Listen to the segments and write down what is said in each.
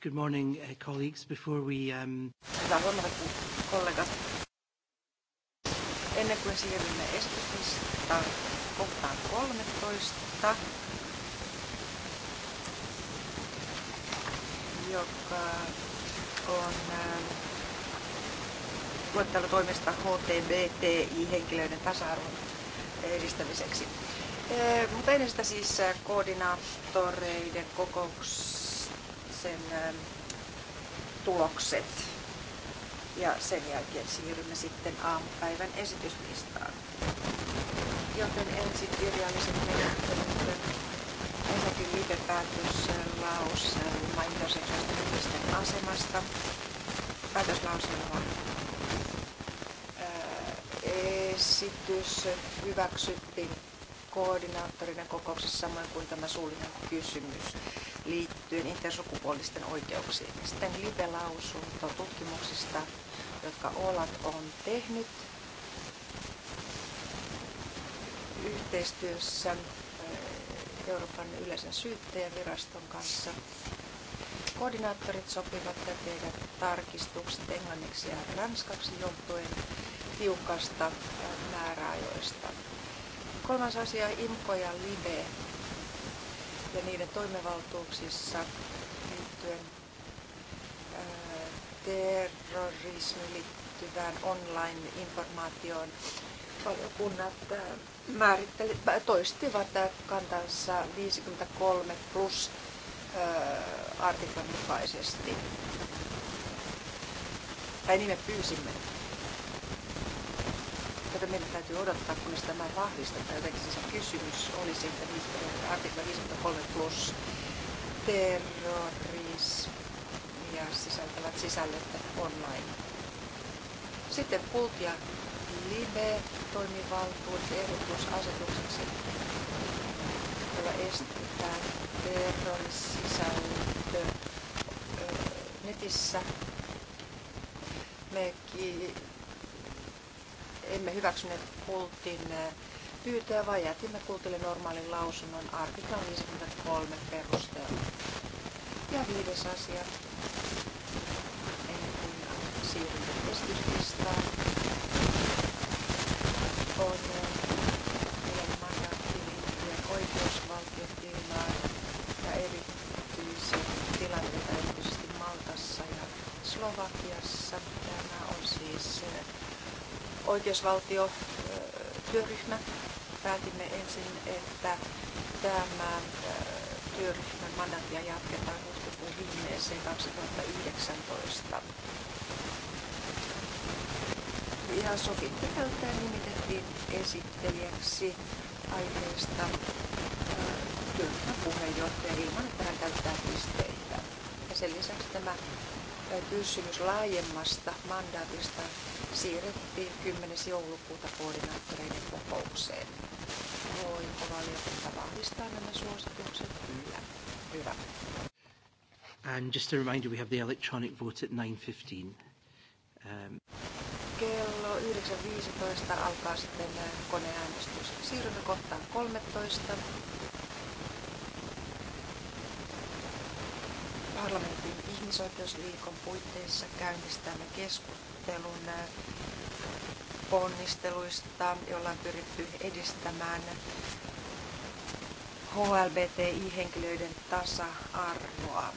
Good morning, uh, colleagues. Before we, um, Hyvää huomenta, kollegat. Ennen kuin siirrymme esityslistaan kohtaan 13, joka on äh, luettelo toimista HTBTI-henkilöiden tasa-arvon edistämiseksi. Äh, mutta ennen sitä siis äh, koordinaattoreiden kokous sen ähm, tulokset. Ja sen jälkeen siirrymme sitten aamupäivän esityslistaan. Joten ensin kirjallisen menettelyn ensinnäkin liitepäätös äh, lauselma äh, interseksuaalisten ihmisten asemasta. Päätöslauselma äh, esitys hyväksyttiin koordinaattorinen kokouksessa samoin kuin tämä suullinen kysymys liittyen intersukupuolisten oikeuksiin. sitten live-lausunto tutkimuksista, jotka OLAT on tehnyt yhteistyössä eh, Euroopan yleisen syyttäjäviraston kanssa. Koordinaattorit sopivat ja tehdä tarkistukset englanniksi ja ranskaksi johtuen tiukasta eh, määräajoista. Kolmas asia, IMKO ja LIBE ja niiden toimivaltuuksissa liittyen terrorismiin liittyvään online-informaatioon. Valiokunnat toistivat kantansa 53 plus artiklan mukaisesti. Tai niin me pyysimme täytyy odottaa, kunnes tämä vahvistetaan. Jotenkin siis kysymys olisi, että artikla 53 plus terrorism ja sisältävät sisällöt online. Sitten Kult ja Libe toimivaltuudet asetukseksi, jolla estetään terrorisisältö netissä. Me emme hyväksyneet kultin äh, pyytöä vaan jätimme kultille normaalin lausunnon artiklan 53 perusteella. Ja viides asia, ennen kuin siirrymme esityslistaan, oikeusvaltiotyöryhmä. Päätimme ensin, että tämän työryhmän mandaattia jatketaan huhtikuun viimeiseen 2019. Ja Sofi Pekältä nimitettiin esittelijäksi aiheesta työryhmän puheenjohtaja ilman, että hän käyttää pisteitä. Ja sen lisäksi tämä kysymys laajemmasta mandaatista siirrettiin 10. joulukuuta koordinaattoreiden kokoukseen. valiokunta vahvistaa nämä suositukset Kyllä. Hyvä. And just a reminder, we have the electronic vote at 9.15. Um... Kello 9.15 alkaa sitten äh, koneäänestys. Siirrymme kohtaan 13. Parlamentin ihmisoikeusviikon puitteissa käynnistämme keskustelun äh, ponnisteluista, joilla on pyritty edistämään HLBTI-henkilöiden tasa-arvoa.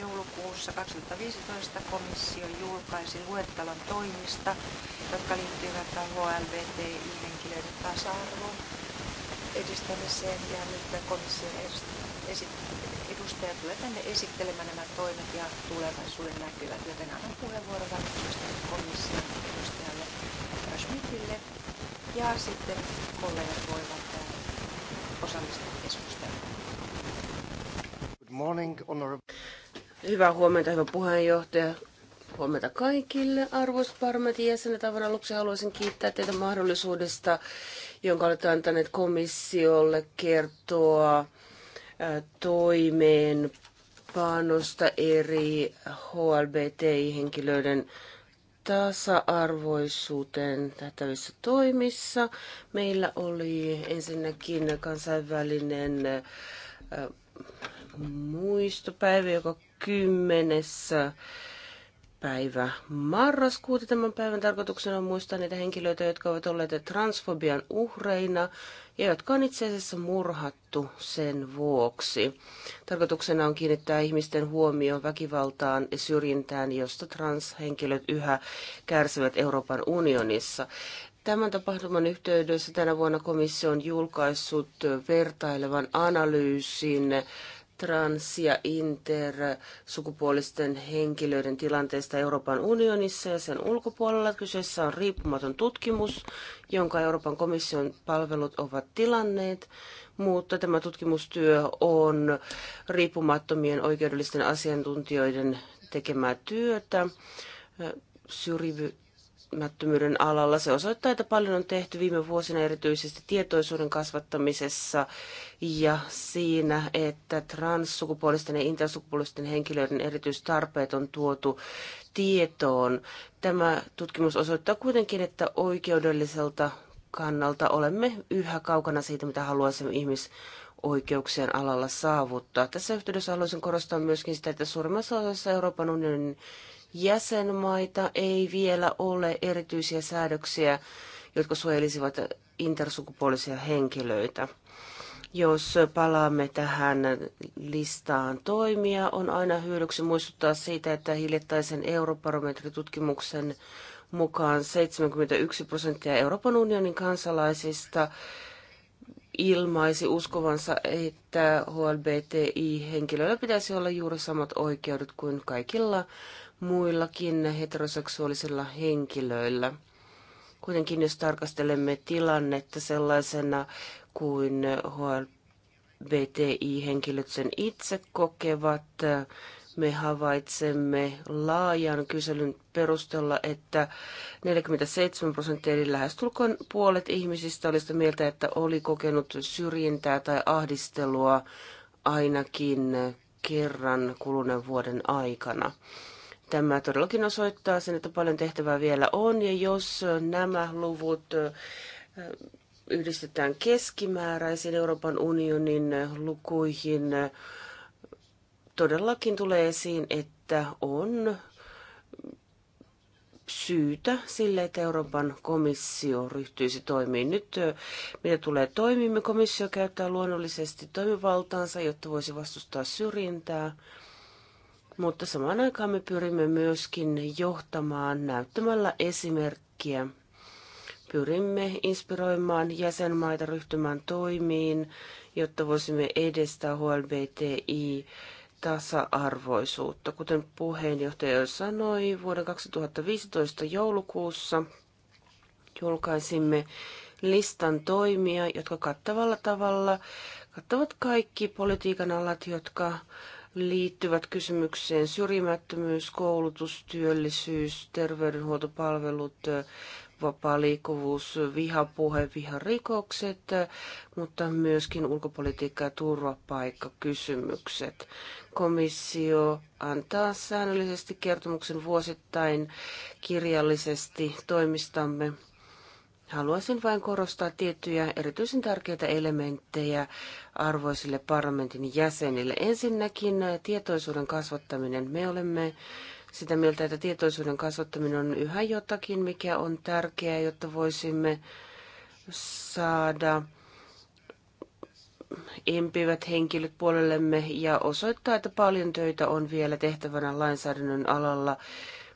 Joulukuussa 2015 komissio julkaisi luettelon toimista, jotka liittyvät HLBTI-henkilöiden tasa arvoon edistämiseen ja nyt komissio esittää edustaja tulee tänne esittelemään nämä toimet ja tulevaisuuden näkyvät, joten annan puheenvuoron välittömästi komission edustajalle herra Schmidtille ja sitten kollegat voivat äh, osallistua keskusteluun. Good morning, honorable... Hyvää huomenta, hyvä puheenjohtaja. Huomenta kaikille arvoisat parlamentin jäsenet. Aivan aluksi haluaisin kiittää teitä mahdollisuudesta, jonka olette antaneet komissiolle kertoa toimeenpanosta eri HLBTI-henkilöiden tasa-arvoisuuteen tähtävissä toimissa. Meillä oli ensinnäkin kansainvälinen muistopäivä, joka kymmenessä päivä marraskuuta. Tämän päivän tarkoituksena on muistaa niitä henkilöitä, jotka ovat olleet transfobian uhreina ja jotka on itse asiassa murhattu sen vuoksi. Tarkoituksena on kiinnittää ihmisten huomioon väkivaltaan ja syrjintään, josta transhenkilöt yhä kärsivät Euroopan unionissa. Tämän tapahtuman yhteydessä tänä vuonna komissio on julkaissut vertailevan analyysin trans- ja intersukupuolisten henkilöiden tilanteesta Euroopan unionissa ja sen ulkopuolella. Kyseessä on riippumaton tutkimus, jonka Euroopan komission palvelut ovat tilanneet, mutta tämä tutkimustyö on riippumattomien oikeudellisten asiantuntijoiden tekemää työtä syrjivy- riittämättömyyden alalla. Se osoittaa, että paljon on tehty viime vuosina erityisesti tietoisuuden kasvattamisessa ja siinä, että transsukupuolisten ja intersukupuolisten henkilöiden erityistarpeet on tuotu tietoon. Tämä tutkimus osoittaa kuitenkin, että oikeudelliselta kannalta olemme yhä kaukana siitä, mitä haluaisimme ihmis oikeuksien alalla saavuttaa. Tässä yhteydessä haluaisin korostaa myöskin sitä, että suurimmassa osassa Euroopan unionin jäsenmaita ei vielä ole erityisiä säädöksiä, jotka suojelisivat intersukupuolisia henkilöitä. Jos palaamme tähän listaan toimia, on aina hyödyksi muistuttaa siitä, että hiljattaisen europarometritutkimuksen mukaan 71 prosenttia Euroopan unionin kansalaisista ilmaisi uskovansa, että HLBTI-henkilöillä pitäisi olla juuri samat oikeudet kuin kaikilla muillakin heteroseksuaalisilla henkilöillä. Kuitenkin jos tarkastelemme tilannetta sellaisena kuin HLBTI-henkilöt sen itse kokevat, me havaitsemme laajan kyselyn perusteella, että 47 prosenttia eli lähestulkoon puolet ihmisistä oli sitä mieltä, että oli kokenut syrjintää tai ahdistelua ainakin kerran kuluneen vuoden aikana. Tämä todellakin osoittaa sen, että paljon tehtävää vielä on, ja jos nämä luvut yhdistetään keskimääräisiin Euroopan unionin lukuihin, todellakin tulee esiin, että on syytä sille, että Euroopan komissio ryhtyisi toimiin. Nyt mitä tulee toimimme, komissio käyttää luonnollisesti toimivaltaansa, jotta voisi vastustaa syrjintää mutta samaan aikaan me pyrimme myöskin johtamaan näyttämällä esimerkkiä. Pyrimme inspiroimaan jäsenmaita ryhtymään toimiin, jotta voisimme edistää HLBTI tasa-arvoisuutta. Kuten puheenjohtaja sanoi, vuoden 2015 joulukuussa julkaisimme listan toimia, jotka kattavalla tavalla kattavat kaikki politiikan alat, jotka liittyvät kysymykseen syrjimättömyys, koulutus, työllisyys, terveydenhuoltopalvelut, vapaa liikkuvuus, vihapuhe, viharikokset, mutta myöskin ulkopolitiikka- ja turvapaikkakysymykset. Komissio antaa säännöllisesti kertomuksen vuosittain kirjallisesti toimistamme Haluaisin vain korostaa tiettyjä erityisen tärkeitä elementtejä arvoisille parlamentin jäsenille. Ensinnäkin tietoisuuden kasvattaminen. Me olemme sitä mieltä, että tietoisuuden kasvattaminen on yhä jotakin, mikä on tärkeää, jotta voisimme saada impivät henkilöt puolellemme ja osoittaa, että paljon töitä on vielä tehtävänä lainsäädännön alalla,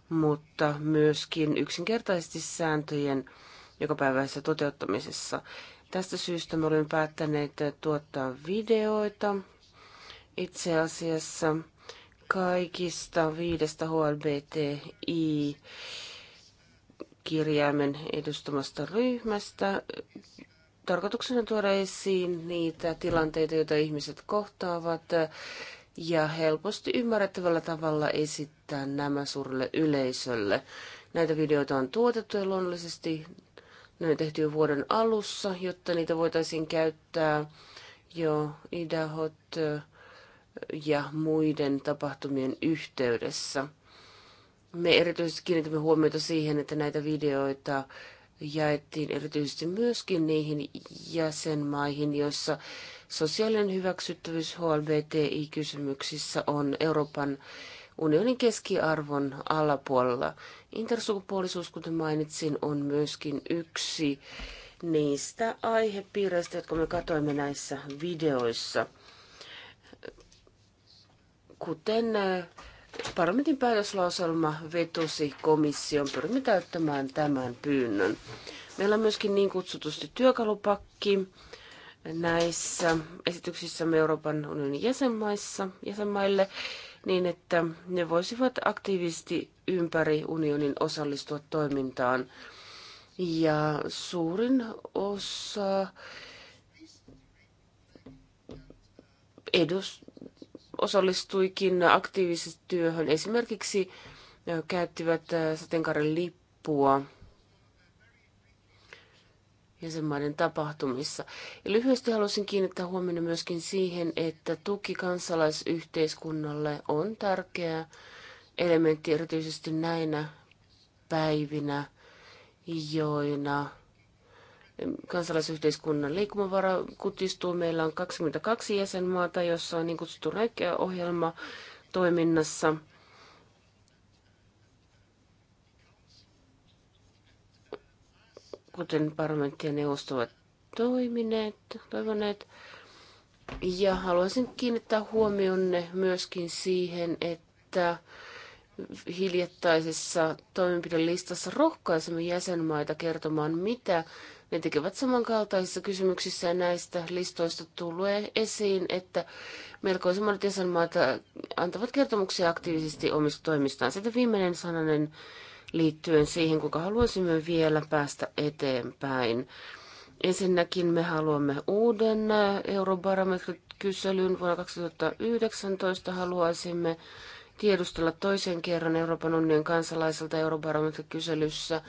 mutta myöskin yksinkertaisesti sääntöjen jokapäiväisessä toteuttamisessa. Tästä syystä me olemme päättäneet tuottaa videoita itse asiassa kaikista viidestä HLBTI kirjaimen edustamasta ryhmästä. Tarkoituksena tuoda esiin niitä tilanteita, joita ihmiset kohtaavat ja helposti ymmärrettävällä tavalla esittää nämä suurelle yleisölle. Näitä videoita on tuotettu ja luonnollisesti ne on tehty jo vuoden alussa, jotta niitä voitaisiin käyttää jo IDAHOT ja muiden tapahtumien yhteydessä. Me erityisesti kiinnitämme huomiota siihen, että näitä videoita jaettiin erityisesti myöskin niihin jäsenmaihin, joissa sosiaalinen hyväksyttävyys HLBTI-kysymyksissä on Euroopan unionin keskiarvon alapuolella. Intersukupuolisuus, kuten mainitsin, on myöskin yksi niistä aihepiireistä, jotka me katoimme näissä videoissa. Kuten äh, parlamentin päätöslauselma vetosi komission, pyrimme täyttämään tämän pyynnön. Meillä on myöskin niin kutsutusti työkalupakki näissä esityksissä Euroopan unionin jäsenmaissa, jäsenmaille niin että ne voisivat aktiivisesti ympäri unionin osallistua toimintaan. Ja suurin osa edus, osallistuikin aktiivisesti työhön. Esimerkiksi käyttivät sateenkaaren lippua jäsenmaiden tapahtumissa. Ja lyhyesti halusin kiinnittää huomioon myöskin siihen, että tuki kansalaisyhteiskunnalle on tärkeä elementti erityisesti näinä päivinä, joina kansalaisyhteiskunnan liikkumavara kutistuu. Meillä on 22 jäsenmaata, jossa on niin kutsuttu räikeä ohjelma toiminnassa – kuten parlamentti ja neuvosto ovat toimineet, toivoneet. Ja haluaisin kiinnittää huomionne myöskin siihen, että hiljattaisessa toimenpidelistassa rohkaisemme jäsenmaita kertomaan, mitä ne tekevät samankaltaisissa kysymyksissä ja näistä listoista tulee esiin, että melkoisen monet jäsenmaat antavat kertomuksia aktiivisesti omista toimistaan. Sitten viimeinen sananen liittyen siihen, kuinka haluaisimme vielä päästä eteenpäin. Ensinnäkin me haluamme uuden äh, eurobarometrikyselyn vuonna 2019. Haluaisimme tiedustella toisen kerran Euroopan unionin kansalaiselta eurobarometrikyselyssä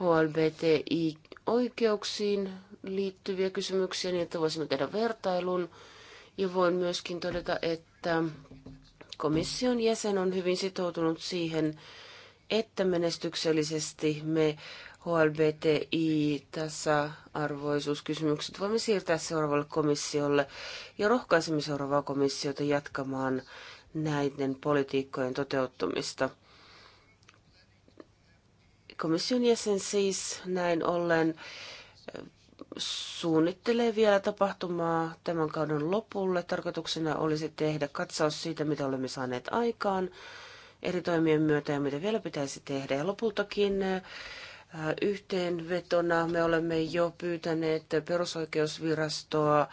HLBTI-oikeuksiin liittyviä kysymyksiä, niin että voisimme tehdä vertailun. Ja voin myöskin todeta, että komission jäsen on hyvin sitoutunut siihen, että menestyksellisesti me HLBTI, tasa-arvoisuuskysymykset voimme siirtää seuraavalle komissiolle ja rohkaisemme seuraavaa komissiota jatkamaan näiden politiikkojen toteuttamista. Komission jäsen siis näin ollen eh, suunnittelee vielä tapahtumaa tämän kauden lopulle. Tarkoituksena olisi tehdä katsaus siitä, mitä olemme saaneet aikaan, eri toimien myötä ja mitä vielä pitäisi tehdä. Ja lopultakin yhteenvetona me olemme jo pyytäneet perusoikeusvirastoa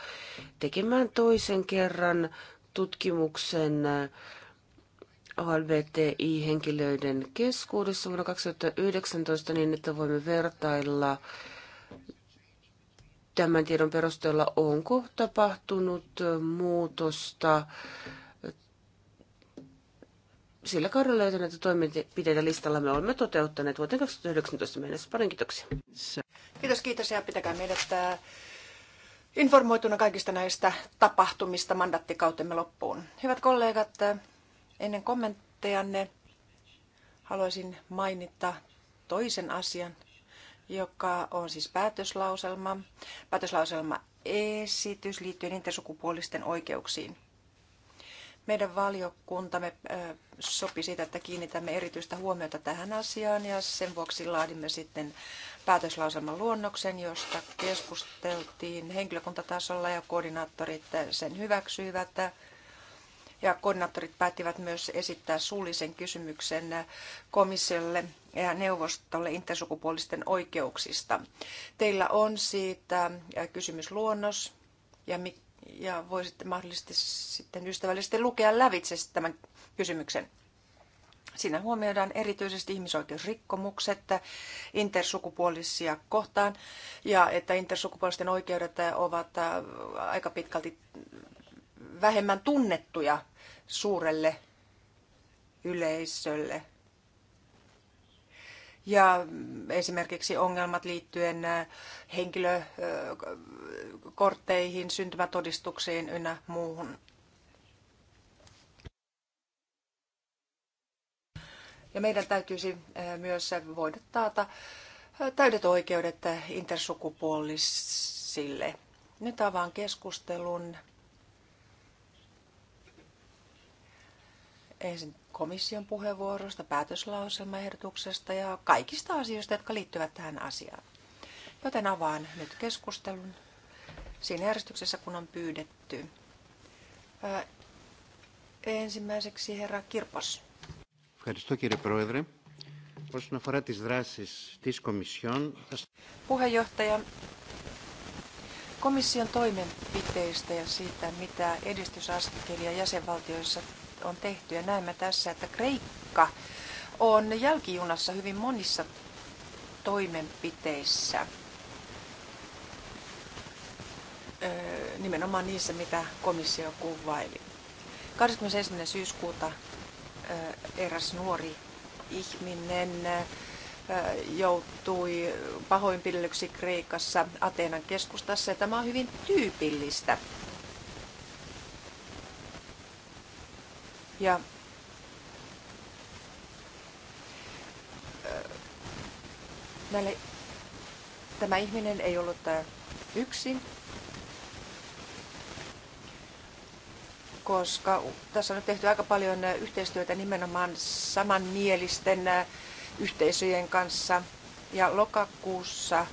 tekemään toisen kerran tutkimuksen HLBTI-henkilöiden keskuudessa vuonna 2019 niin, että voimme vertailla tämän tiedon perusteella, onko tapahtunut muutosta sillä kaudella, joita näitä toimenpiteitä listalla me olemme toteuttaneet vuoteen 2019 mennessä. Paljon kiitoksia. Kiitos, kiitos ja pitäkää meidät äh, informoituna kaikista näistä tapahtumista mandattikautemme loppuun. Hyvät kollegat, äh, ennen kommenttejanne haluaisin mainita toisen asian, joka on siis päätöslauselma. Päätöslauselma esitys liittyen intersukupuolisten oikeuksiin. Meidän valiokuntamme sopi siitä, että kiinnitämme erityistä huomiota tähän asiaan ja sen vuoksi laadimme sitten päätöslauselman luonnoksen, josta keskusteltiin henkilökuntatasolla ja koordinaattorit sen hyväksyivät. Ja koordinaattorit päättivät myös esittää suullisen kysymyksen komissiolle ja neuvostolle intersukupuolisten oikeuksista. Teillä on siitä kysymysluonnos ja ja voisitte mahdollisesti sitten ystävällisesti lukea lävitse tämän kysymyksen. Siinä huomioidaan erityisesti ihmisoikeusrikkomukset intersukupuolisia kohtaan ja että intersukupuolisten oikeudet ovat äh, aika pitkälti vähemmän tunnettuja suurelle yleisölle ja esimerkiksi ongelmat liittyen äh, henkilökortteihin, äh, syntymätodistuksiin ynnä muuhun. Ja meidän täytyisi äh, myös voida taata täydet oikeudet intersukupuolisille. Nyt avaan keskustelun ensin komission puheenvuorosta, päätöslauselmaehdotuksesta ja kaikista asioista, jotka liittyvät tähän asiaan. Joten avaan nyt keskustelun siinä järjestyksessä, kun on pyydetty. Ää, ensimmäiseksi herra Kirpos. Puheenjohtaja, komission toimenpiteistä ja siitä, mitä edistysaskelia jäsenvaltioissa on tehty. Ja näemme tässä, että Kreikka on jälkijunassa hyvin monissa toimenpiteissä. Nimenomaan niissä, mitä komissio kuvaili. 21. syyskuuta eräs nuori ihminen joutui pahoinpidellyksi Kreikassa Ateenan keskustassa. tämä on hyvin tyypillistä Ja näille, tämä ihminen ei ollut yksin, koska tässä on tehty aika paljon yhteistyötä nimenomaan samanmielisten yhteisöjen kanssa. Ja lokakuussa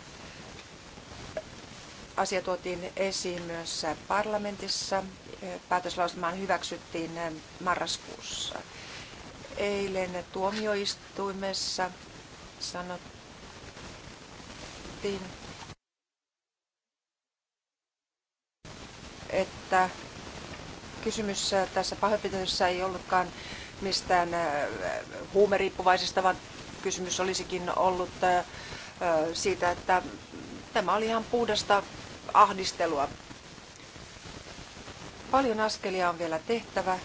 asia tuotiin esiin myös parlamentissa päätöslauselmaan hyväksyttiin eh, marraskuussa. Eilen tuomioistuimessa sanottiin, että kysymys eh, tässä pahoinpitelyssä ei ollutkaan mistään eh, huumeriippuvaisista, vaan kysymys olisikin ollut siitä, että tämä oli ihan puhdasta ahdistelua Paljon askelia on vielä tehtävä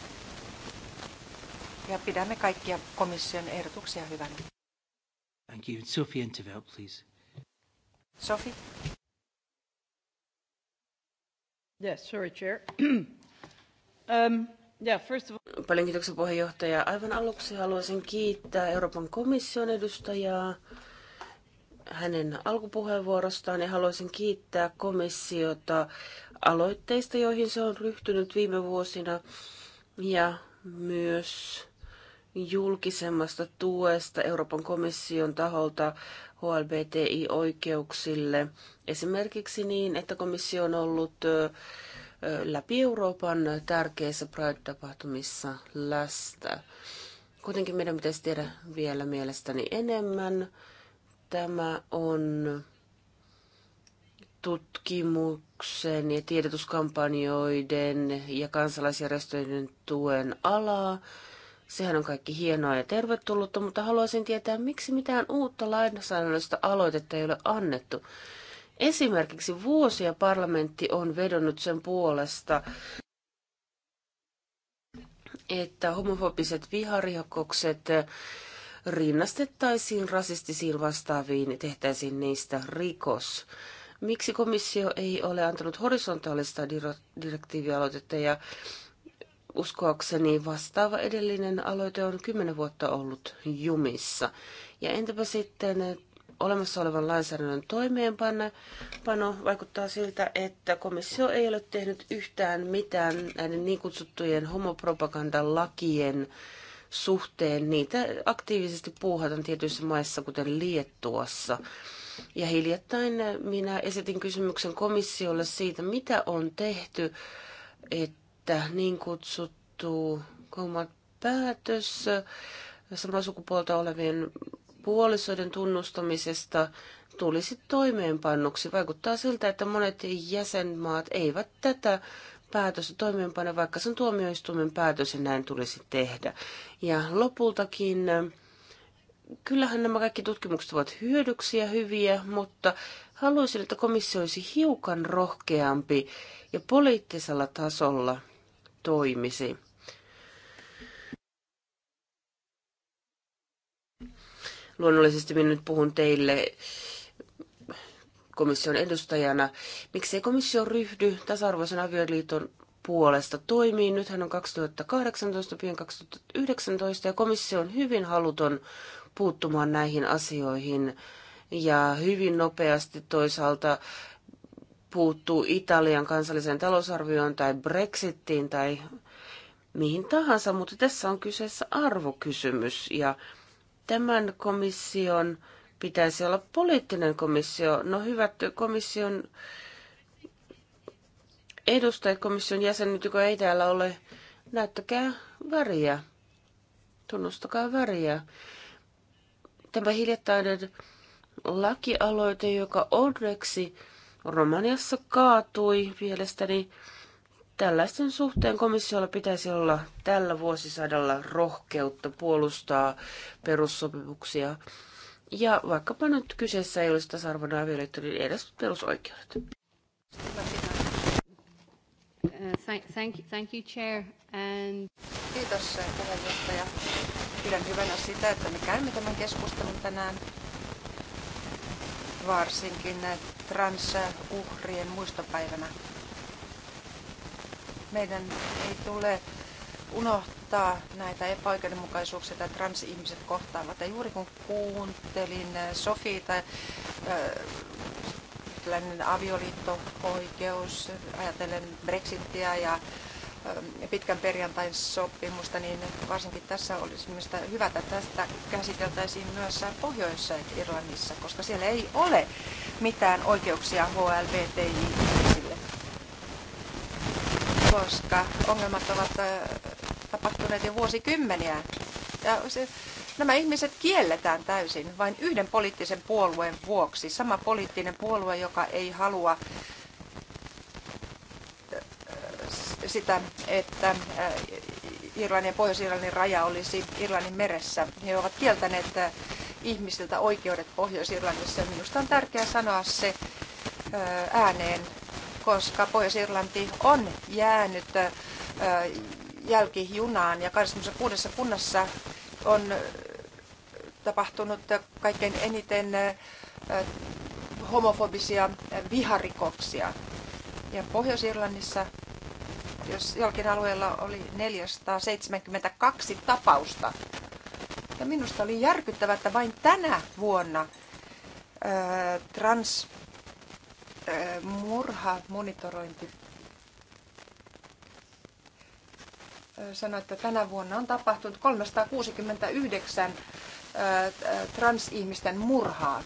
ja pidämme kaikkia komission ehdotuksia hyvänä. Thank you. Sophie Intervelt, please. Sophie? Yes, sorry, Chair. um, yeah, first of all... Paljon kiitoksia puheenjohtaja. Aivan aluksi haluaisin kiittää Euroopan komission edustajaa hänen alkupuheenvuorostaan ja haluaisin kiittää komissiota aloitteista, joihin se on ryhtynyt viime vuosina, ja myös julkisemmasta tuesta Euroopan komission taholta HLBTI-oikeuksille. Esimerkiksi niin, että komissio on ollut läpi Euroopan tärkeissä Pride-tapahtumissa lästä. Kuitenkin meidän pitäisi tehdä vielä mielestäni enemmän. Tämä on tutkimuksen ja tiedotuskampanjoiden ja kansalaisjärjestöjen tuen alaa. Sehän on kaikki hienoa ja tervetullutta, mutta haluaisin tietää, miksi mitään uutta lainsäädännöstä aloitetta ei ole annettu. Esimerkiksi vuosia parlamentti on vedonnut sen puolesta, että homofobiset viharikokset rinnastettaisiin rasistisiin vastaaviin ja tehtäisiin niistä rikos. Miksi komissio ei ole antanut horisontaalista direktiivialoitetta ja uskoakseni vastaava edellinen aloite on kymmenen vuotta ollut jumissa. Ja entäpä sitten olemassa olevan lainsäädännön toimeenpano vaikuttaa siltä, että komissio ei ole tehnyt yhtään mitään näiden niin kutsuttujen homopropagandan lakien suhteen. Niitä aktiivisesti puuhataan tietyissä maissa, kuten Liettuassa. Ja hiljattain minä esitin kysymyksen komissiolle siitä, mitä on tehty, että niin kutsuttu koumat päätös samaa sukupuolta olevien puolisoiden tunnustamisesta tulisi toimeenpannuksi. Vaikuttaa siltä, että monet jäsenmaat eivät tätä päätöstä toimeenpane, vaikka se on tuomioistuimen päätös ja näin tulisi tehdä. Ja lopultakin kyllähän nämä kaikki tutkimukset ovat hyödyksiä hyviä, mutta haluaisin, että komissio olisi hiukan rohkeampi ja poliittisella tasolla toimisi. Luonnollisesti minä nyt puhun teille komission edustajana. Miksei komissio ryhdy tasa-arvoisen avioliiton puolesta toimii. Nythän on 2018, pian 2019 ja komissio on hyvin haluton puuttumaan näihin asioihin. Ja hyvin nopeasti toisaalta puuttuu Italian kansalliseen talousarvioon tai Brexittiin tai mihin tahansa, mutta tässä on kyseessä arvokysymys ja tämän komission pitäisi olla poliittinen komissio. No hyvät komission edustajat, komission jäsenet, joka ei täällä ole, näyttäkää väriä, tunnustakaa väriä tämä hiljattainen lakialoite, joka onneksi Romaniassa kaatui mielestäni, Tällaisten suhteen komissiolla pitäisi olla tällä vuosisadalla rohkeutta puolustaa perussopimuksia. Ja vaikkapa nyt kyseessä ei olisi tasa-arvon avioliitto, niin edes perusoikeudet. Uh, thank, you, Chair. And... Kiitos eh, puheenjohtaja. Pidän hyvänä sitä, että me käymme tämän keskustelun tänään varsinkin eh, transuhrien muistopäivänä. Meidän ei tule unohtaa näitä epäoikeudenmukaisuuksia, joita transihmiset kohtaavat. Ja juuri kun kuuntelin eh, Sofiita tällainen avioliitto-oikeus, ajatellen Brexittiä ja pitkän perjantain sopimusta, niin varsinkin tässä olisi minusta hyvä, että tästä käsiteltäisiin myös Pohjois-Irlannissa, koska siellä ei ole mitään oikeuksia HLBTI-ihmisille, koska ongelmat ovat tapahtuneet jo vuosikymmeniä. Ja se, Nämä ihmiset kielletään täysin vain yhden poliittisen puolueen vuoksi. Sama poliittinen puolue, joka ei halua äh, sitä, että äh, Irlannin ja Pohjois-Irlannin raja olisi Irlannin meressä. He ovat kieltäneet äh, ihmisiltä oikeudet Pohjois-Irlannissa. Minusta on tärkeää sanoa se ääneen, koska Pohjois-Irlanti on jäänyt jälkijunaan ja 26 kunnassa on tapahtunut kaikkein eniten äh, homofobisia äh, viharikoksia. Ja Pohjois-Irlannissa, jos jollakin alueella oli 472 tapausta. Ja minusta oli järkyttävää, että vain tänä vuonna äh, transmurha monitorointi sanoi, että tänä vuonna on tapahtunut 369 transihmisten murhaa.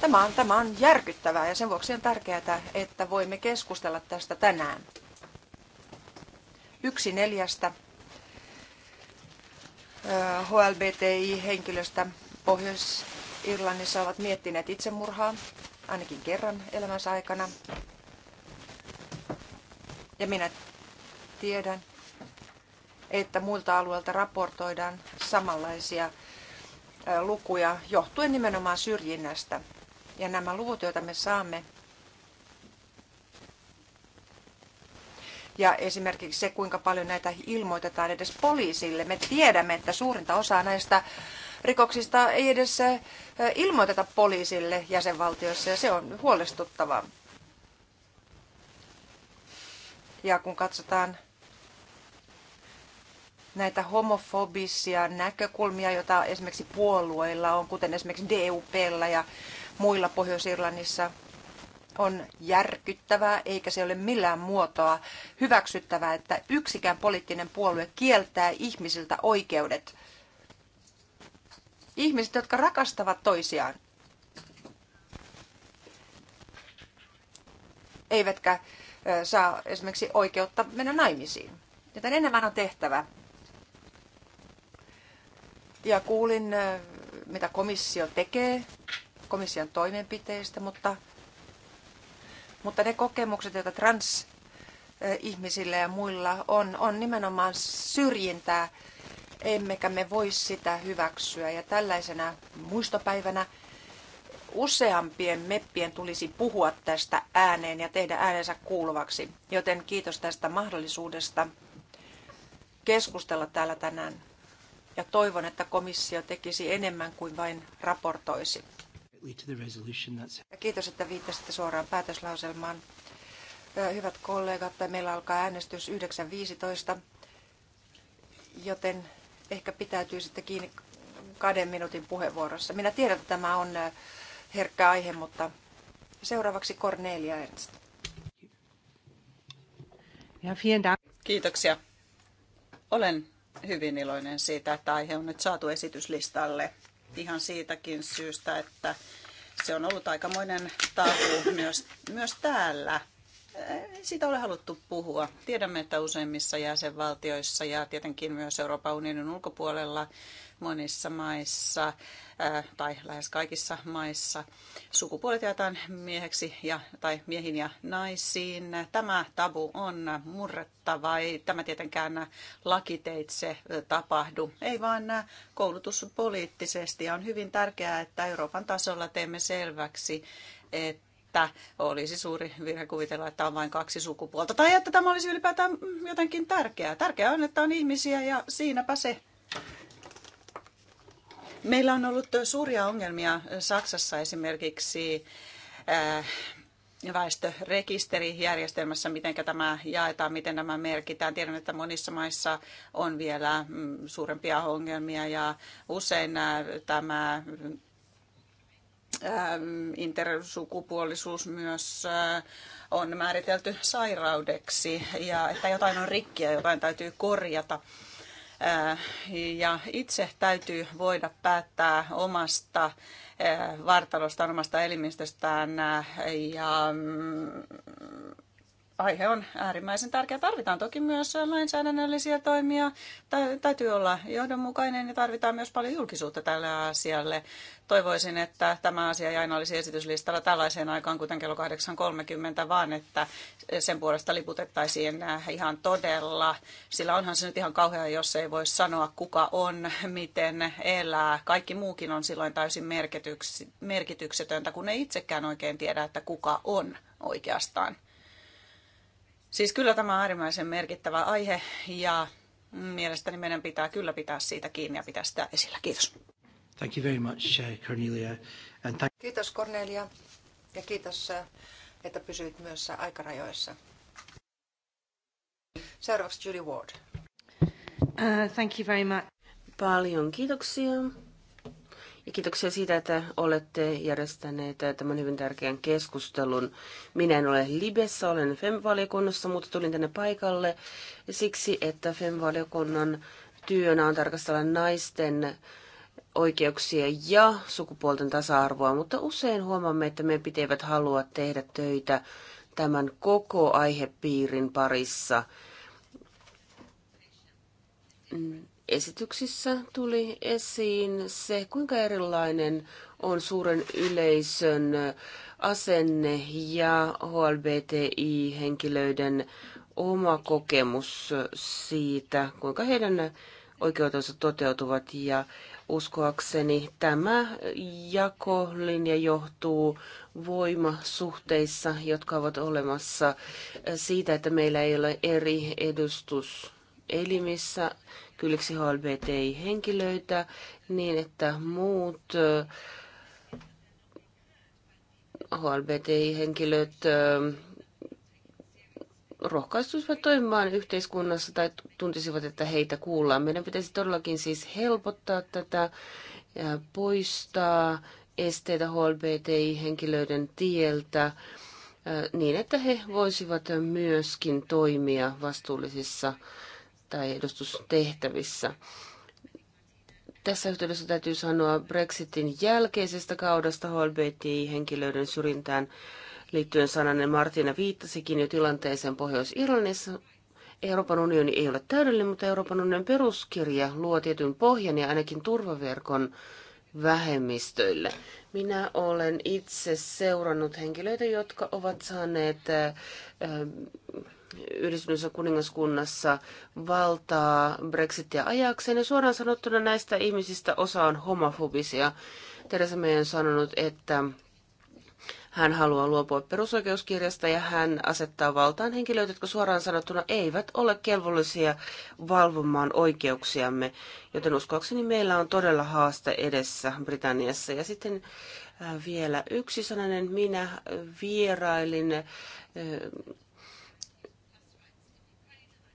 Tämä on, tämä on järkyttävää ja sen vuoksi on tärkeää, että voimme keskustella tästä tänään. Yksi neljästä HLBTI-henkilöstä Pohjois-Irlannissa ovat miettineet itsemurhaa ainakin kerran elämänsä aikana. Ja minä tiedän, että muilta alueilta raportoidaan samanlaisia lukuja johtuen nimenomaan syrjinnästä. Ja nämä luvut, joita me saamme, ja esimerkiksi se, kuinka paljon näitä ilmoitetaan edes poliisille. Me tiedämme, että suurinta osaa näistä rikoksista ei edes ilmoiteta poliisille jäsenvaltioissa, ja se on huolestuttavaa. Ja kun katsotaan näitä homofobisia näkökulmia, joita esimerkiksi puolueilla on, kuten esimerkiksi DUPlla ja muilla Pohjois-Irlannissa, on järkyttävää, eikä se ole millään muotoa hyväksyttävää, että yksikään poliittinen puolue kieltää ihmisiltä oikeudet. Ihmiset, jotka rakastavat toisiaan, eivätkä saa esimerkiksi oikeutta mennä naimisiin. Joten enemmän on tehtävä. Ja kuulin, mitä komissio tekee, komission toimenpiteistä, mutta, mutta ne kokemukset, joita transihmisillä ja muilla on, on nimenomaan syrjintää, emmekä me voi sitä hyväksyä. Ja tällaisena muistopäivänä useampien meppien tulisi puhua tästä ääneen ja tehdä äänensä kuuluvaksi. Joten kiitos tästä mahdollisuudesta keskustella täällä tänään. Ja toivon, että komissio tekisi enemmän kuin vain raportoisi. Ja kiitos, että viittasitte suoraan päätöslauselmaan. Hyvät kollegat, meillä alkaa äänestys 9.15, joten ehkä pitäytyy sitten kiinni kahden minuutin puheenvuorossa. Minä tiedän, että tämä on herkkä aihe, mutta seuraavaksi Cornelia Ernst. Kiitoksia. Olen hyvin iloinen siitä, että aihe on nyt saatu esityslistalle ihan siitäkin syystä, että se on ollut aikamoinen tabu myös, myös täällä. Siitä ole haluttu puhua. Tiedämme, että useimmissa jäsenvaltioissa ja tietenkin myös Euroopan unionin ulkopuolella monissa maissa tai lähes kaikissa maissa sukupuolet jaetaan mieheksi ja, tai miehin ja naisiin. Tämä tabu on murrettava, ei tämä tietenkään lakiteitse tapahdu, ei vaan koulutuspoliittisesti. Ja on hyvin tärkeää, että Euroopan tasolla teemme selväksi, että että olisi suuri virhe kuvitella, että on vain kaksi sukupuolta. Tai että tämä olisi ylipäätään jotenkin tärkeää. Tärkeää on, että on ihmisiä ja siinäpä se. Meillä on ollut suuria ongelmia Saksassa esimerkiksi äh, väestörekisterijärjestelmässä, miten tämä jaetaan, miten nämä merkitään. Tiedän, että monissa maissa on vielä mm, suurempia ongelmia ja usein äh, tämä äh, intersukupuolisuus myös on määritelty sairaudeksi ja että jotain on rikkiä, jotain täytyy korjata ja itse täytyy voida päättää omasta eh, vartalostaan, omasta elimistöstään eh, ja mm, aihe on äärimmäisen tärkeä. Tarvitaan toki myös lainsäädännöllisiä toimia. Täytyy olla johdonmukainen ja tarvitaan myös paljon julkisuutta tälle asialle. Toivoisin, että tämä asia ei aina olisi esityslistalla tällaiseen aikaan, kuten kello 8.30, vaan että sen puolesta liputettaisiin ihan todella. Sillä onhan se nyt ihan kauhea, jos ei voi sanoa, kuka on, miten elää. Kaikki muukin on silloin täysin merkityksetöntä, kun ei itsekään oikein tiedä, että kuka on oikeastaan. Siis kyllä tämä on äärimmäisen merkittävä aihe ja mielestäni meidän pitää kyllä pitää siitä kiinni ja pitää sitä esillä. Kiitos. Thank you very much, uh, Cornelia. And thank- kiitos Cornelia ja kiitos, uh, että pysyit myös aikarajoissa. Seuraavaksi Julie Ward. Uh, thank you very much. Paljon kiitoksia. Ja kiitoksia siitä, että olette järjestäneet tämän hyvin tärkeän keskustelun. Minä en ole Libessä, olen FEM-valiokunnassa, mutta tulin tänne paikalle siksi, että FEM-valiokunnan työnä on tarkastella naisten oikeuksia ja sukupuolten tasa-arvoa, mutta usein huomaamme, että me pitävät halua tehdä töitä tämän koko aihepiirin parissa esityksissä tuli esiin se, kuinka erilainen on suuren yleisön asenne ja HLBTI-henkilöiden oma kokemus siitä, kuinka heidän oikeutensa toteutuvat ja uskoakseni tämä jakolinja johtuu voimasuhteissa, jotka ovat olemassa siitä, että meillä ei ole eri edustus elimissä kylliksi HLBTI-henkilöitä niin, että muut HLBTI-henkilöt rohkaistuisivat toimimaan yhteiskunnassa tai tuntisivat, että heitä kuullaan. Meidän pitäisi todellakin siis helpottaa tätä, ja poistaa esteitä HLBTI-henkilöiden tieltä niin, että he voisivat myöskin toimia vastuullisissa tai edustustehtävissä. Tässä yhteydessä täytyy sanoa Brexitin jälkeisestä kaudesta HLBTI-henkilöiden syrjintään liittyen sananen Martina viittasikin jo tilanteeseen Pohjois-Irlannissa. Euroopan unioni ei ole täydellinen, mutta Euroopan unionin peruskirja luo tietyn pohjan ja ainakin turvaverkon vähemmistöille. Minä olen itse seurannut henkilöitä, jotka ovat saaneet äh, yhdistyneessä kuningaskunnassa valtaa Brexitia ajakseen. Ja suoraan sanottuna näistä ihmisistä osa on homofobisia. Teresa May on sanonut, että hän haluaa luopua perusoikeuskirjasta ja hän asettaa valtaan henkilöitä, jotka suoraan sanottuna eivät ole kelvollisia valvomaan oikeuksiamme. Joten uskoakseni meillä on todella haaste edessä Britanniassa. Ja sitten äh, vielä yksi sananen. Minä vierailin äh,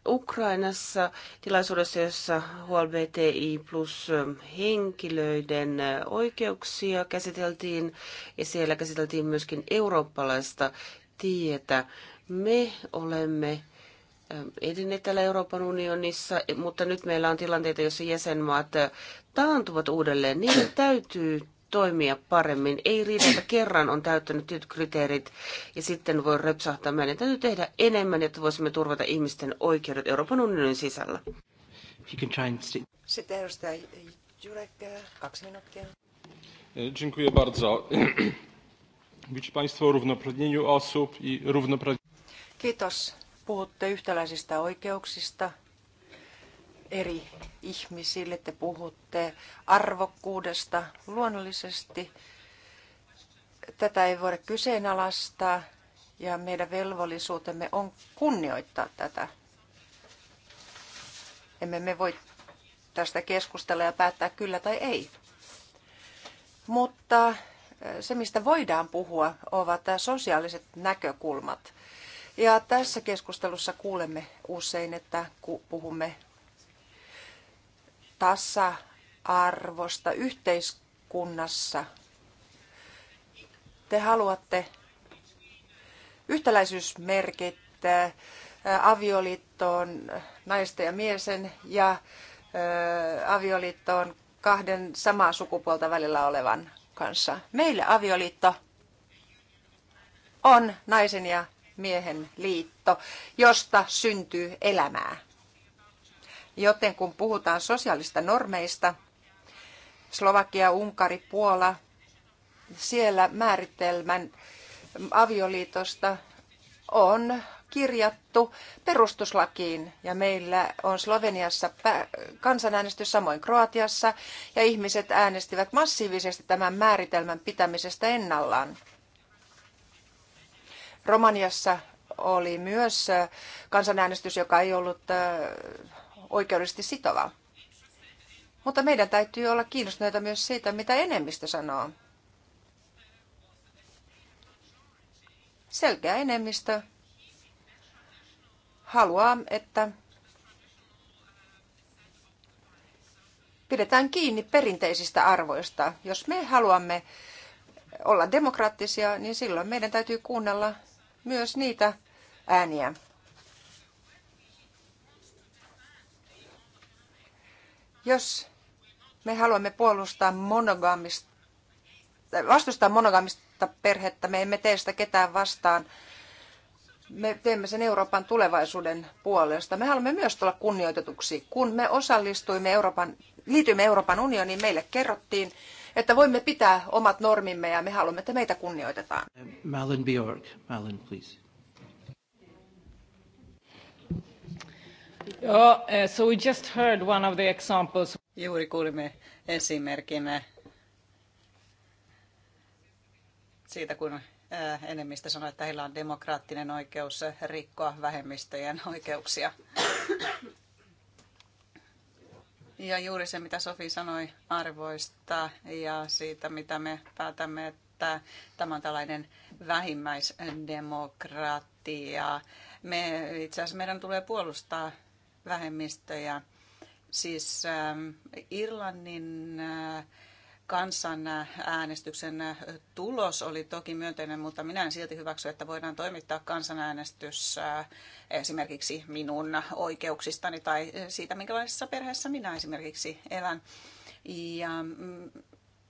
Ukrainassa tilaisuudessa, jossa HLBTI plus ähm, henkilöiden äh, oikeuksia käsiteltiin ja siellä käsiteltiin myöskin eurooppalaista tietä. Me olemme ähm, edenneet täällä Euroopan unionissa, mutta nyt meillä on tilanteita, joissa jäsenmaat äh, taantuvat uudelleen. Niin täytyy toimia paremmin. Ei riitä, että kerran on täyttänyt tietyt kriteerit ja sitten voi repsahtaa. Meidän täytyy tehdä enemmän, jotta voisimme turvata ihmisten oikeudet Euroopan unionin sisällä. Sitten edustaja Jurek, kaksi minuuttia. E, dziękuję bardzo. Widzi Państwo o równouprawnieniu osób i równouprawnieniu... Kiitos. Puhutte yhtäläisistä oikeuksista, eri ihmisille. Te puhutte arvokkuudesta luonnollisesti. Tätä ei voida kyseenalaistaa ja meidän velvollisuutemme on kunnioittaa tätä. Emme me voi tästä keskustella ja päättää kyllä tai ei. Mutta eh, se, mistä voidaan puhua, ovat sosiaaliset näkökulmat. Ja tässä keskustelussa kuulemme usein, että puhumme tasa-arvosta yhteiskunnassa. Te haluatte yhtäläisyysmerkit äh, avioliittoon naisten ja miesen ja äh, avioliittoon kahden samaa sukupuolta välillä olevan kanssa. Meille avioliitto on naisen ja miehen liitto, josta syntyy elämää. Joten kun puhutaan sosiaalista normeista, Slovakia, Unkari, Puola, siellä määritelmän avioliitosta on kirjattu perustuslakiin ja meillä on Sloveniassa kansanäänestys samoin Kroatiassa ja ihmiset äänestivät massiivisesti tämän määritelmän pitämisestä ennallaan. Romaniassa oli myös kansanäänestys, joka ei ollut äh, oikeudellisesti sitova. Mutta meidän täytyy olla kiinnostuneita myös siitä, mitä enemmistö sanoo. Selkeä enemmistö haluaa, että pidetään kiinni perinteisistä arvoista. Jos me haluamme olla demokraattisia, niin silloin meidän täytyy kuunnella myös niitä ääniä, Jos me haluamme puolustaa monogamista, vastustaa monogamista perhettä, me emme tee sitä ketään vastaan. Me teemme sen Euroopan tulevaisuuden puolesta. Me haluamme myös tulla kunnioitetuksi. Kun me osallistuimme Euroopan, liityimme Euroopan unioniin, meille kerrottiin, että voimme pitää omat normimme ja me haluamme, että meitä kunnioitetaan. Malin Björk, Malin please. Joo, oh, eh, Juuri kuulimme esimerkin siitä, kun eh, enemmistö sanoi, että heillä on demokraattinen oikeus rikkoa vähemmistöjen oikeuksia. Ja juuri se, mitä Sofi sanoi arvoista ja siitä, mitä me päätämme, että tämä on tällainen vähimmäisdemokratia. Me, itse asiassa meidän tulee puolustaa vähemmistöjä. Siis ähm, Irlannin äh, kansan äh, äänestyksen äh, tulos oli toki myönteinen, mutta minä en silti hyväksy, että voidaan toimittaa kansanäänestys esimerkiksi minun oikeuksistani tai siitä, minkälaisessa perheessä minä esimerkiksi elän. Ja mm,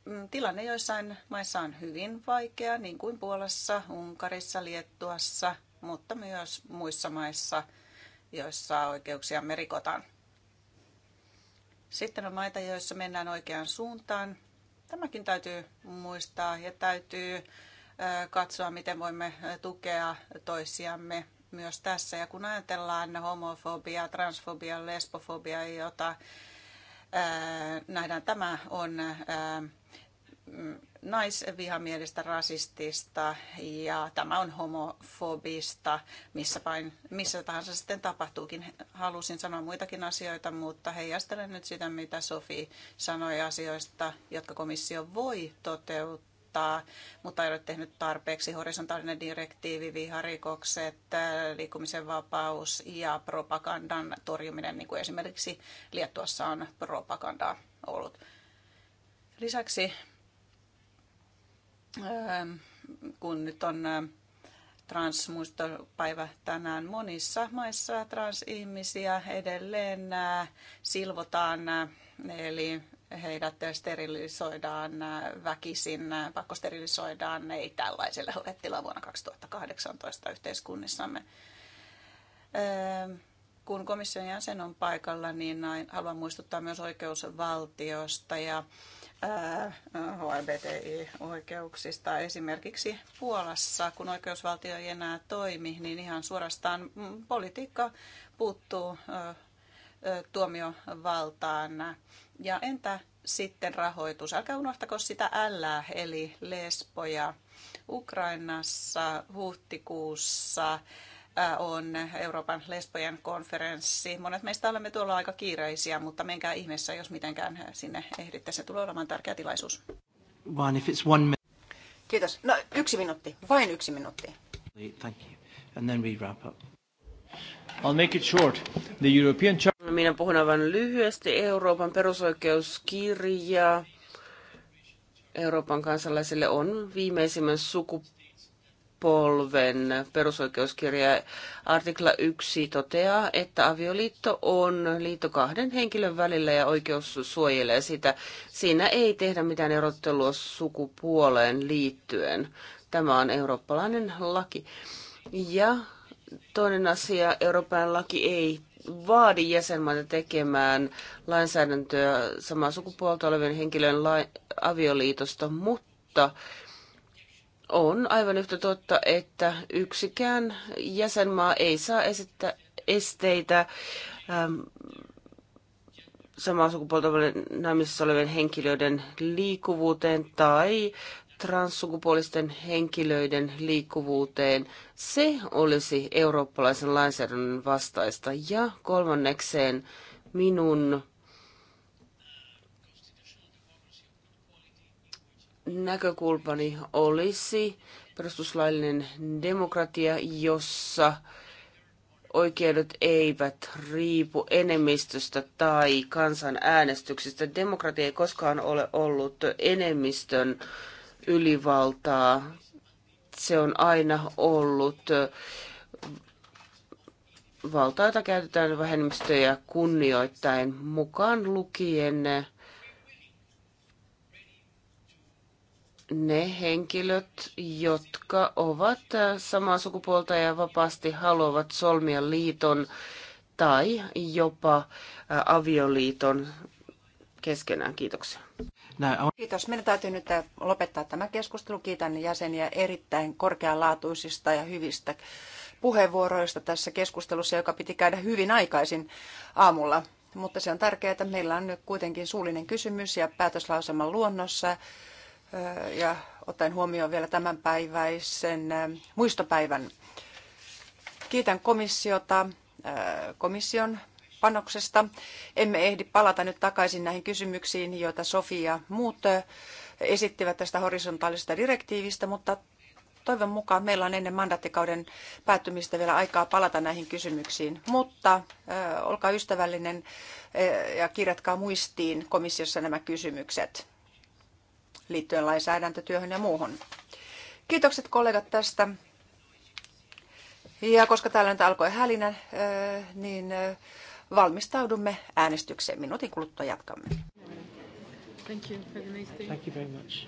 mm, tilanne joissain maissa on hyvin vaikea, niin kuin Puolassa, Unkarissa, Liettuassa, mutta myös muissa maissa – joissa oikeuksia me rikotaan. Sitten on maita, joissa mennään oikeaan suuntaan. Tämäkin täytyy muistaa ja täytyy katsoa, miten voimme tukea toisiamme myös tässä. Ja kun ajatellaan homofobiaa, transfobiaa, lesbofobiaa, jota nähdään, tämä on naisvihamielistä, rasistista ja tämä on homofobista, missä, vain, missä tahansa sitten tapahtuukin. Halusin sanoa muitakin asioita, mutta heijastelen nyt sitä, mitä Sofi sanoi asioista, jotka komissio voi toteuttaa, mutta ei ole tehnyt tarpeeksi. Horisontaalinen direktiivi, viharikokset, liikkumisen vapaus ja propagandan torjuminen, niin kuin esimerkiksi Liettuassa on propagandaa ollut. Lisäksi Öö, kun nyt on öö, transmuistopäivä tänään. Monissa maissa transihmisiä edelleen öö, silvotaan, eli heidät sterilisoidaan väkisin, pakkosterilisoidaan. Ei tällaiselle ole tilaa vuonna 2018 yhteiskunnissamme. Kun komission jäsen on paikalla, niin haluan muistuttaa myös oikeusvaltiosta ja HLBTI-oikeuksista. Esimerkiksi Puolassa, kun oikeusvaltio ei enää toimi, niin ihan suorastaan mm, politiikka puuttuu tuomiovaltaan. Ja entä sitten rahoitus? Älkää unohtako sitä L, eli lesboja. Ukrainassa huhtikuussa on Euroopan lesbojen konferenssi. Monet meistä olemme tuolla aika kiireisiä, mutta menkää ihmeessä, jos mitenkään sinne ehditte. Se tulee olemaan tärkeä tilaisuus. One, if it's one... Kiitos. No yksi minuutti, vain yksi minuutti. Thank you. And then we wrap up. I'll make it short. The European no, Minä puhun aivan lyhyesti Euroopan perusoikeuskirja. Euroopan kansalaisille on viimeisimmän sukupuolen polven perusoikeuskirja artikla 1 toteaa, että avioliitto on liitto kahden henkilön välillä ja oikeus suojelee sitä. Siinä ei tehdä mitään erottelua sukupuoleen liittyen. Tämä on eurooppalainen laki. Ja toinen asia, Euroopan laki ei vaadi jäsenmaita tekemään lainsäädäntöä samaa sukupuolta olevien henkilön avioliitosta, mutta on aivan yhtä totta, että yksikään jäsenmaa ei saa esittää esteitä äm, samaa sukupuolta naimisissa olevien henkilöiden liikkuvuuteen tai transsukupuolisten henkilöiden liikkuvuuteen. Se olisi eurooppalaisen lainsäädännön vastaista. Ja kolmannekseen minun näkökulmani olisi perustuslaillinen demokratia, jossa oikeudet eivät riipu enemmistöstä tai kansanäänestyksestä. Demokratia ei koskaan ole ollut enemmistön ylivaltaa. Se on aina ollut valtaa, jota käytetään vähemmistöjä kunnioittain mukaan lukien ne henkilöt, jotka ovat äh, samaa sukupuolta ja vapaasti haluavat solmia liiton tai jopa äh, avioliiton keskenään. Kiitoksia. Kiitos. Meidän täytyy nyt äh, lopettaa tämä keskustelu. Kiitän jäseniä erittäin korkealaatuisista ja hyvistä puheenvuoroista tässä keskustelussa, joka piti käydä hyvin aikaisin aamulla. Mutta se on tärkeää, että meillä on nyt kuitenkin suullinen kysymys ja päätöslauselman luonnossa ja ottaen huomioon vielä tämänpäiväisen muistopäivän. Kiitän komissiota komission panoksesta. Emme ehdi palata nyt takaisin näihin kysymyksiin, joita Sofia ja muut esittivät tästä horisontaalisesta direktiivistä, mutta toivon mukaan meillä on ennen mandaattikauden päättymistä vielä aikaa palata näihin kysymyksiin. Mutta olkaa ystävällinen ja kirjatkaa muistiin komissiossa nämä kysymykset liittyen lainsäädäntötyöhön ja muuhun. Kiitokset kollegat tästä. Ja koska täällä nyt alkoi hälinä, äh, niin äh, valmistaudumme äänestykseen. Minuutin kuluttua jatkamme. Thank you. nice day. Thank you very much.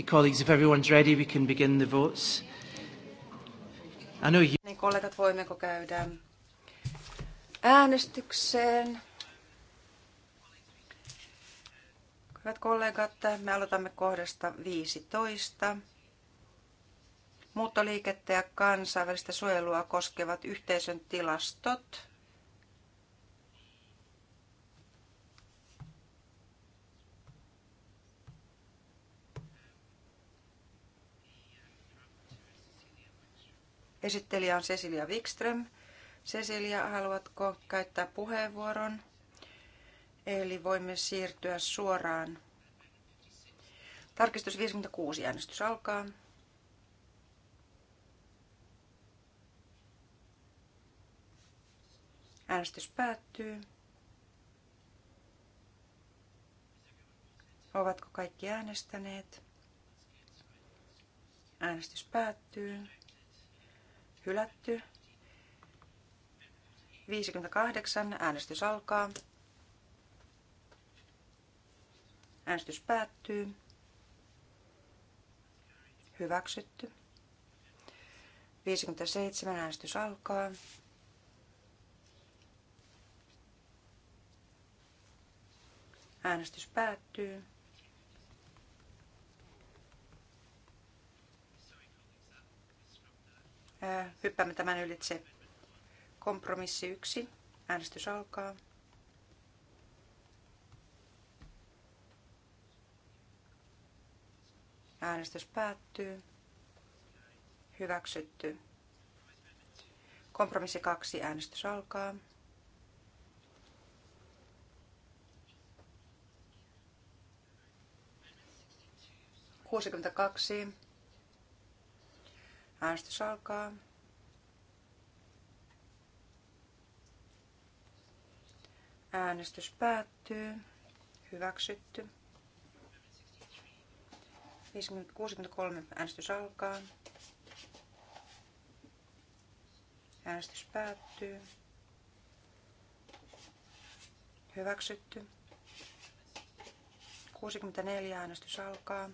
Colleagues, if everyone's ready, we can begin the votes. I know you... Niin kollegat, voimmeko käydä äänestykseen? Hyvät kollegat, me aloitamme kohdasta 15. Muuttoliikettä ja kansainvälistä suojelua koskevat yhteisön tilastot. Esittelijä on Cecilia Wikström. Cecilia, haluatko käyttää puheenvuoron? Eli voimme siirtyä suoraan. Tarkistus 56, äänestys alkaa. Äänestys päättyy. Ovatko kaikki äänestäneet? Äänestys päättyy hylätty. 58. Äänestys alkaa. Äänestys päättyy. Hyväksytty. 57. Äänestys alkaa. Äänestys päättyy. Hyppäämme tämän ylitse. Kompromissi yksi Äänestys alkaa. Äänestys päättyy. Hyväksytty. Kompromissi kaksi Äänestys alkaa. Kuusikymmentäkaksi Äänestys alkaa. Äänestys päättyy. Hyväksytty. 63 äänestys alkaa. Äänestys päättyy. Hyväksytty. 64 äänestys alkaa.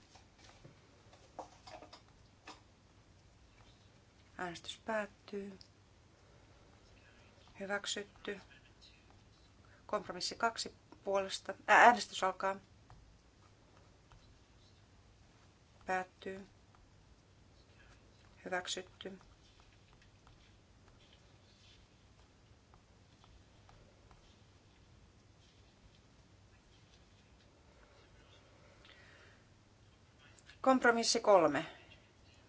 Äänestys päättyy. Hyväksytty. Kompromissi kaksi puolesta. Ää, äänestys alkaa. Päättyy. Hyväksytty. Kompromissi kolme.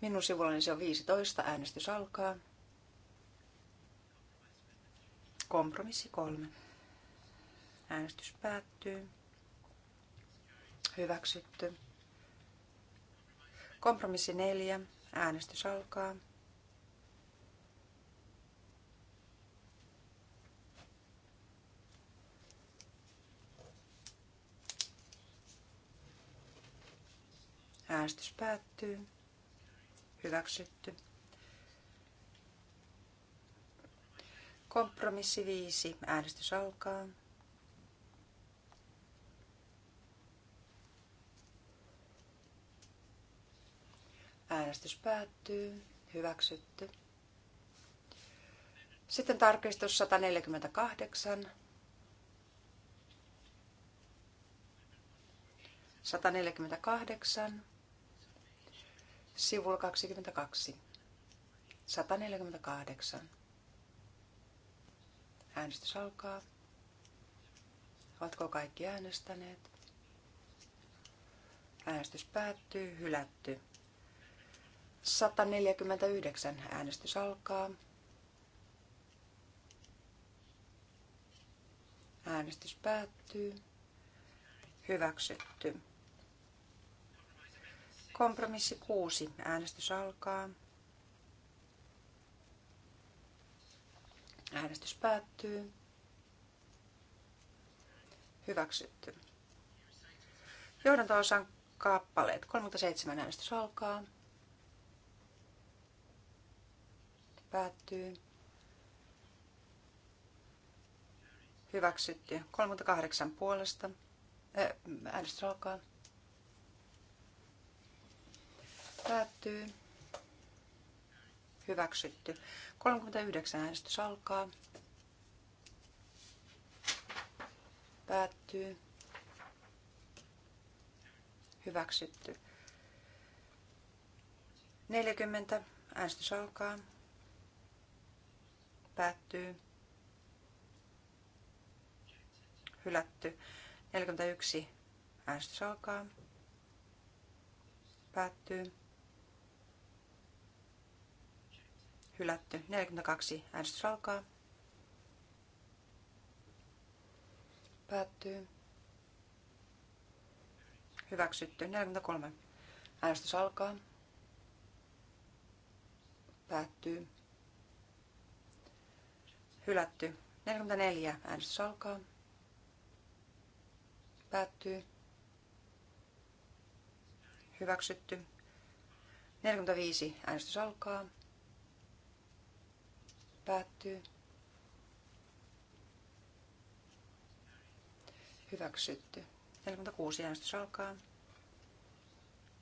Minun sivullani se on 15. Äänestys alkaa. Kompromissi 3. Äänestys päättyy. Hyväksytty. Kompromissi 4. Äänestys alkaa. Äänestys päättyy. Hyväksytty. Kompromissi 5. Äänestys alkaa. Äänestys päättyy. Hyväksytty. Sitten tarkistus 148. 148 sivulla 22. 148. Äänestys alkaa. Ovatko kaikki äänestäneet? Äänestys päättyy. Hylätty. 149. Äänestys alkaa. Äänestys päättyy. Hyväksytty. Kompromissi 6. Äänestys alkaa. Äänestys päättyy. Hyväksytty. Johdanto-osan kappaleet. 37 äänestys alkaa. Päättyy. Hyväksytty. 38 puolesta. Äänestys alkaa. Päättyy. Hyväksytty. 39 äänestys alkaa. Päättyy. Hyväksytty. 40. Äänestys alkaa. Päättyy. Hylätty. 41. Äänestys alkaa. Päättyy. hylätty. 42. Äänestys alkaa. Päättyy. Hyväksytty. 43. Äänestys alkaa. Päättyy. Hylätty. 44. Äänestys alkaa. Päättyy. Hyväksytty. 45. Äänestys alkaa. Päättyy. Hyväksytty. 46 äänestys alkaa.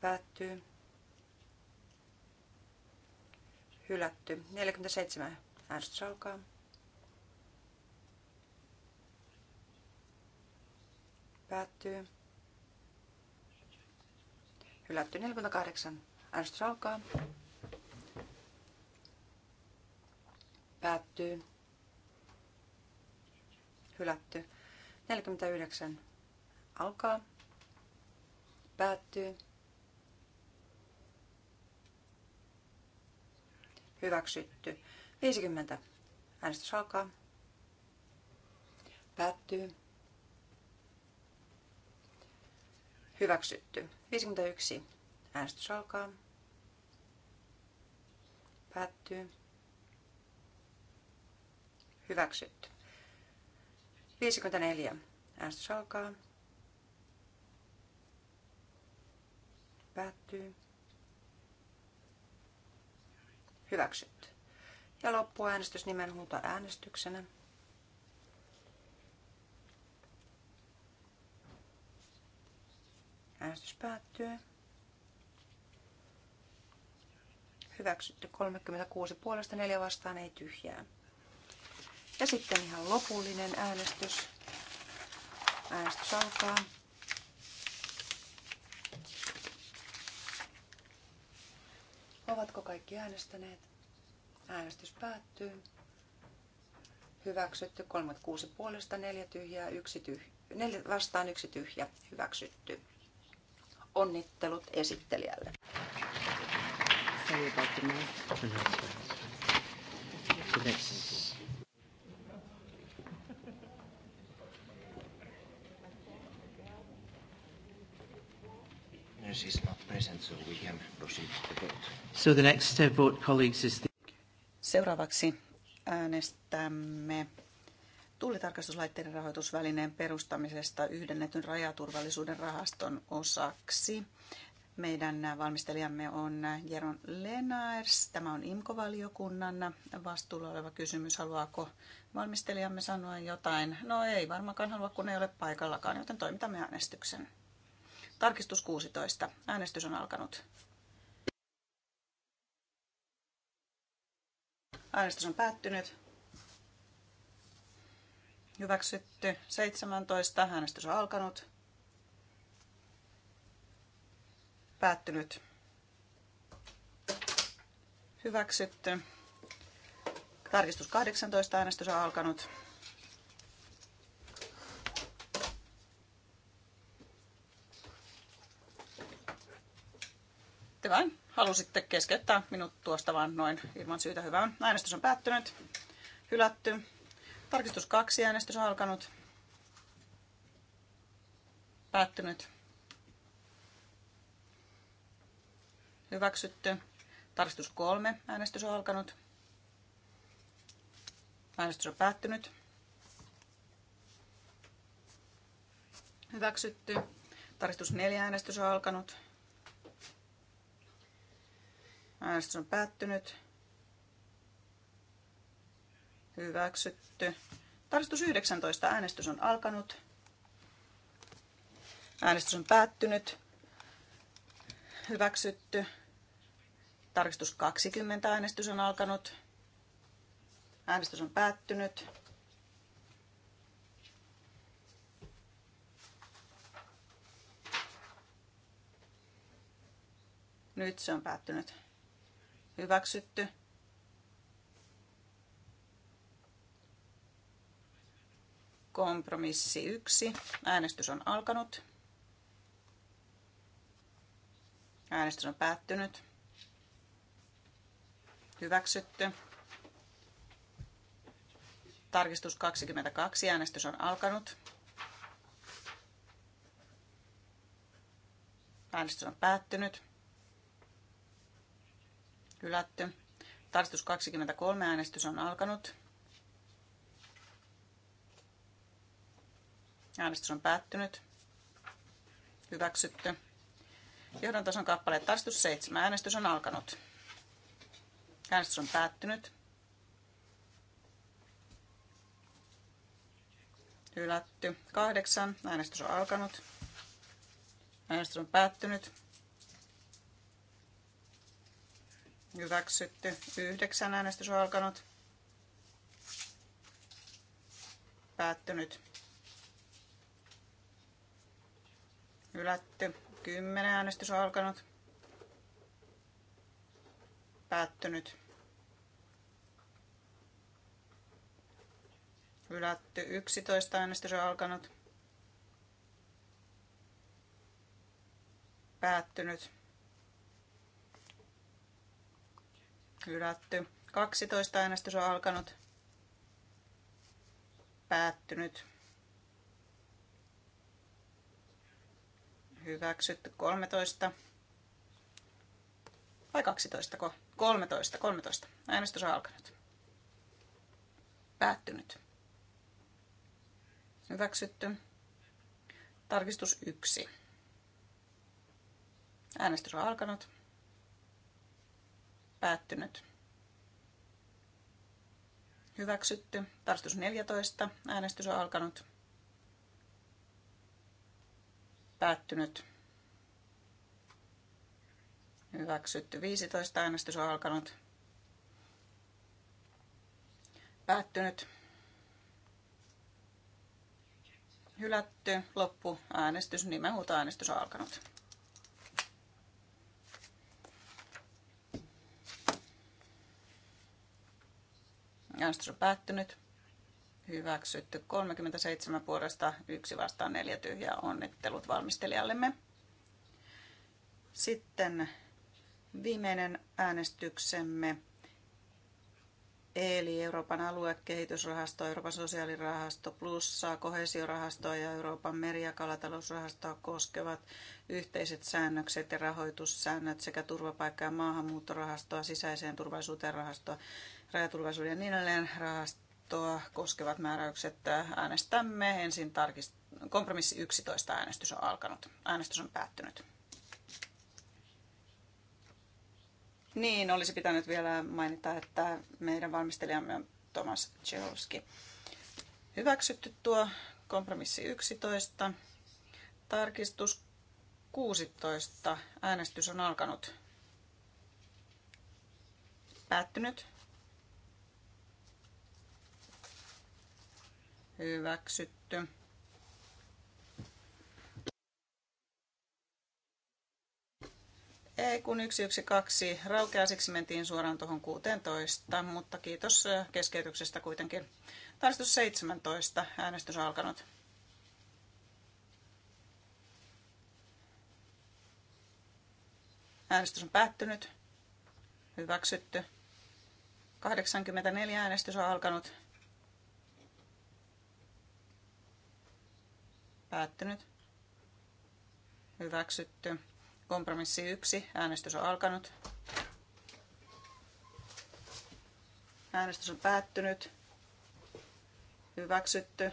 Päättyy. Hylätty. 47 äänestys alkaa. Päättyy. Hylätty 48. Äänestys alkaa. Päättyy. Hylätty. 49. Alkaa. Päättyy. Hyväksytty. 50. Äänestys alkaa. Päättyy. Hyväksytty. 51. Äänestys alkaa. Päättyy. Hyväksytty. 54. Äänestys alkaa. Päättyy. Hyväksytty. Ja loppuäänestys nimenhuuta äänestyksenä. Äänestys päättyy. Hyväksytty 36 puolesta, 4 vastaan, ei tyhjää. Ja sitten ihan lopullinen äänestys. Äänestys alkaa. Ovatko kaikki äänestäneet? Äänestys päättyy. Hyväksytty 36 puolesta, 4 tyhjää, 1 tyhjä, 4 vastaan, 1 tyhjä. Hyväksytty. Onnittelut esittelijälle. Sorry about the So the next vote, colleagues, is the... Seuraavaksi äänestämme tullitarkastuslaitteiden rahoitusvälineen perustamisesta yhdennetyn rajaturvallisuuden rahaston osaksi. Meidän valmistelijamme on Jeron Lenaers. Tämä on IMKO-valiokunnan vastuulla oleva kysymys. Haluaako valmistelijamme sanoa jotain? No ei varmaankaan halua, kun ei ole paikallakaan, joten toimitamme äänestyksen. Tarkistus 16. Äänestys on alkanut. Äänestys on päättynyt. Hyväksytty. 17. Äänestys on alkanut. Päättynyt. Hyväksytty. Tarkistus 18. Äänestys on alkanut. Hyvä halusitte keskeyttää minut tuosta vaan noin ilman syytä. hyvään. Äänestys on päättynyt. Hylätty. Tarkistus kaksi, Äänestys on alkanut. Päättynyt. Hyväksytty. Tarkistus kolme, Äänestys on alkanut. Äänestys on päättynyt. Hyväksytty. Tarkistus neljä, Äänestys on alkanut. Äänestys on päättynyt. Hyväksytty. Tarkistus 19. Äänestys on alkanut. Äänestys on päättynyt. Hyväksytty. Tarkistus 20. Äänestys on alkanut. Äänestys on päättynyt. Nyt se on päättynyt. Hyväksytty. Kompromissi 1. Äänestys on alkanut. Äänestys on päättynyt. Hyväksytty. Tarkistus 22. Äänestys on alkanut. Äänestys on päättynyt hylätty. Tarkistus 23 äänestys on alkanut. Äänestys on päättynyt. Hyväksytty. Johdon tason kappale tarkistus 7. Äänestys on alkanut. Äänestys on päättynyt. Hylätty. Kahdeksan. Äänestys on alkanut. Äänestys on päättynyt. Hyväksytty. Yhdeksän äänestys on alkanut. Päättynyt. ylätty Kymmenen äänestys on alkanut. Päättynyt. Ylätty. Yksitoista äänestys on alkanut. Päättynyt. Hylätty. 12 äänestys on alkanut. Päättynyt. Hyväksytty 13. Vai 12? 13, 13. Äänestys on alkanut. Päättynyt. Hyväksytty. Tarkistus 1. Äänestys on alkanut. Päättynyt. Hyväksytty. Tarkastus 14. Äänestys on alkanut. Päättynyt. Hyväksytty. 15. Äänestys on alkanut. Päättynyt. Hylätty. Loppu. Äänestys. äänestys on alkanut. Äänestys on päättynyt. Hyväksytty 37 puolesta, yksi vastaan neljä tyhjää. Onnittelut valmistelijallemme. Sitten viimeinen äänestyksemme. Eli Euroopan aluekehitysrahasto, Euroopan sosiaalirahasto, plussaa, kohesiorahasto ja Euroopan meri- ja kalatalousrahastoa koskevat yhteiset säännökset ja rahoitussäännöt sekä turvapaikka- ja maahanmuuttorahastoa, sisäiseen turvallisuuteen rahastoa rajaturvallisuuden ja niin edelleen rahastoa koskevat määräykset äänestämme. Ensin tarkist- kompromissi 11 äänestys on alkanut. Äänestys on päättynyt. Niin, olisi pitänyt vielä mainita, että meidän valmistelijamme on Tomas Tsehovski. Hyväksytty tuo kompromissi 11. Tarkistus 16. Äänestys on alkanut. Päättynyt. hyväksytty. Ei kun 112 raukeaa, siksi mentiin suoraan tuohon 16, mutta kiitos keskeytyksestä kuitenkin. Tarkistus 17, äänestys alkanut. Äänestys on päättynyt. Hyväksytty. 84 äänestys on alkanut. Päättynyt. Hyväksytty. Kompromissi 1. Äänestys on alkanut. Äänestys on päättynyt. Hyväksytty.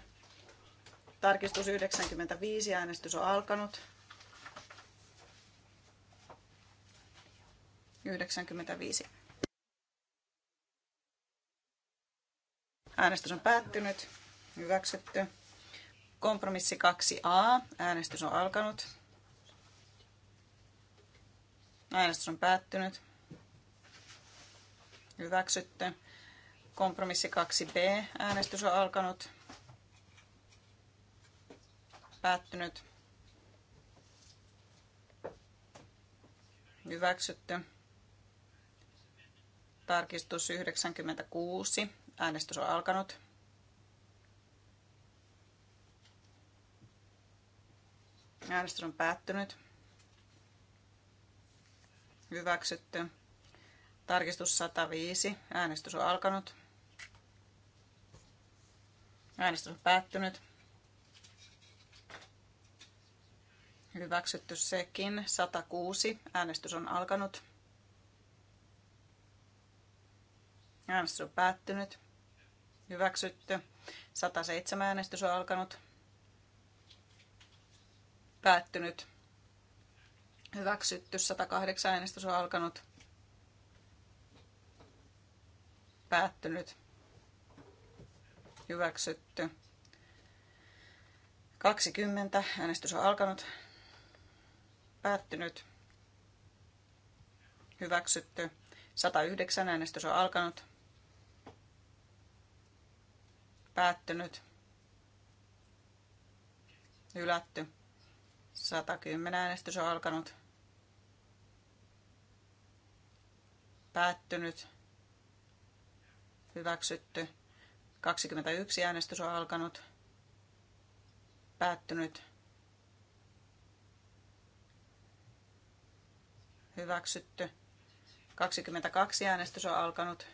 Tarkistus 95. Äänestys on alkanut. 95. Äänestys on päättynyt. Hyväksytty. Kompromissi 2a. Äänestys on alkanut. Äänestys on päättynyt. Hyväksytty. Kompromissi 2b. Äänestys on alkanut. Päättynyt. Hyväksytty. Tarkistus 96. Äänestys on alkanut. Äänestys on päättynyt. Hyväksytty. Tarkistus 105. Äänestys on alkanut. Äänestys on päättynyt. Hyväksytty sekin. 106. Äänestys on alkanut. Äänestys on päättynyt. Hyväksytty. 107 äänestys on alkanut. Päättynyt. Hyväksytty. 108 äänestys on alkanut. Päättynyt. Hyväksytty. 20. Äänestys on alkanut. Päättynyt. Hyväksytty. 109. Äänestys on alkanut. Päättynyt. Hylätty. 110 äänestys on alkanut. Päättynyt. Hyväksytty. 21 äänestys on alkanut. Päättynyt. Hyväksytty. 22 äänestys on alkanut.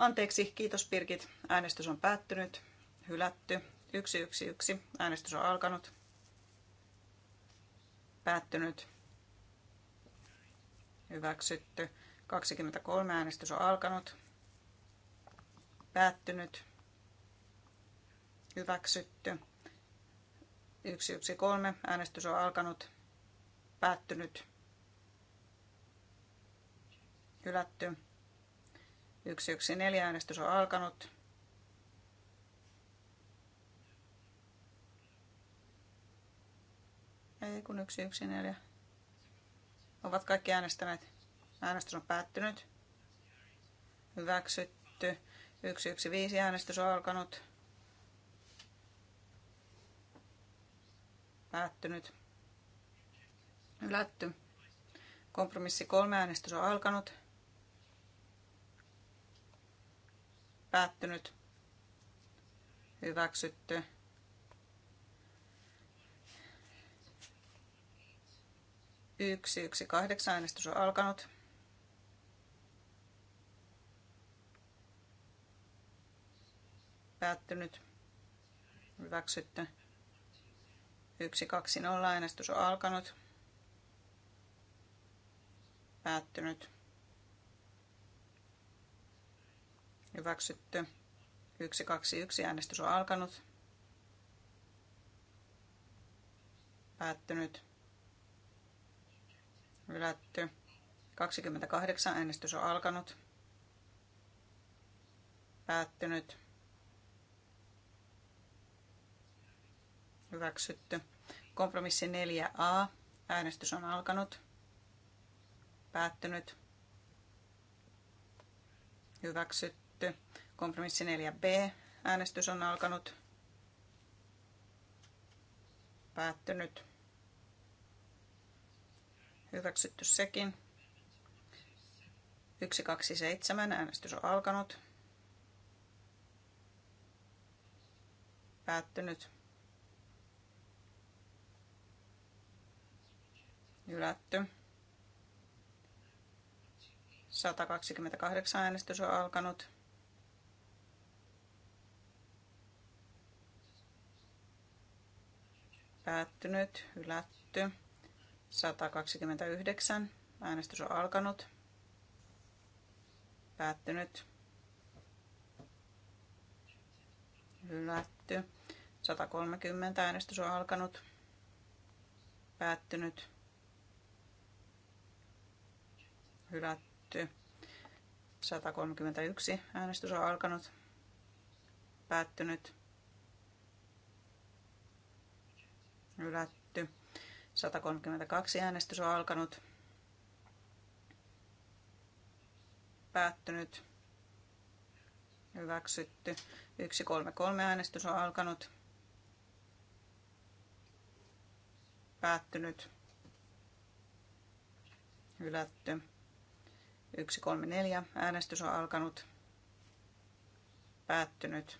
Anteeksi, kiitos Pirkit. Äänestys on päättynyt. Hylätty. 111. Äänestys on alkanut. Päättynyt. Hyväksytty. 23. Äänestys on alkanut. Päättynyt. Hyväksytty. 113. Äänestys on alkanut. Päättynyt. Hylätty. 114 äänestys on alkanut. Ei kun 114. Ovat kaikki äänestäneet. Äänestys on päättynyt. Hyväksytty. 115 äänestys on alkanut. Päättynyt. Hylätty. Kompromissi kolme äänestys on alkanut. Päättynyt. Hyväksytty. Yksi, yksi, kahdeksan. Äänestys on alkanut. Päättynyt. Hyväksytty. nolla äänestys on alkanut. Päättynyt. Hyväksytty. yksi äänestys on alkanut. Päättynyt. Hylätty. 28 äänestys on alkanut. Päättynyt. Hyväksytty. Kompromissi 4a. Äänestys on alkanut. Päättynyt. Hyväksytty. Hyväksytty. Kompromissi 4b. Äänestys on alkanut. Päättynyt. Hyväksytty sekin. 127. Äänestys on alkanut. Päättynyt. Ylätty. 128 äänestys on alkanut. päättynyt, hylätty. 129. Äänestys on alkanut. Päättynyt. Hylätty. 130. Äänestys on alkanut. Päättynyt. Hylätty. 131. Äänestys on alkanut. Päättynyt Hylätty. 132 äänestys on alkanut. Päättynyt. Hyväksytty. 133 äänestys on alkanut. Päättynyt. Hylätty. 134 äänestys on alkanut. Päättynyt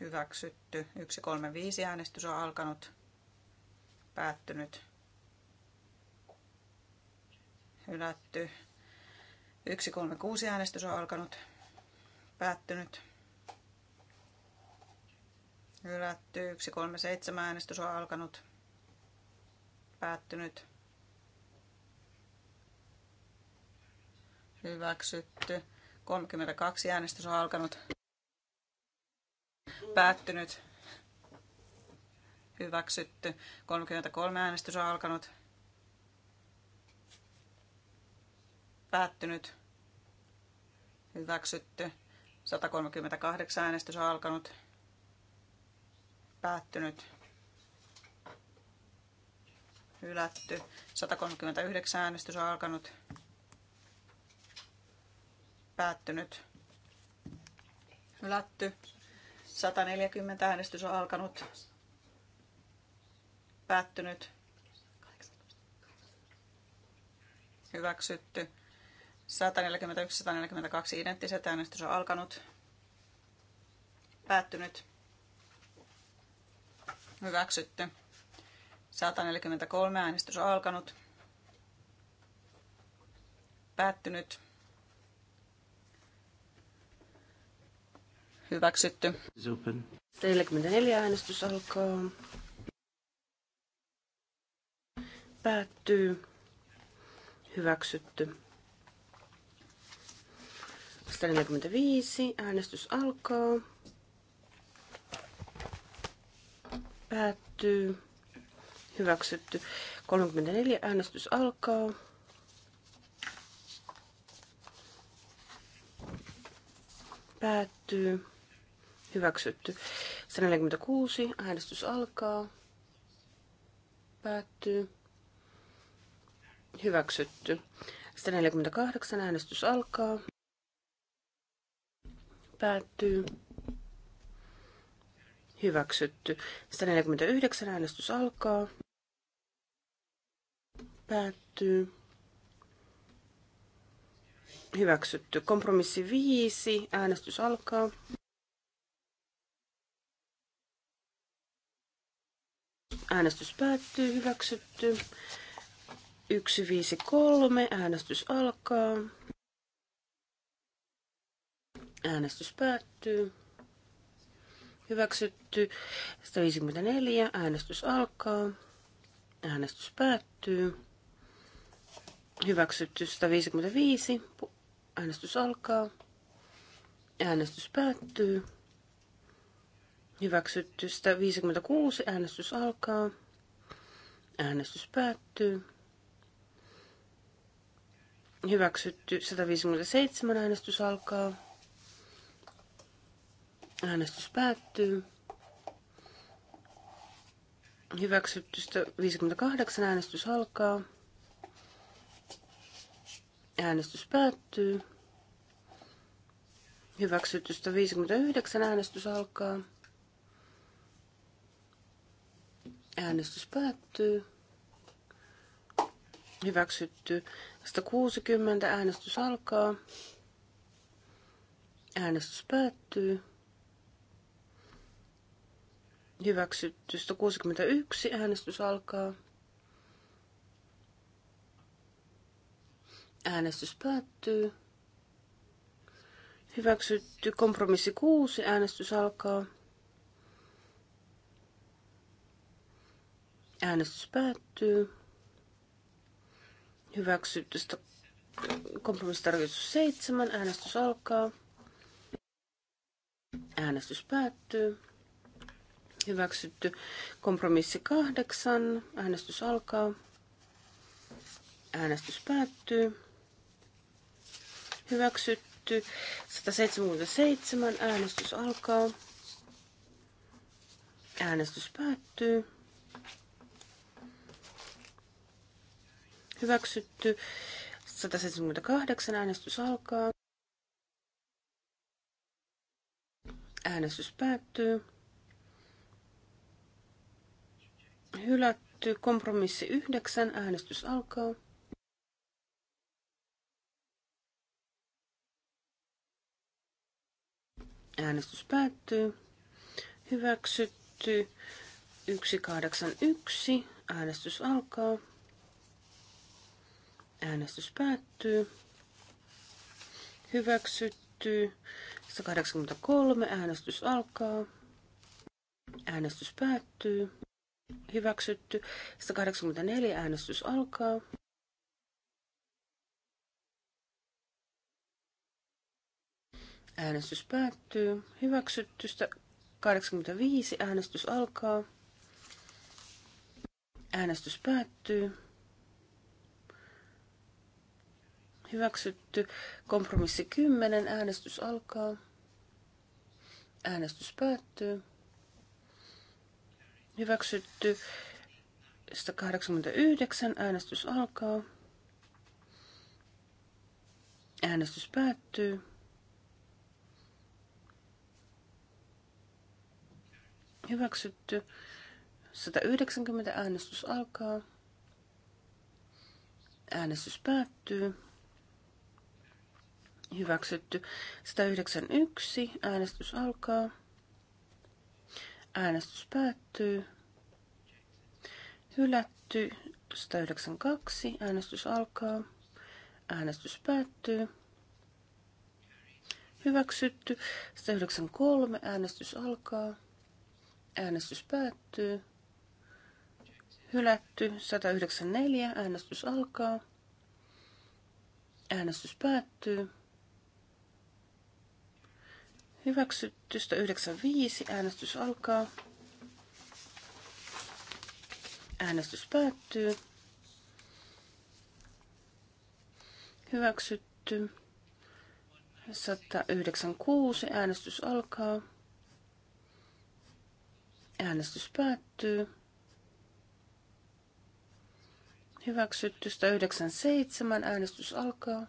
hyväksytty. 135 äänestys on alkanut, päättynyt, hylätty. 136 äänestys on alkanut, päättynyt, hylätty. 137 äänestys on alkanut, päättynyt, hyväksytty. 32 äänestys on alkanut päättynyt, hyväksytty, 33 äänestys on alkanut, päättynyt, hyväksytty, 138 äänestys on alkanut, päättynyt, hylätty, 139 äänestys on alkanut, päättynyt, hylätty, 140 äänestys on alkanut. Päättynyt. Hyväksytty. 141-142 identtiset äänestys on alkanut. Päättynyt. Hyväksytty. 143 äänestys on alkanut. Päättynyt. Hyväksytty. 44 äänestys alkaa. Päättyy. Hyväksytty. 45 Äänestys alkaa. Päättyy. Hyväksytty. 34. Äänestys alkaa. Päättyy. Hyväksytty. 146. Äänestys alkaa. Päättyy. Hyväksytty. 148. Äänestys alkaa. Päättyy. Hyväksytty. 149. Äänestys alkaa. Päättyy. Hyväksytty. Kompromissi 5. Äänestys alkaa. Äänestys päättyy. Hyväksytty. 153. Äänestys alkaa. Äänestys päättyy. Hyväksytty. 154. Äänestys alkaa. Äänestys päättyy. Hyväksytty. 155. Äänestys alkaa. Äänestys päättyy hyväksyttystä 56. Äänestys alkaa. Äänestys päättyy. Hyväksytty 157. Äänestys alkaa. Äänestys päättyy. Hyväksytty 58. Äänestys alkaa. Äänestys päättyy. Hyväksytystä 59 äänestys alkaa. Äänestys päättyy. Hyväksytty. 160 äänestys alkaa. Äänestys päättyy. Hyväksytty. 161 äänestys alkaa. Äänestys päättyy. Hyväksytty. Kompromissi 6 äänestys alkaa. Äänestys päättyy. Hyväksytty kompromissitarkistus 7. Äänestys alkaa. Äänestys päättyy. Hyväksytty kompromissi 8. Äänestys alkaa. Äänestys päättyy. Hyväksytty 177. Äänestys alkaa. Äänestys päättyy hyväksytty. 178 äänestys alkaa. Äänestys päättyy. Hylätty. Kompromissi 9. Äänestys alkaa. Äänestys päättyy. Hyväksytty. 181. Äänestys alkaa. Äänestys päättyy. Hyväksytty. 183. Äänestys alkaa. Äänestys päättyy. Hyväksytty. 184. Äänestys alkaa. Äänestys päättyy. Hyväksytty. 185 Äänestys alkaa. Äänestys päättyy. Hyväksytty. Kompromissi 10. Äänestys alkaa. Äänestys päättyy. Hyväksytty. 189. Äänestys alkaa. Äänestys päättyy. Hyväksytty. 190 äänestys alkaa. Äänestys päättyy. Hyväksytty. 191. Äänestys alkaa. Äänestys päättyy. Hylätty. 192. Äänestys alkaa. Äänestys päättyy. Hyväksytty. 193. Äänestys alkaa. Äänestys päättyy. Hylätty. 194. Äänestys alkaa. Äänestys päättyy. Hyväksytystä 95. Äänestys alkaa. Äänestys päättyy. Hyväksytty. 196. Äänestys alkaa. Äänestys päättyy. Hyväksytty 197. Äänestys alkaa.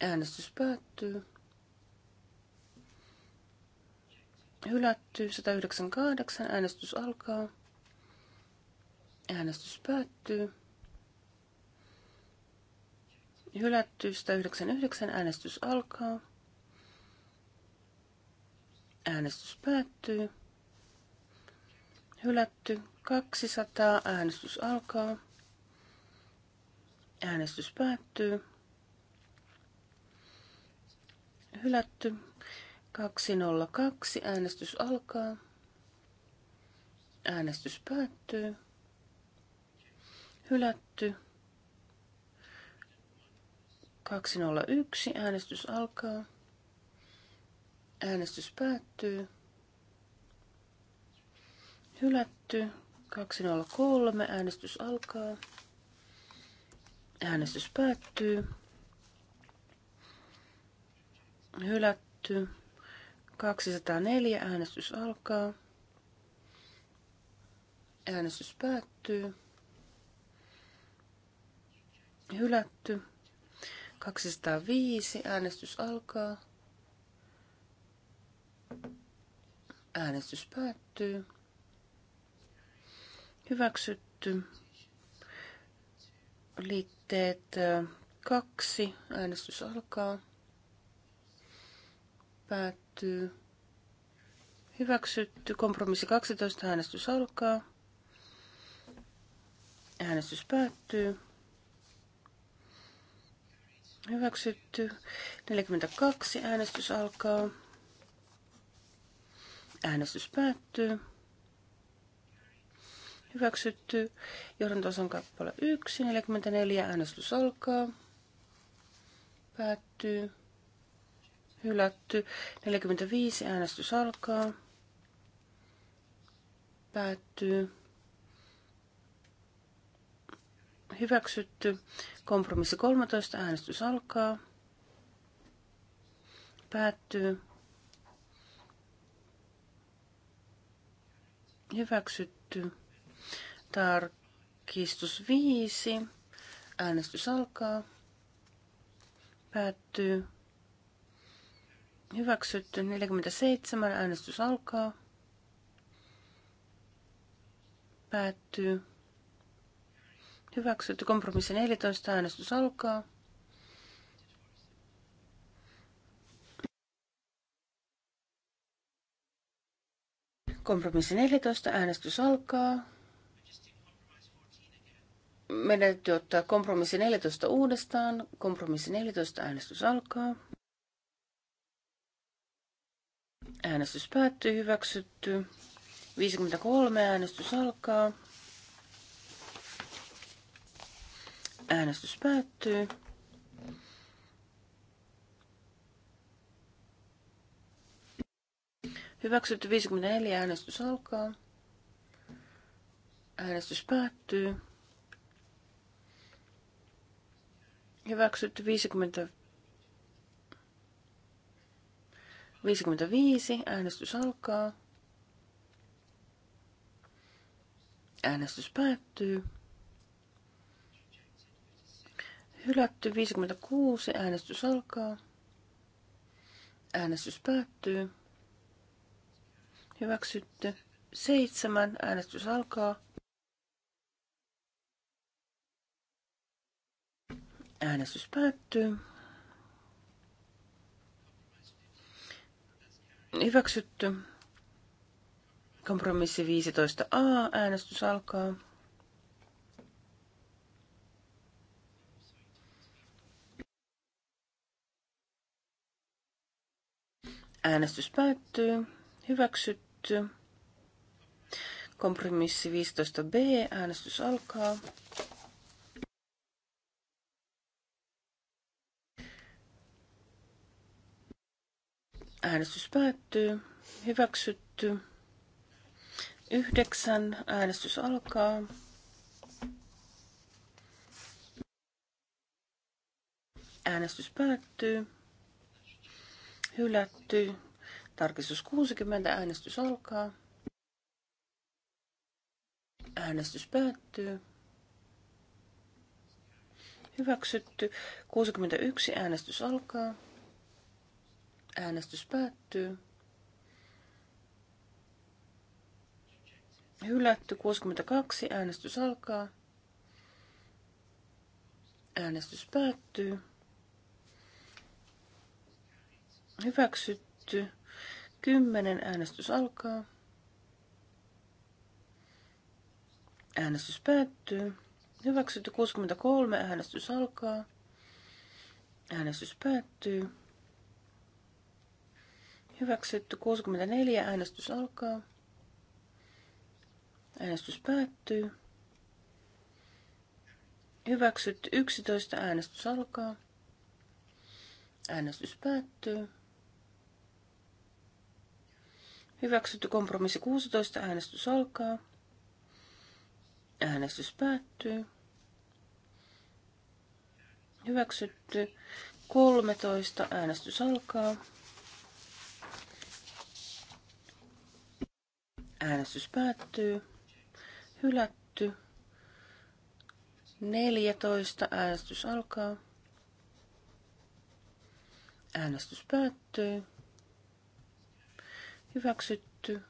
Äänestys päättyy. hylätty. 198 äänestys alkaa. Äänestys päättyy. Hylätty 199 äänestys alkaa. Äänestys päättyy. Hylätty 200 äänestys alkaa. Äänestys päättyy. Hylätty 202. Äänestys alkaa. Äänestys päättyy. Hylätty. 201. Äänestys alkaa. Äänestys päättyy. Hylätty. 203. Äänestys alkaa. Äänestys päättyy. Hylätty. 204 äänestys alkaa. Äänestys päättyy. Hylätty. 205 äänestys alkaa. Äänestys päättyy. Hyväksytty. Liitteet kaksi. Äänestys alkaa. Päättyy hyväksytty. Hyväksytty. Kompromissi 12. Äänestys alkaa. Äänestys päättyy. Hyväksytty. 42. Äänestys alkaa. Äänestys päättyy. Hyväksytty. Johdantoson kappale 1. 44. Äänestys alkaa. Päättyy hylätty. 45 äänestys alkaa. Päättyy. Hyväksytty. Kompromissi 13 äänestys alkaa. Päättyy. Hyväksytty. Tarkistus 5. Äänestys alkaa. Päättyy. Hyväksytty 47. Äänestys alkaa. Päättyy. Hyväksytty kompromissi 14. Äänestys alkaa. Kompromissi 14. Äänestys alkaa. Meidän täytyy ottaa kompromissi 14 uudestaan. Kompromissi 14. Äänestys alkaa. Äänestys päättyy, hyväksytty. 53 äänestys alkaa. Äänestys päättyy. Hyväksytty 54 äänestys alkaa. Äänestys päättyy. Hyväksytty 50. 55. Äänestys alkaa. Äänestys päättyy. Hylätty 56. Äänestys alkaa. Äänestys päättyy. Hyväksytty. 7. Äänestys alkaa. Äänestys päättyy. Hyväksytty. Kompromissi 15a. Äänestys alkaa. Äänestys päättyy. Hyväksytty. Kompromissi 15b. Äänestys alkaa. Äänestys päättyy. Hyväksytty. Yhdeksän. Äänestys alkaa. Äänestys päättyy. Hylätty. Tarkistus 60. Äänestys alkaa. Äänestys päättyy. Hyväksytty. 61. Äänestys alkaa. Äänestys päättyy. Hylätty 62. Äänestys alkaa. Äänestys päättyy. Hyväksytty. 10. Äänestys alkaa. Äänestys päättyy. Hyväksytty 63. Äänestys alkaa. Äänestys päättyy. Hyväksytty 64. Äänestys alkaa. Äänestys päättyy. Hyväksytty 11. Äänestys alkaa. Äänestys päättyy. Hyväksytty kompromissi 16. Äänestys alkaa. Äänestys päättyy. Hyväksytty 13. Äänestys alkaa. Äänestys päättyy. Hylätty. 14. Äänestys alkaa. Äänestys päättyy. Hyväksytty.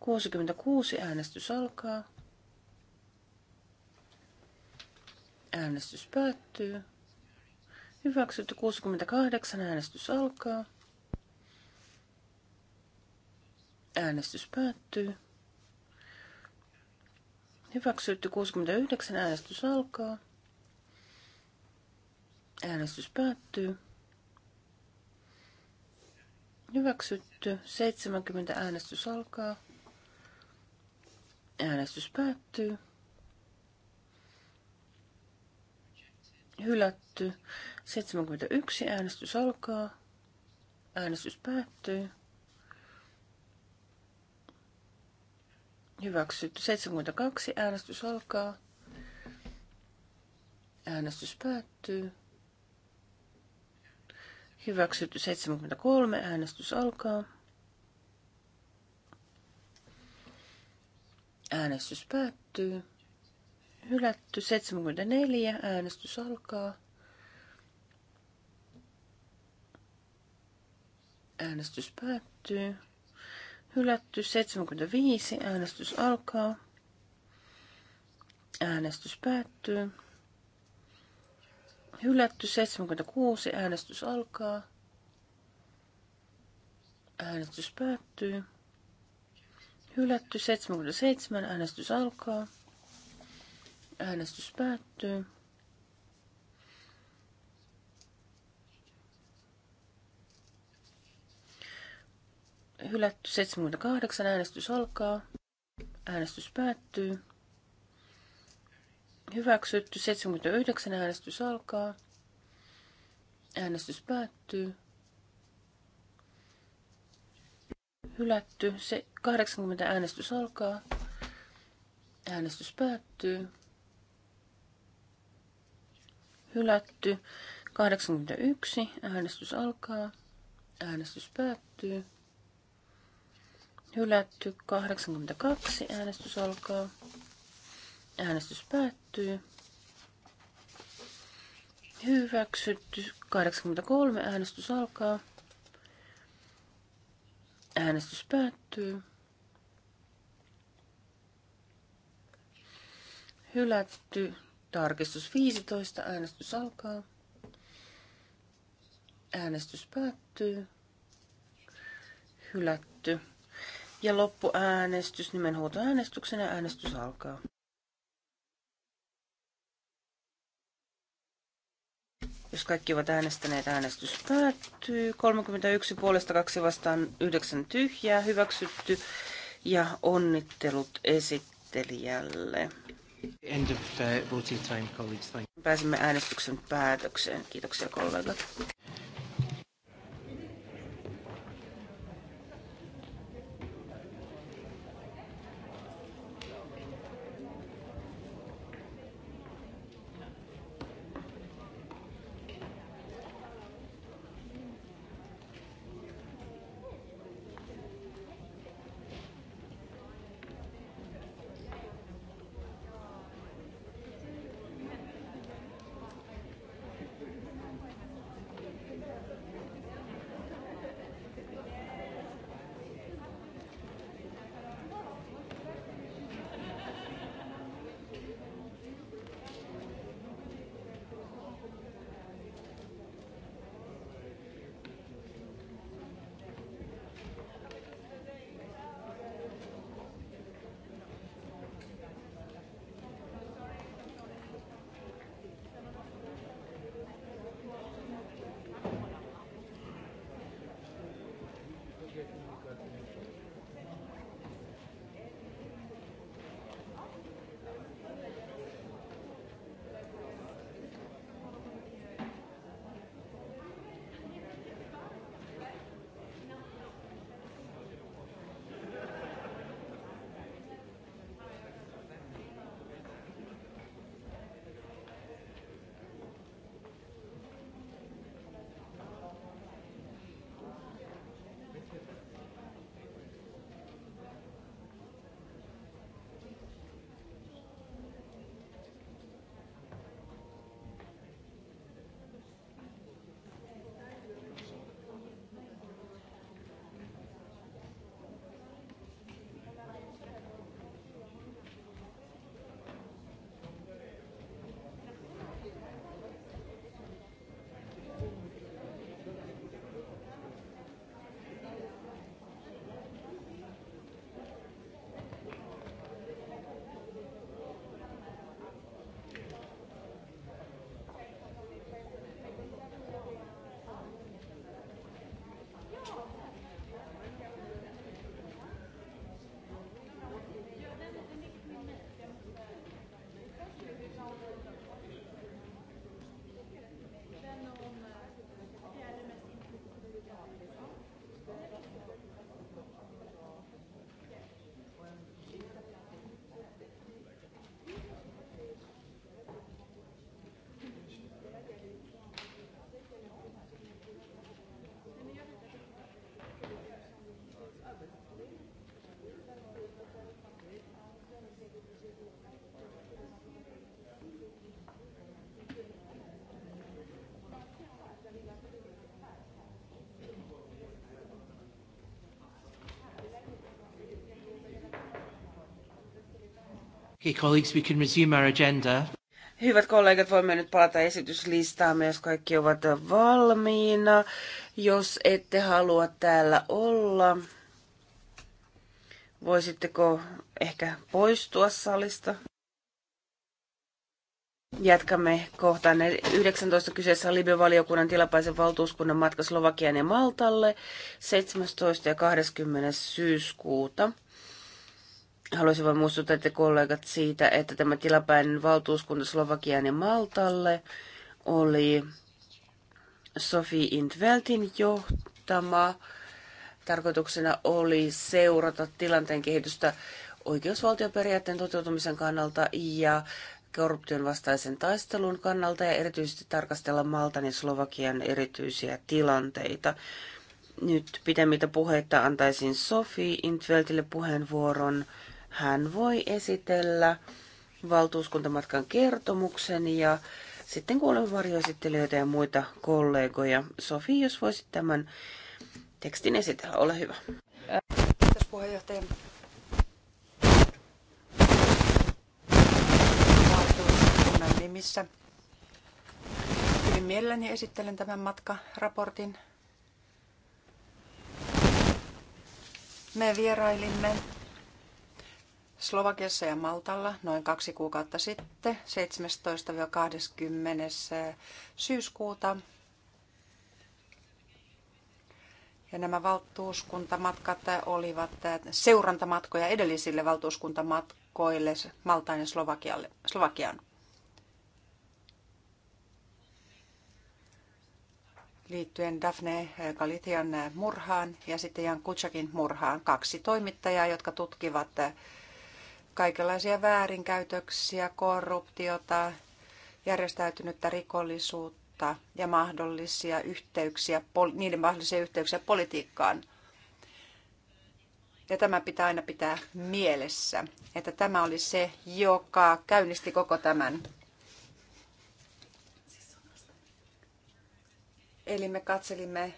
66. Äänestys alkaa. Äänestys päättyy. Hyväksytty 68. Äänestys alkaa. Äänestys päättyy. Hyväksytty 69. Äänestys alkaa. Äänestys päättyy. Hyväksytty 70. Äänestys alkaa. Äänestys päättyy. Hylätty 71. Äänestys alkaa. Äänestys päättyy. Hyväksytty. 72. Äänestys alkaa. Äänestys päättyy. Hyväksytty 73. Äänestys alkaa. Äänestys päättyy. Hylätty 74. Äänestys alkaa. Äänestys päättyy. Hylätty 75. Äänestys alkaa. Äänestys päättyy. Hylätty 76. Äänestys alkaa. Äänestys päättyy. Hylätty 77. Äänestys alkaa. Äänestys päättyy. hylätty 78, äänestys alkaa. Äänestys päättyy. Hyväksytty 79, äänestys alkaa. Äänestys päättyy. Hylätty se 80, äänestys alkaa. Äänestys päättyy. Hylätty 81, äänestys alkaa. Äänestys päättyy. Hylätty 82. Äänestys alkaa. Äänestys päättyy. Hyväksytty 83. Äänestys alkaa. Äänestys päättyy. Hylätty. Tarkistus 15. Äänestys alkaa. Äänestys päättyy. Hylätty. Ja loppuäänestys ja Äänestys alkaa. Jos kaikki ovat äänestäneet, äänestys päättyy. 31 puolesta, 2 vastaan, 9 tyhjää, hyväksytty. Ja onnittelut esittelijälle. End of uh, voting time, colleagues. Pääsimme äänestyksen päätökseen. Kiitoksia kollegat. Okay, colleagues, we can resume our agenda. Hyvät kollegat, voimme nyt palata esityslistaamme, jos kaikki ovat valmiina. Jos ette halua täällä olla, voisitteko ehkä poistua salista? Jatkamme kohtaan 19. Kyseessä on Libyan valiokunnan tilapäisen valtuuskunnan matka Slovakian ja Maltalle 17. ja 20. syyskuuta. Haluaisin vain muistuttaa te kollegat siitä, että tämä tilapäinen valtuuskunta Slovakian ja Maltalle oli Sofi Intveltin johtama. Tarkoituksena oli seurata tilanteen kehitystä oikeusvaltioperiaatteen toteutumisen kannalta ja korruption vastaisen taistelun kannalta ja erityisesti tarkastella Maltan ja Slovakian erityisiä tilanteita. Nyt pitemmitä puheita antaisin Sofi Intveltille puheenvuoron hän voi esitellä valtuuskuntamatkan kertomuksen ja sitten kuulemme varjoesittelijöitä ja muita kollegoja. Sofi, jos voisit tämän tekstin esitellä, ole hyvä. Kiitos puheenjohtaja. Valtuuskunnan nimissä. Hyvin mielelläni esittelen tämän matkaraportin. Me vierailimme Slovakiassa ja Maltalla noin kaksi kuukautta sitten, 17-20. Eh, syyskuuta. Ja nämä valtuuskuntamatkat eh, olivat eh, seurantamatkoja edellisille valtuuskuntamatkoille Maltaan ja Slovakialle, Slovakiaan. liittyen Daphne Galitian murhaan ja sitten Jan Kutsakin murhaan. Kaksi toimittajaa, jotka tutkivat kaikenlaisia väärinkäytöksiä, korruptiota, järjestäytynyttä rikollisuutta ja mahdollisia yhteyksiä, niiden mahdollisia yhteyksiä politiikkaan. Ja tämä pitää aina pitää mielessä, että tämä oli se, joka käynnisti koko tämän. Eli me katselimme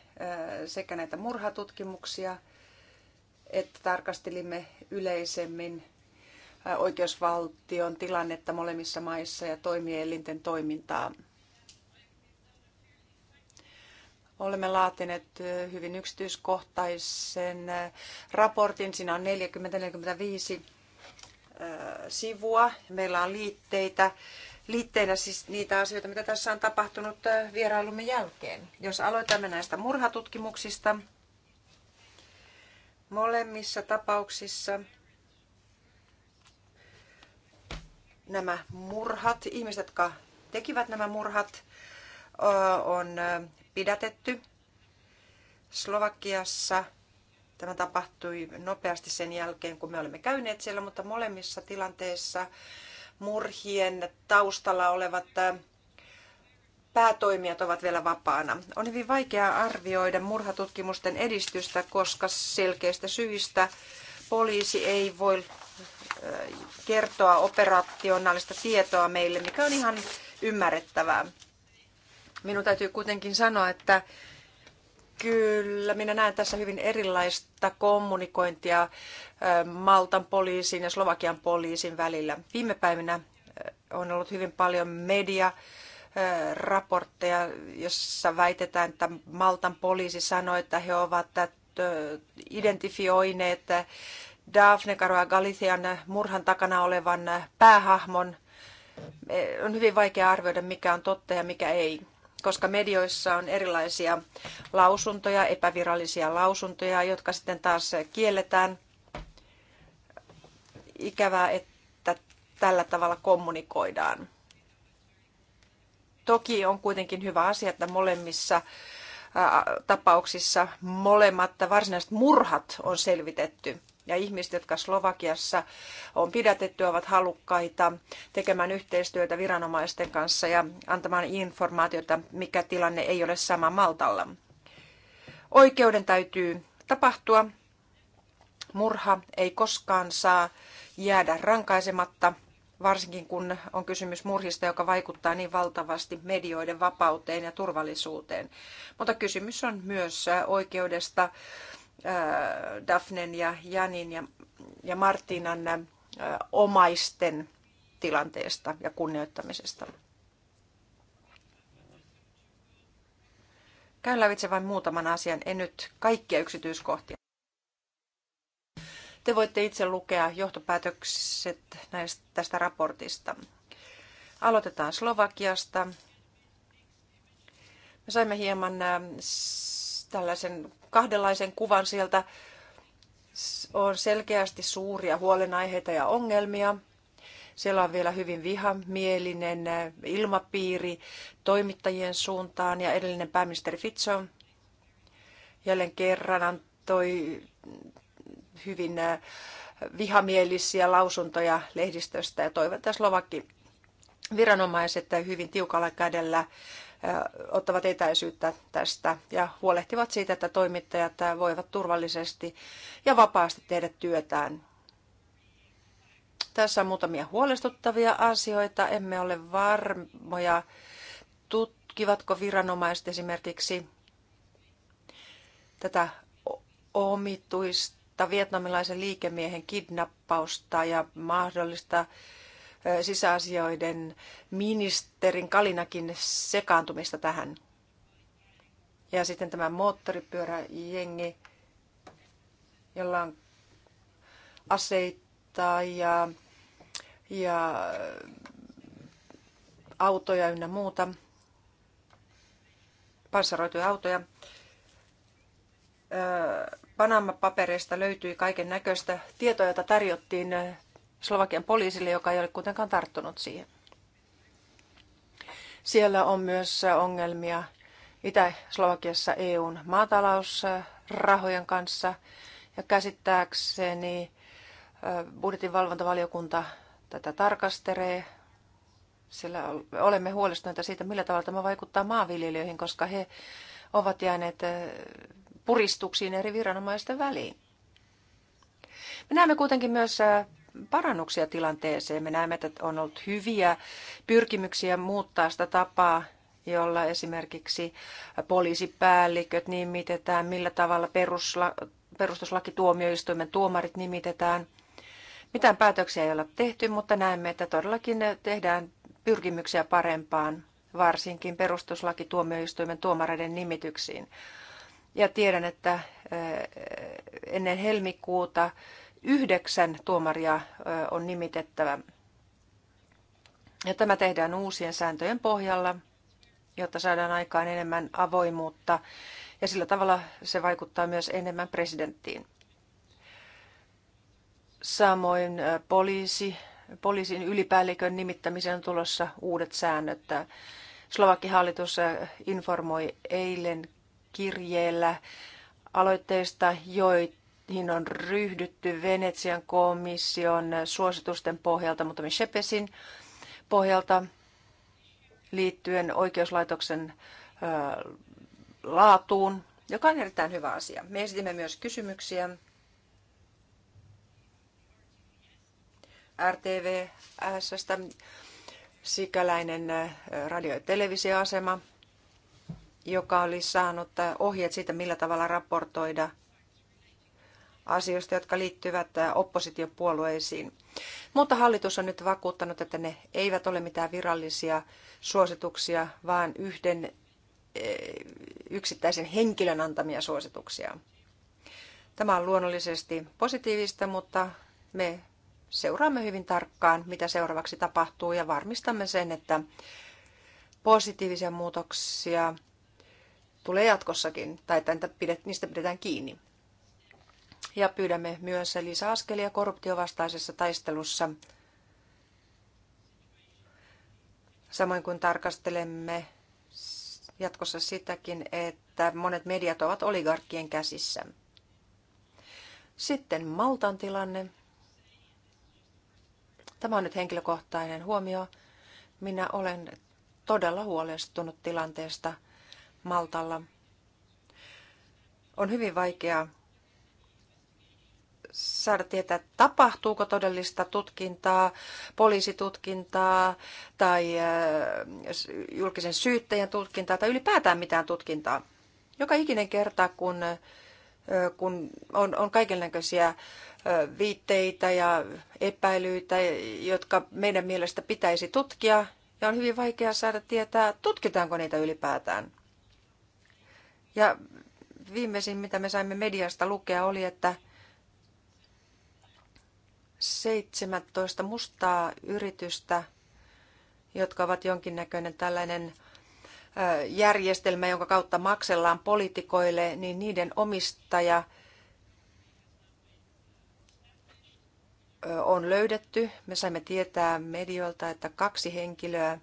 sekä näitä murhatutkimuksia, että tarkastelimme yleisemmin oikeusvaltion tilannetta molemmissa maissa ja toimielinten toimintaa. Olemme laatineet hyvin yksityiskohtaisen raportin. Siinä on 40-45 sivua. Meillä on liitteitä, liitteinä siis niitä asioita, mitä tässä on tapahtunut vierailumme jälkeen. Jos aloitamme näistä murhatutkimuksista, molemmissa tapauksissa – nämä murhat, ihmiset, jotka tekivät nämä murhat, on pidätetty Slovakiassa. Tämä tapahtui nopeasti sen jälkeen, kun me olemme käyneet siellä, mutta molemmissa tilanteissa murhien taustalla olevat päätoimijat ovat vielä vapaana. On hyvin vaikeaa arvioida murhatutkimusten edistystä, koska selkeistä syistä poliisi ei voi kertoa operationaalista tietoa meille, mikä on ihan ymmärrettävää. Minun täytyy kuitenkin sanoa, että Kyllä, minä näen tässä hyvin erilaista kommunikointia Maltan poliisin ja Slovakian poliisin välillä. Viime päivinä on ollut hyvin paljon media raportteja, jossa väitetään, että Maltan poliisi sanoi, että he ovat identifioineet Daphne Caruana Galician murhan takana olevan päähahmon. On hyvin vaikea arvioida, mikä on totta ja mikä ei, koska medioissa on erilaisia lausuntoja, epävirallisia lausuntoja, jotka sitten taas kielletään. Ikävää, että tällä tavalla kommunikoidaan. Toki on kuitenkin hyvä asia, että molemmissa tapauksissa molemmat varsinaiset murhat on selvitetty ja ihmiset, jotka Slovakiassa on pidätetty, ovat halukkaita tekemään yhteistyötä viranomaisten kanssa ja antamaan informaatiota, mikä tilanne ei ole sama Maltalla. Oikeuden täytyy tapahtua. Murha ei koskaan saa jäädä rankaisematta, varsinkin kun on kysymys murhista, joka vaikuttaa niin valtavasti medioiden vapauteen ja turvallisuuteen. Mutta kysymys on myös oikeudesta Äh, Daphnen ja Janin ja, ja Martinan äh, omaisten tilanteesta ja kunnioittamisesta. Käyn lävitse vain muutaman asian, en nyt kaikkia yksityiskohtia. Te voitte itse lukea johtopäätökset näistä, tästä raportista. Aloitetaan Slovakiasta. Me saimme hieman äh, tällaisen kahdenlaisen kuvan sieltä. On selkeästi suuria huolenaiheita ja ongelmia. Siellä on vielä hyvin vihamielinen ilmapiiri toimittajien suuntaan ja edellinen pääministeri Fitso jälleen kerran antoi hyvin äh, vihamielisiä lausuntoja lehdistöstä ja toivon, Slovakki viranomaiset hyvin tiukalla kädellä ottavat etäisyyttä tästä ja huolehtivat siitä, että toimittajat voivat turvallisesti ja vapaasti tehdä työtään. Tässä on muutamia huolestuttavia asioita. Emme ole varmoja, tutkivatko viranomaiset esimerkiksi tätä omituista vietnamilaisen liikemiehen kidnappausta ja mahdollista sisäasioiden ministerin Kalinakin sekaantumista tähän. Ja sitten tämä moottoripyöräjengi, jolla on aseita ja, ja autoja ynnä muuta, panssaroituja autoja. Panama-papereista löytyi kaiken näköistä tietoa, jota tarjottiin Slovakian poliisille, joka ei ole kuitenkaan tarttunut siihen. Siellä on myös ongelmia Itä-Slovakiassa EUn maatalousrahojen kanssa. Ja käsittääkseni budjetin valvontavaliokunta tätä tarkastelee, sillä olemme huolestuneita siitä, millä tavalla tämä vaikuttaa maanviljelijöihin, koska he ovat jääneet puristuksiin eri viranomaisten väliin. Me näemme kuitenkin myös parannuksia tilanteeseen. Me näemme, että on ollut hyviä pyrkimyksiä muuttaa sitä tapaa, jolla esimerkiksi poliisipäälliköt nimitetään, millä tavalla perusla, perustuslakituomioistuimen tuomarit nimitetään. Mitään päätöksiä ei ole tehty, mutta näemme, että todellakin tehdään pyrkimyksiä parempaan, varsinkin perustuslakituomioistuimen tuomareiden nimityksiin. Ja tiedän, että ennen helmikuuta yhdeksän tuomaria on nimitettävä. Ja tämä tehdään uusien sääntöjen pohjalla, jotta saadaan aikaan enemmän avoimuutta ja sillä tavalla se vaikuttaa myös enemmän presidenttiin. Samoin poliisi, poliisin ylipäällikön nimittämisen on tulossa uudet säännöt. Slovakin hallitus informoi eilen kirjeellä aloitteista, joita Niihin on ryhdytty Venetsian komission suositusten pohjalta, mutta Shepesin pohjalta liittyen oikeuslaitoksen laatuun, joka on erittäin hyvä asia. Me esitimme myös kysymyksiä RTVSstä, sikäläinen radio- ja televisioasema, joka oli saanut ohjeet siitä, millä tavalla raportoida – asioista, jotka liittyvät oppositiopuolueisiin. Mutta hallitus on nyt vakuuttanut, että ne eivät ole mitään virallisia suosituksia, vaan yhden yksittäisen henkilön antamia suosituksia. Tämä on luonnollisesti positiivista, mutta me seuraamme hyvin tarkkaan, mitä seuraavaksi tapahtuu ja varmistamme sen, että positiivisia muutoksia tulee jatkossakin tai että niistä pidetään kiinni ja pyydämme myös lisäaskelia korruptiovastaisessa taistelussa. Samoin kuin tarkastelemme jatkossa sitäkin, että monet mediat ovat oligarkkien käsissä. Sitten Maltan tilanne. Tämä on nyt henkilökohtainen huomio. Minä olen todella huolestunut tilanteesta Maltalla. On hyvin vaikeaa saada tietää, tapahtuuko todellista tutkintaa, poliisitutkintaa tai äh, julkisen syyttäjän tutkintaa tai ylipäätään mitään tutkintaa. Joka ikinen kerta, kun, äh, kun on, on kaikenlaisia äh, viitteitä ja epäilyitä, jotka meidän mielestä pitäisi tutkia, ja on hyvin vaikea saada tietää, tutkitaanko niitä ylipäätään. Ja viimeisin, mitä me saimme mediasta lukea, oli, että 17 mustaa yritystä, jotka ovat jonkinnäköinen tällainen järjestelmä, jonka kautta maksellaan poliitikoille, niin niiden omistaja on löydetty. Me saimme tietää medioilta, että kaksi henkilöä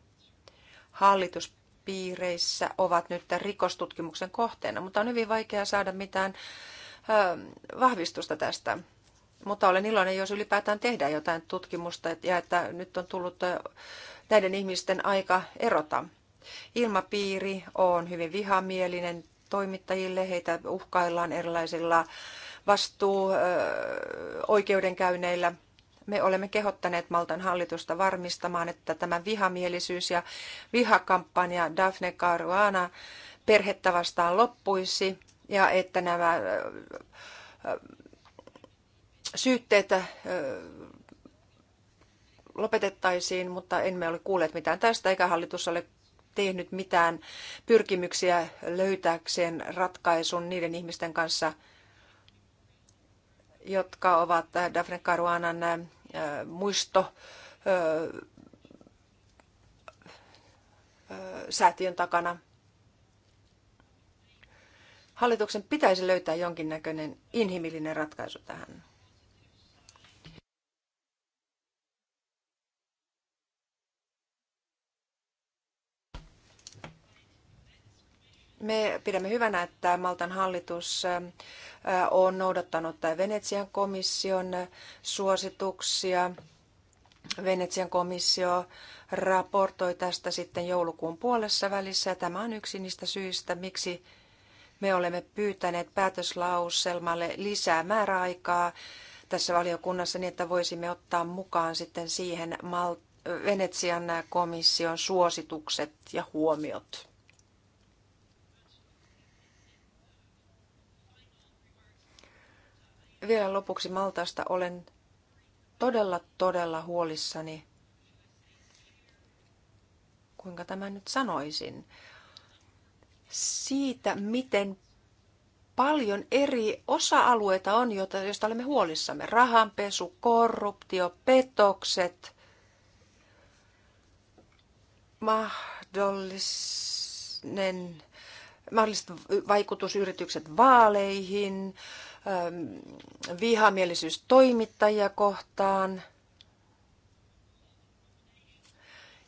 hallituspiireissä ovat nyt tämän rikostutkimuksen kohteena, mutta on hyvin vaikea saada mitään vahvistusta tästä. Mutta olen iloinen, jos ylipäätään tehdään jotain tutkimusta ja että nyt on tullut näiden ihmisten aika erota. Ilmapiiri on hyvin vihamielinen toimittajille, heitä uhkaillaan erilaisilla vastuu vastuu-oikeudenkäynneillä. Me olemme kehottaneet Maltan hallitusta varmistamaan, että tämä vihamielisyys ja vihakampanja Daphne Caruana perhettä vastaan loppuisi ja että nämä syytteitä lopetettaisiin, mutta emme ole kuulleet mitään tästä, eikä hallitus ole tehnyt mitään pyrkimyksiä löytääkseen ratkaisun niiden ihmisten kanssa, jotka ovat Daphne Caruanan muisto säätiön takana. Hallituksen pitäisi löytää jonkinnäköinen inhimillinen ratkaisu tähän. Me pidämme hyvänä, että Maltan hallitus on noudattanut Venetsian komission suosituksia. Venetsian komissio raportoi tästä sitten joulukuun puolessa välissä. Ja tämä on yksi niistä syistä, miksi me olemme pyytäneet päätöslauselmalle lisää määräaikaa tässä valiokunnassa niin, että voisimme ottaa mukaan sitten siihen Mal- Venetsian komission suositukset ja huomiot. vielä lopuksi Maltaasta olen todella, todella huolissani. Kuinka tämä nyt sanoisin? Siitä, miten paljon eri osa-alueita on, joista olemme huolissamme. Rahanpesu, korruptio, petokset, mahdollinen, mahdolliset vaikutusyritykset vaaleihin, äh, Ähm, vihamielisyys toimittajia kohtaan.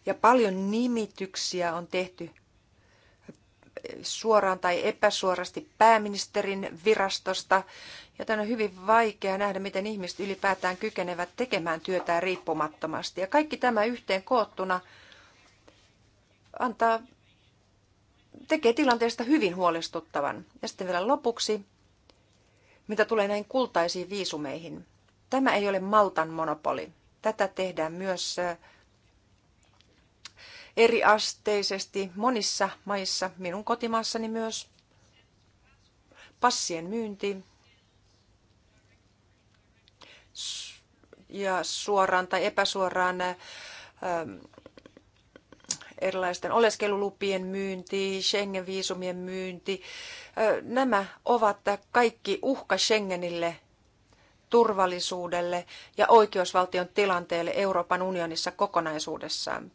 Ja paljon nimityksiä on tehty suoraan tai epäsuorasti pääministerin virastosta, joten on hyvin vaikea nähdä, miten ihmiset ylipäätään kykenevät tekemään työtään riippumattomasti. Ja kaikki tämä yhteen koottuna antaa, tekee tilanteesta hyvin huolestuttavan. Ja sitten vielä lopuksi mitä tulee näihin kultaisiin viisumeihin. Tämä ei ole Maltan monopoli. Tätä tehdään myös eriasteisesti monissa maissa, minun kotimaassani myös. Passien myynti ja suoraan tai epäsuoraan erilaisten oleskelulupien myynti, Schengen-viisumien myynti. Nämä ovat kaikki uhka Schengenille, turvallisuudelle ja oikeusvaltion tilanteelle Euroopan unionissa kokonaisuudessaan.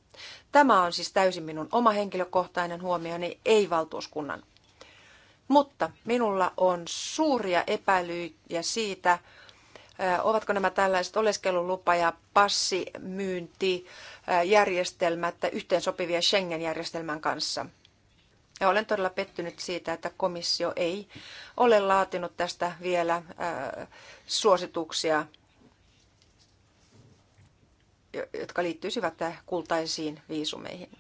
Tämä on siis täysin minun oma henkilökohtainen huomioni, ei valtuuskunnan. Mutta minulla on suuria epäilyjä siitä, ovatko nämä tällaiset oleskelulupa- ja passimyyntijärjestelmät yhteensopivia Schengen-järjestelmän kanssa. Ja olen todella pettynyt siitä, että komissio ei ole laatinut tästä vielä suosituksia, jotka liittyisivät kultaisiin viisumeihin.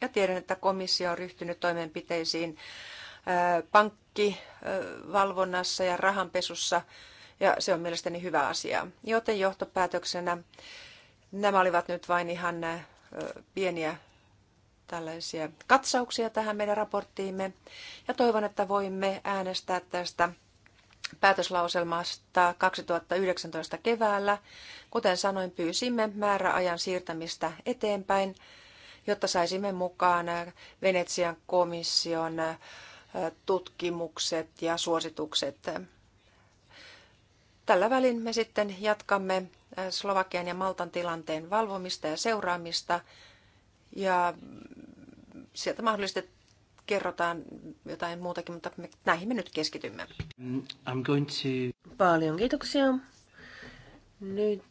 Ja tiedän, että komissio on ryhtynyt toimenpiteisiin pankkien kaikki valvonnassa ja rahanpesussa ja se on mielestäni hyvä asia. Joten johtopäätöksenä nämä olivat nyt vain ihan pieniä tällaisia katsauksia tähän meidän raporttiimme ja toivon, että voimme äänestää tästä päätöslauselmasta 2019 keväällä. Kuten sanoin, pyysimme määräajan siirtämistä eteenpäin, jotta saisimme mukaan Venetsian komission tutkimukset ja suositukset. Tällä välin me sitten jatkamme Slovakian ja Maltan tilanteen valvomista ja seuraamista ja sieltä mahdollisesti kerrotaan jotain muutakin, mutta me, näihin me nyt keskitymme. Mm, I'm going to... Paljon kiitoksia. Nyt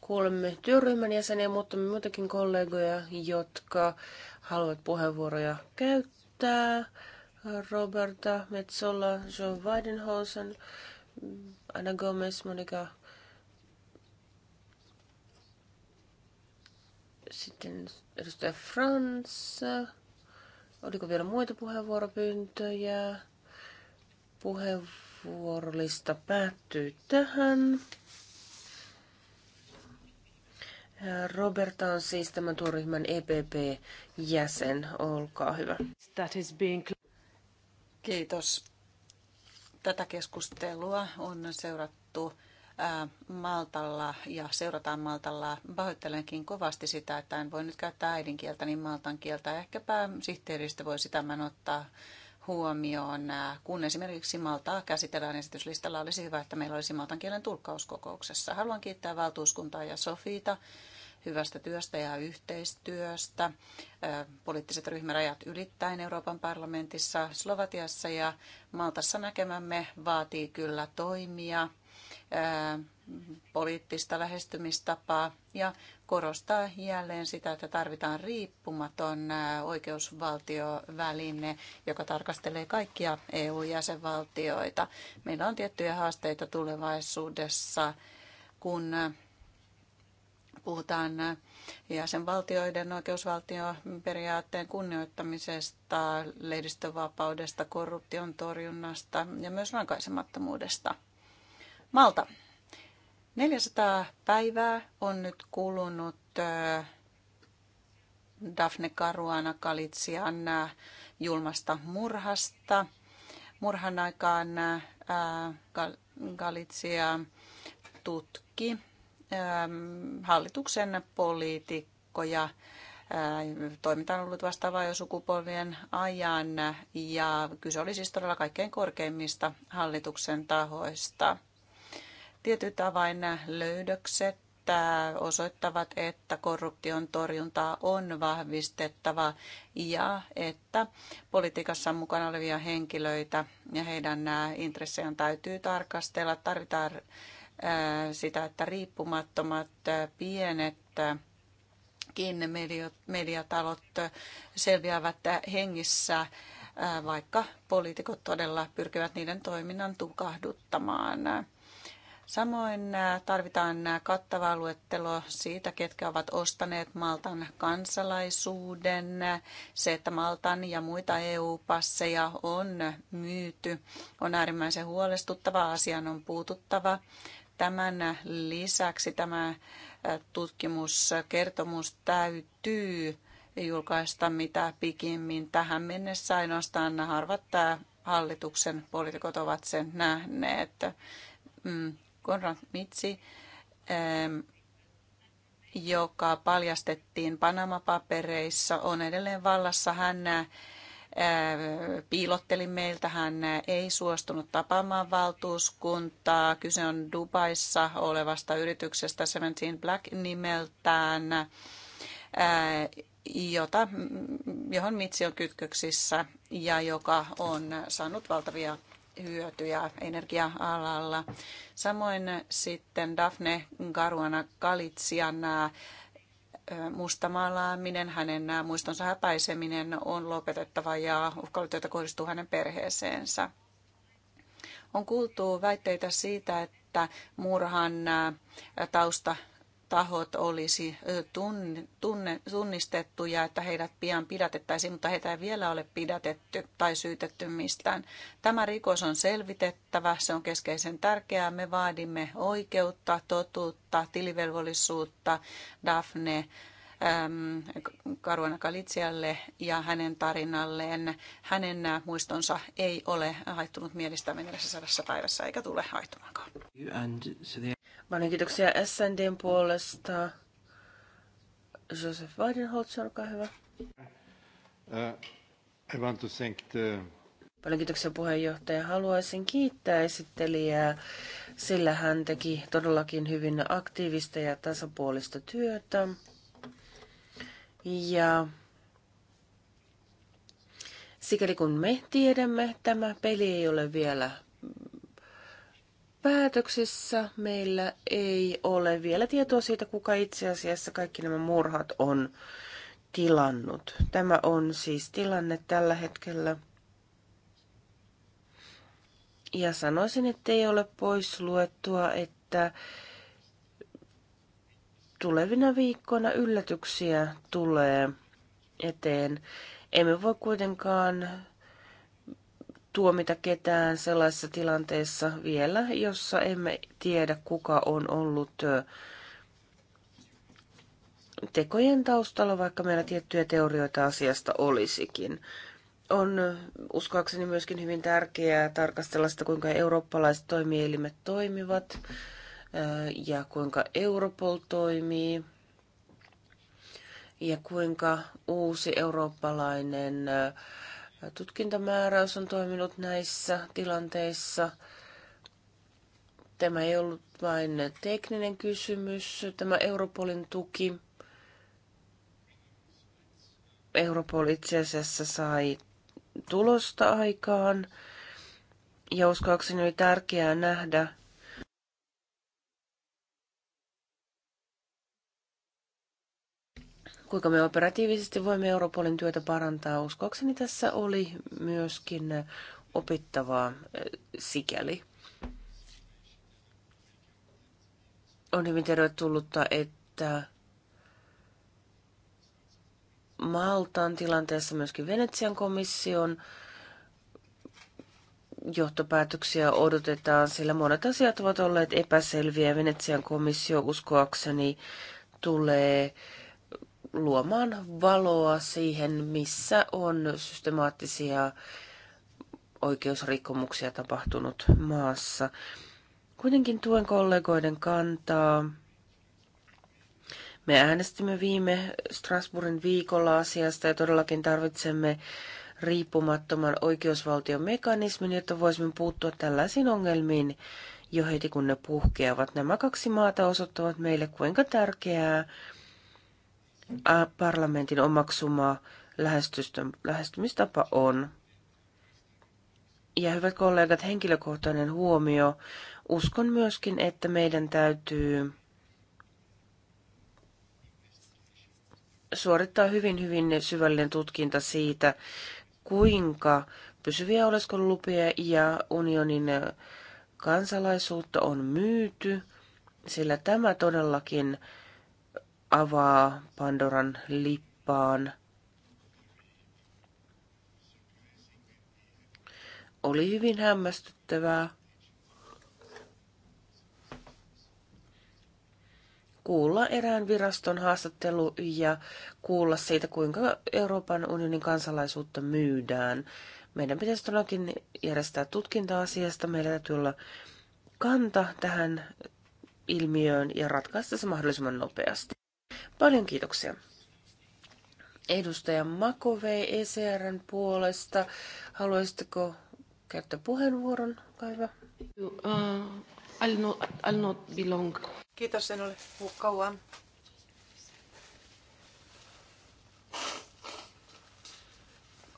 kuulemme työryhmän jäseniä, mutta muitakin kollegoja, jotka haluavat puheenvuoroja käyttää kiittää Roberta Metsola, Joe Weidenhausen, Anna Gomez, Monika sitten edustaja Frans. Oliko vielä muita puheenvuoropyyntöjä? Puheenvuorolista päättyy tähän. Roberta on siis tämän tuoryhmän EPP-jäsen. Olkaa hyvä. That is being... Kiitos. Tätä keskustelua on seurattu Maltalla ja seurataan Maltalla. Pahoittelenkin kovasti sitä, että en voi nyt käyttää äidinkieltä, niin maltan kieltä. Ehkäpä sihteeristö voisi tämän ottaa huomioon. Kun esimerkiksi Maltaa käsitellään esityslistalla, olisi hyvä, että meillä olisi maltan kielen tulkkauskokouksessa. Haluan kiittää valtuuskuntaa ja Sofiita hyvästä työstä ja yhteistyöstä poliittiset ryhmärajat ylittäen Euroopan parlamentissa, Slovatiassa ja Maltassa näkemämme vaatii kyllä toimia poliittista lähestymistapaa ja korostaa jälleen sitä, että tarvitaan riippumaton oikeusvaltioväline, joka tarkastelee kaikkia EU-jäsenvaltioita. Meillä on tiettyjä haasteita tulevaisuudessa, kun puhutaan jäsenvaltioiden oikeusvaltioperiaatteen kunnioittamisesta, lehdistövapaudesta, korruption torjunnasta ja myös rankaisemattomuudesta. Malta. 400 päivää on nyt kulunut Daphne Caruana Kalitsian julmasta murhasta. Murhan aikaan Galitsia tutki hallituksen poliitikkoja. Toiminta on ollut vastaavaa jo sukupolvien ajan ja kyse oli siis todella kaikkein korkeimmista hallituksen tahoista. Tietyt avainlöydökset osoittavat, että korruption torjuntaa on vahvistettava ja että politiikassa mukana olevia henkilöitä ja heidän intressejään täytyy tarkastella. Tarvitaan sitä, että riippumattomat pienet mediatalot selviävät hengissä, vaikka poliitikot todella pyrkivät niiden toiminnan tukahduttamaan. Samoin tarvitaan kattava luettelo siitä, ketkä ovat ostaneet Maltan kansalaisuuden. Se, että Maltan ja muita EU-passeja on myyty, on äärimmäisen huolestuttava. Asian on puututtava. Tämän lisäksi tämä tutkimuskertomus täytyy julkaista mitä pikimmin. Tähän mennessä ainoastaan harvat tämä hallituksen poliitikot ovat sen nähneet. Mm, Konrad Mitsi, joka paljastettiin Panama-papereissa, on edelleen vallassa. Hän piilotteli meiltä. Hän ei suostunut tapaamaan valtuuskuntaa. Kyse on Dubaissa olevasta yrityksestä Seventeen Black nimeltään, jota, johon Mitsi on kytköksissä ja joka on saanut valtavia hyötyjä energia-alalla. Samoin sitten Daphne Garuana Kalitsian mustamaalaaminen, hänen muistonsa häpäiseminen on lopetettava ja uhkailutyötä kohdistuu hänen perheeseensä. On kuultu väitteitä siitä, että murhan tausta tahot olisi tunnistettu ja että heidät pian pidätettäisiin, mutta heitä ei vielä ole pidätetty tai syytetty mistään. Tämä rikos on selvitettävä, se on keskeisen tärkeää. Me vaadimme oikeutta, totuutta, tilivelvollisuutta Daphne Karuana Kalitsialle ja hänen tarinalleen. Hänen muistonsa ei ole haittunut mielestä sadassa päivässä eikä tule haittumaankaan. Paljon kiitoksia SNDn puolesta. Joseph Weidenholz, olkaa hyvä. Uh, I want to thank the... Paljon kiitoksia puheenjohtaja. Haluaisin kiittää esittelijää, sillä hän teki todellakin hyvin aktiivista ja tasapuolista työtä. Ja sikäli kun me tiedämme, tämä peli ei ole vielä päätöksissä meillä ei ole vielä tietoa siitä, kuka itse asiassa kaikki nämä murhat on tilannut. Tämä on siis tilanne tällä hetkellä. Ja sanoisin, että ei ole pois luettua, että tulevina viikkoina yllätyksiä tulee eteen. Emme voi kuitenkaan tuomita ketään sellaisessa tilanteessa vielä, jossa emme tiedä, kuka on ollut tekojen taustalla, vaikka meillä tiettyjä teorioita asiasta olisikin. On uskoakseni myöskin hyvin tärkeää tarkastella sitä, kuinka eurooppalaiset toimielimet toimivat ja kuinka Europol toimii ja kuinka uusi eurooppalainen äh, tutkintamääräys on toiminut näissä tilanteissa. Tämä ei ollut vain tekninen kysymys, tämä Europolin tuki. Europol itse asiassa sai tulosta aikaan. Ja uskoakseni oli tärkeää nähdä, kuinka me operatiivisesti voimme Europolin työtä parantaa. Uskoakseni tässä oli myöskin opittavaa sikäli. On hyvin tervetullutta, että Maltan tilanteessa myöskin Venetsian komission johtopäätöksiä odotetaan, sillä monet asiat ovat olleet epäselviä. Venetsian komissio uskoakseni tulee äh, luomaan valoa siihen, missä on systemaattisia oikeusrikkomuksia tapahtunut maassa. Kuitenkin tuen kollegoiden kantaa. Me äänestimme viime Strasbourgin viikolla asiasta ja todellakin tarvitsemme riippumattoman oikeusvaltion mekanismin, jotta voisimme puuttua tällaisiin ongelmiin jo heti kun ne puhkeavat. Nämä kaksi maata osoittavat meille, kuinka tärkeää parlamentin omaksuma lähestymistapa on. Ja hyvät kollegat, henkilökohtainen huomio. Uskon myöskin, että meidän täytyy suorittaa hyvin, hyvin syvällinen tutkinta siitä, kuinka pysyviä oleskelulupia ja unionin kansalaisuutta on myyty, sillä tämä todellakin avaa Pandoran lippaan. Oli hyvin hämmästyttävää kuulla erään viraston haastattelu ja kuulla siitä, kuinka Euroopan unionin kansalaisuutta myydään. Meidän pitäisi todellakin järjestää tutkinta asiasta. Meillä täytyy olla kanta tähän ilmiöön ja ratkaista se mahdollisimman nopeasti. Paljon kiitoksia. Edustaja Makovei ECRn puolesta. Haluaisitteko käyttää puheenvuoron? Kaiva. Uh, I'll, not, I'll not be long. Kiitos, en ole kauan.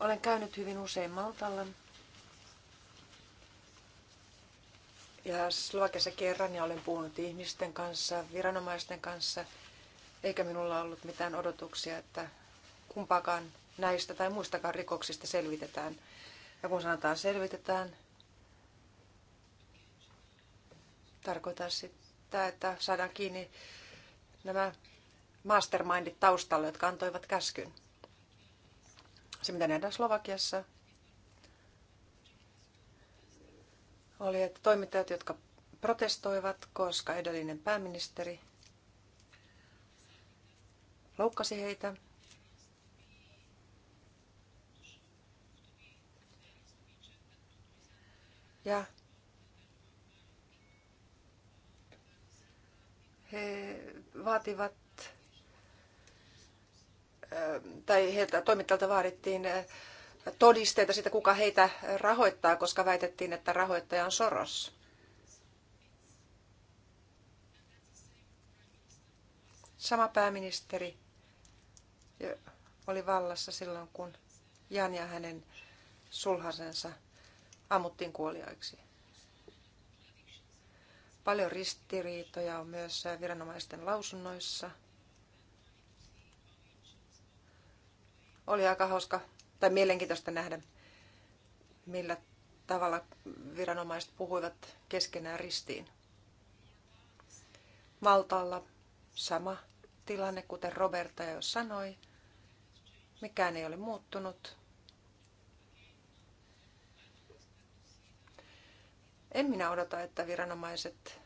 Olen käynyt hyvin usein Maltalla. Ja Slovakiassa kerran ja olen puhunut ihmisten kanssa, viranomaisten kanssa – eikä minulla ollut mitään odotuksia, että kumpaakaan näistä tai muistakaan rikoksista selvitetään. Ja kun sanotaan selvitetään, tarkoittaa sitä, että saadaan kiinni nämä mastermindit taustalla, jotka antoivat käskyn. Se, mitä nähdään Slovakiassa, oli, että toimittajat, jotka protestoivat, koska edellinen pääministeri – loukkasi heitä. Ja he vaativat, ähm, tai heiltä toimittajalta vaadittiin äh, todisteita siitä, kuka heitä rahoittaa, koska väitettiin, että rahoittaja on Soros. Sama pääministeri oli vallassa silloin, kun Jan ja hänen sulhasensa ammuttiin kuoliaiksi. Paljon ristiriitoja on myös viranomaisten lausunnoissa. Oli aika hauska tai mielenkiintoista nähdä, millä tavalla viranomaiset puhuivat keskenään ristiin. Maltalla sama tilanne, kuten Roberta jo sanoi. Mikään ei ole muuttunut. En minä odota, että viranomaiset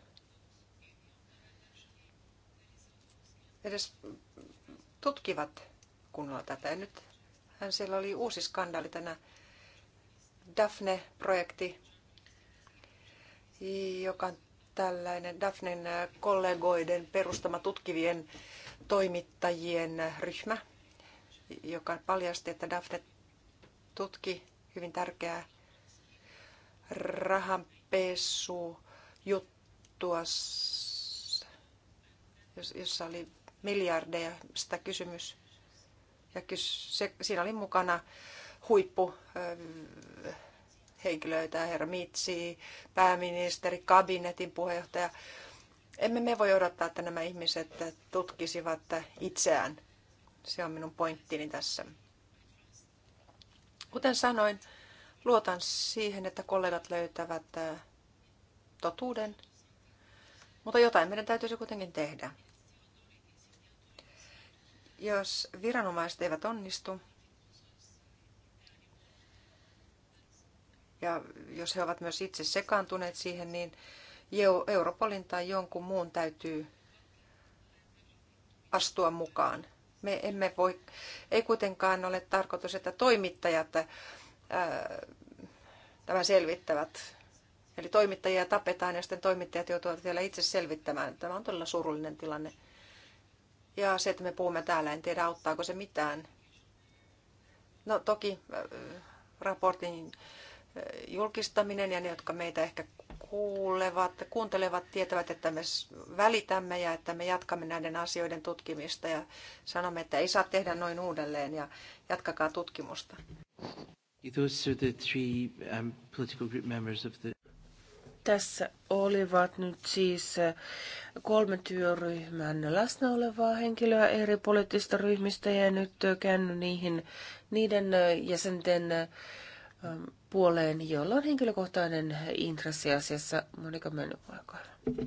edes tutkivat kunnolla tätä. Ja nyt hän siellä oli uusi skandaali tänä Daphne-projekti, joka on tällainen Daphnen kollegoiden perustama tutkivien toimittajien ryhmä – joka paljasti, että Daphne tutki hyvin tärkeää rahanpesu juttua, jossa oli miljardeja sitä kysymys. Ja se, siinä oli mukana huippu henkilöitä, herra Mitsi, pääministeri, kabinetin puheenjohtaja. Emme me voi odottaa, että nämä ihmiset tutkisivat itseään. Se on minun pointtini tässä. Kuten sanoin, luotan siihen, että kollegat löytävät äh, totuuden, mutta jotain meidän täytyisi kuitenkin tehdä. Jos viranomaiset eivät onnistu, ja jos he ovat myös itse sekaantuneet siihen, niin Europolin tai jonkun muun täytyy astua mukaan me emme voi, ei kuitenkaan ole tarkoitus, että toimittajat ää, äh, tämän selvittävät. Eli toimittajia tapetaan ja sitten toimittajat joutuvat vielä itse selvittämään. Tämä on todella surullinen tilanne. Ja se, että me puhumme täällä, en tiedä auttaako se mitään. No toki äh, raportin äh, julkistaminen ja ne, jotka meitä ehkä kuulevat, kuuntelevat, tietävät, että me välitämme ja että me jatkamme näiden asioiden tutkimista ja sanomme, että ei saa tehdä noin uudelleen ja jatkakaa tutkimusta. Um, Tässä olivat nyt siis äh, kolme työryhmän läsnä olevaa henkilöä eri poliittista ryhmistä ja nyt äh, käännyn niihin niiden äh, jäsenten Ähm, puoleen, jolla on henkilökohtainen intressi asiassa. Monika Mönny, olkaa hyvä.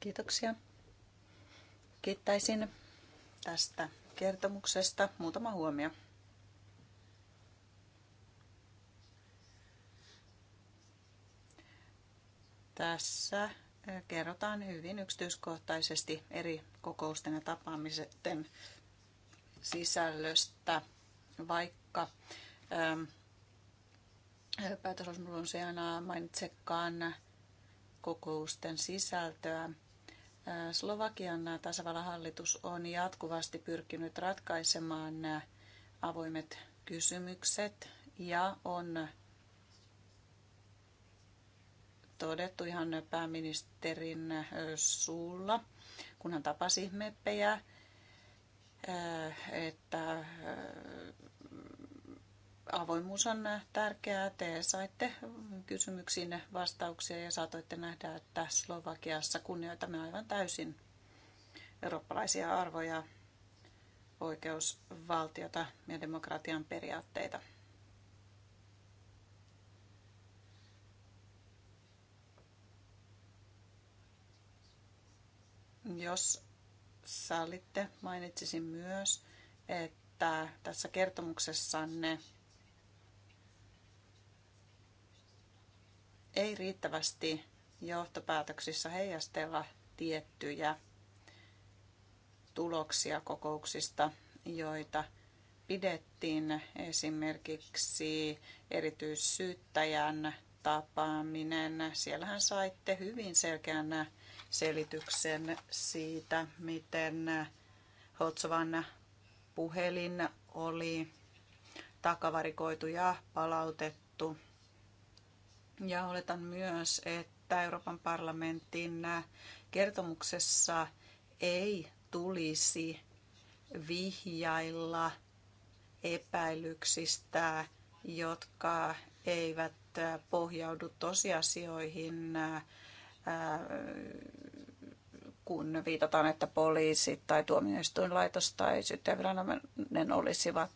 Kiitoksia. Kiittäisin tästä kertomuksesta. Muutama huomio. Tässä kerrotaan hyvin yksityiskohtaisesti eri kokousten ja tapaamisten sisällöstä vaikka ähm, päätöslausunnon sijana mainitsekaan kokousten sisältöä. Äh, Slovakian tasavallan hallitus on jatkuvasti pyrkinyt ratkaisemaan äh, avoimet kysymykset ja on todettu ihan pääministerin äh, suulla, kun hän tapasi meppejä, että avoimuus on tärkeää. Te saitte kysymyksiin vastauksia ja saatoitte nähdä, että Slovakiassa kunnioitamme aivan täysin eurooppalaisia arvoja, oikeusvaltiota ja demokratian periaatteita. Jos sallitte, mainitsisin myös, että tässä kertomuksessanne ei riittävästi johtopäätöksissä heijastella tiettyjä tuloksia kokouksista, joita pidettiin esimerkiksi erityissyyttäjän tapaaminen. Siellähän saitte hyvin selkeän selityksen siitä, miten Hotsovan puhelin oli takavarikoitu ja palautettu ja oletan myös, että Euroopan parlamentin äh, kertomuksessa ei tulisi vihjailla epäilyksistä, jotka eivät äh, pohjaudu tosiasioihin, äh, kun viitataan, että poliisi tai tuomioistuinlaitos tai syyttäjäviranomainen olisivat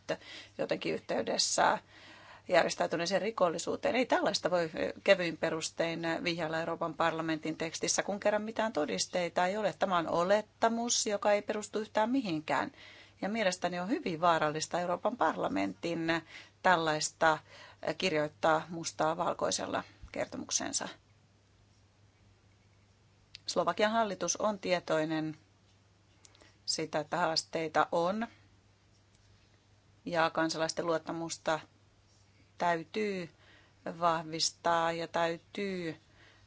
jotenkin yhteydessä järjestäytyneeseen rikollisuuteen. Ei tällaista voi kevyin perustein vihjailla Euroopan parlamentin tekstissä, kun kerran mitään todisteita ei ole. Tämä on olettamus, joka ei perustu yhtään mihinkään. Ja mielestäni on hyvin vaarallista Euroopan parlamentin tällaista kirjoittaa mustaa valkoisella kertomuksensa. Slovakian hallitus on tietoinen sitä, että haasteita on ja kansalaisten luottamusta täytyy vahvistaa ja täytyy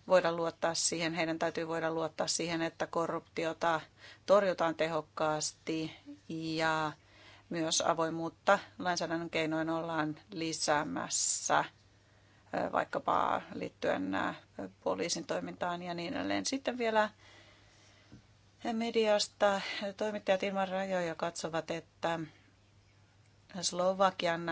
voida luottaa siihen, heidän täytyy voida luottaa siihen, että korruptiota torjutaan tehokkaasti ja myös avoimuutta lainsäädännön keinoin ollaan lisäämässä vaikkapa liittyen poliisin toimintaan ja niin edelleen. Sitten vielä mediasta toimittajat ilman rajoja katsovat, että Slovakian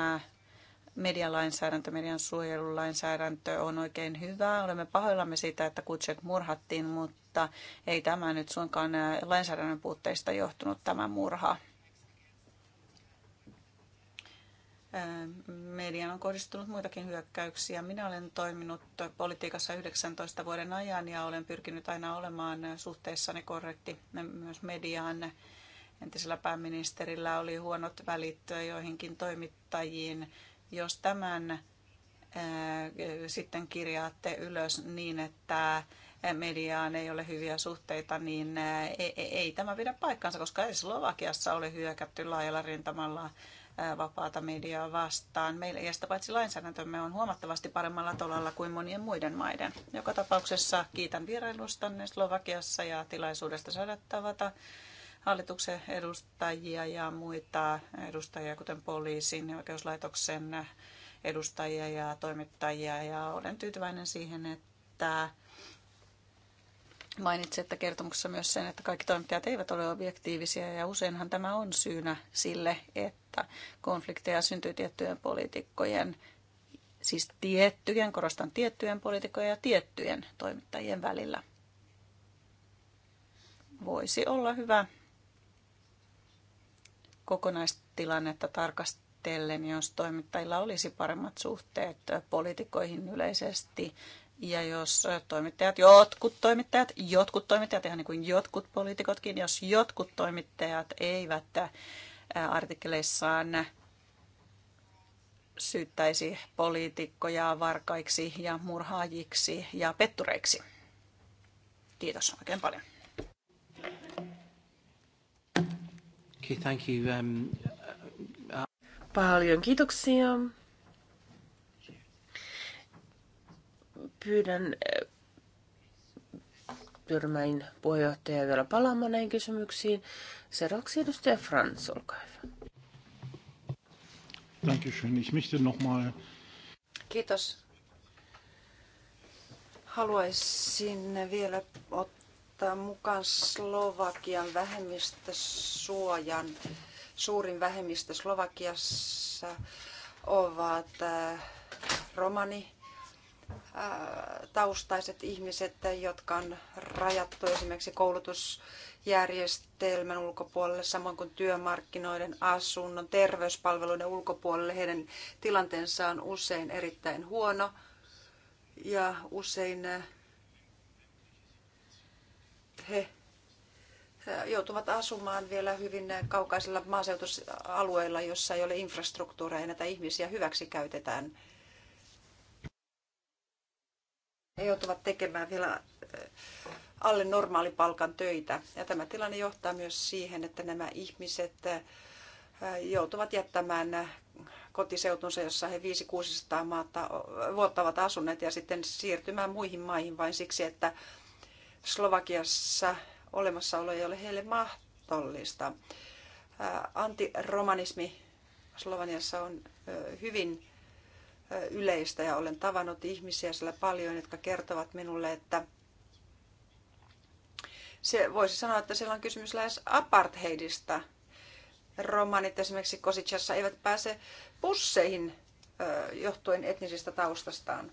medialainsäädäntö, median suojelulainsäädäntö on oikein hyvää. Olemme pahoillamme siitä, että Kutsek murhattiin, mutta ei tämä nyt suinkaan lainsäädännön puutteista johtunut tämä murha. Median on kohdistunut muitakin hyökkäyksiä. Minä olen toiminut politiikassa 19 vuoden ajan ja olen pyrkinyt aina olemaan suhteessani korrekti myös mediaan. Entisellä pääministerillä oli huonot välit joihinkin toimittajiin jos tämän sitten kirjaatte ylös niin, että mediaan ei ole hyviä suhteita, niin ei, e-, ei, tämä pidä paikkansa, koska ei Slovakiassa ole hyökätty laajalla rintamalla vapaata mediaa vastaan. Meillä, ja sitä paitsi lainsäädäntömme on huomattavasti paremmalla tolalla kuin monien muiden maiden. Joka tapauksessa kiitän vierailustanne Slovakiassa ja tilaisuudesta saada tavata hallituksen edustajia ja muita edustajia, kuten poliisin ja oikeuslaitoksen edustajia ja toimittajia. Ja olen tyytyväinen siihen, että että kertomuksessa myös sen, että kaikki toimittajat eivät ole objektiivisia ja useinhan tämä on syynä sille, että konflikteja syntyy tiettyjen poliitikkojen, siis tiettyjen, korostan tiettyjen poliitikkojen ja tiettyjen toimittajien välillä. Voisi olla hyvä kokonaistilannetta tarkastellen, jos toimittajilla olisi paremmat suhteet poliitikoihin yleisesti, ja jos toimittajat, jotkut toimittajat, jotkut toimittajat, ihan niin kuin jotkut poliitikotkin, jos jotkut toimittajat eivät artikkeleissaan syyttäisi poliitikkoja varkaiksi ja murhaajiksi ja pettureiksi. Kiitos oikein paljon. Okay, thank you. Um, uh, Paljon kiitoksia. Pyydän Pyrmäin eh, puheenjohtaja vielä palaamaan näihin kysymyksiin. Seuraavaksi edustaja Frans, olkaa hyvä. Dankeschön. Ich möchte noch mal... Kiitos. Haluaisin vielä ottaa ottaa mukaan Slovakian vähemmistösuojan. Suurin vähemmistö Slovakiassa ovat äh, romani äh, taustaiset ihmiset, jotka on rajattu esimerkiksi koulutusjärjestelmän ulkopuolelle, samoin kuin työmarkkinoiden, asunnon, terveyspalveluiden ulkopuolelle. Heidän tilanteensa on usein erittäin huono ja usein äh, he joutuvat asumaan vielä hyvin kaukaisilla maaseutualueilla, jossa ei ole infrastruktuuria ja näitä ihmisiä hyväksi käytetään. He joutuvat tekemään vielä eh, alle normaalipalkan töitä. Ja tämä tilanne johtaa myös siihen, että nämä ihmiset eh, joutuvat jättämään kotiseutunsa, jossa he 500-600 vuotta ovat asuneet ja sitten siirtymään muihin maihin vain siksi, että Slovakiassa olemassaolo ei ole heille mahdollista. Antiromanismi Slovaniassa on hyvin yleistä ja olen tavannut ihmisiä siellä paljon, jotka kertovat minulle, että se, voisi sanoa, että siellä on kysymys lähes apartheidista. Romanit esimerkiksi Kosicassa eivät pääse busseihin johtuen etnisestä taustastaan.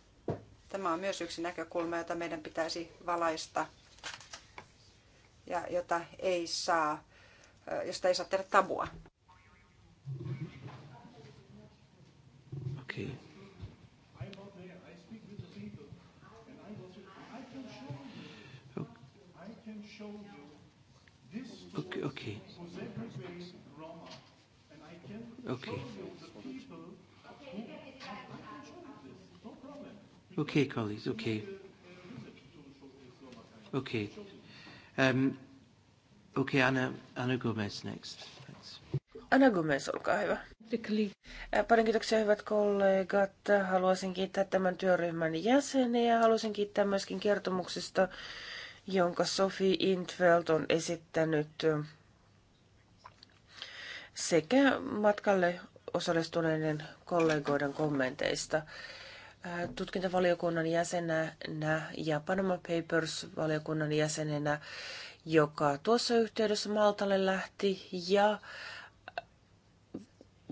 Tämä on myös yksi näkökulma, jota meidän pitäisi valaista ja jota ei saa, josta ei saa tehdä tabua. Okay. Okay, okay. Okay. Okay, colleagues, okay. Okay. Okei, um, okay, Anna, Anna Gomez next. Anna Gomez, olkaa hyvä. Paljon kiitoksia hyvät kollegat. Haluaisin kiittää tämän työryhmän jäseniä. Haluaisin kiittää myöskin kertomuksesta, jonka Sophie Intveld on esittänyt sekä matkalle osallistuneiden kollegoiden kommenteista tutkintavaliokunnan jäsenenä ja Panama Papers-valiokunnan jäsenenä, joka tuossa yhteydessä Maltalle lähti ja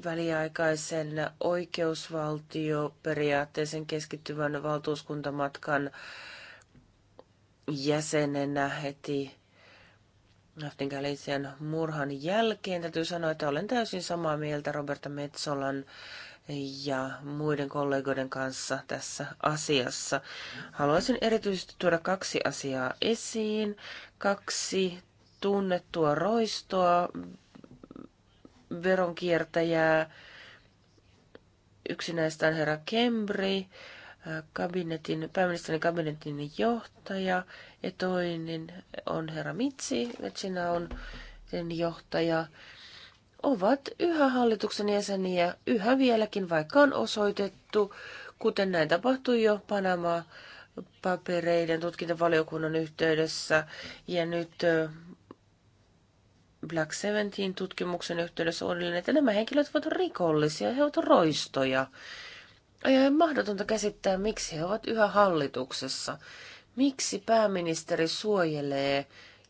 väliaikaisen oikeusvaltioperiaatteeseen keskittyvän valtuuskuntamatkan jäsenenä heti Naftin Galician murhan jälkeen. Täytyy sanoa, että olen täysin samaa mieltä Roberta Metsolan ja muiden kollegoiden kanssa tässä asiassa. Haluaisin erityisesti tuoda kaksi asiaa esiin. Kaksi tunnettua roistoa, veronkiertäjää, yksi näistä on herra Kembri, kabinetin, pääministerin kabinetin johtaja, ja toinen on herra Mitsi, Metsina on sen johtaja ovat yhä hallituksen jäseniä yhä vieläkin, vaikka on osoitettu, kuten näin tapahtui jo Panama-papereiden tutkintavaliokunnan yhteydessä ja nyt Black Seventeen tutkimuksen yhteydessä uudelleen, että nämä henkilöt ovat rikollisia, he ovat roistoja. Ja on mahdotonta käsittää, miksi he ovat yhä hallituksessa. Miksi pääministeri suojelee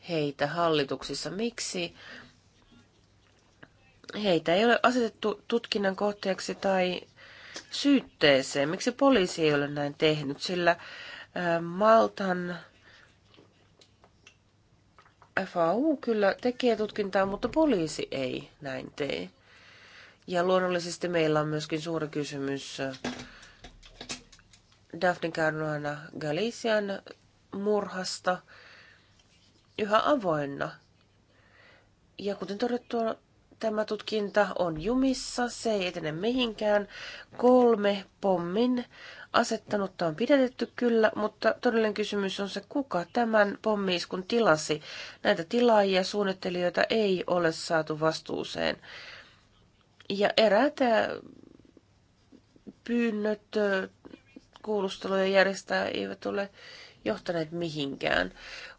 heitä hallituksissa? Miksi heitä ei ole asetettu tutkinnan kohteeksi tai syytteeseen. Miksi poliisi ei ole näin tehnyt? Sillä Maltan FAU kyllä tekee tutkintaa, mutta poliisi ei näin tee. Ja luonnollisesti meillä on myöskin suuri kysymys Daphne Caruana Galician murhasta yhä avoinna. Ja kuten todettua, Tämä tutkinta on jumissa, se ei etene mihinkään. Kolme pommin asettanutta on pidätetty kyllä, mutta todellinen kysymys on se, kuka tämän pommiiskun tilasi. Näitä tilaajia suunnittelijoita ei ole saatu vastuuseen. Ja eräät äh, pyynnöt äh, kuulustelujen järjestää eivät ole johtaneet mihinkään.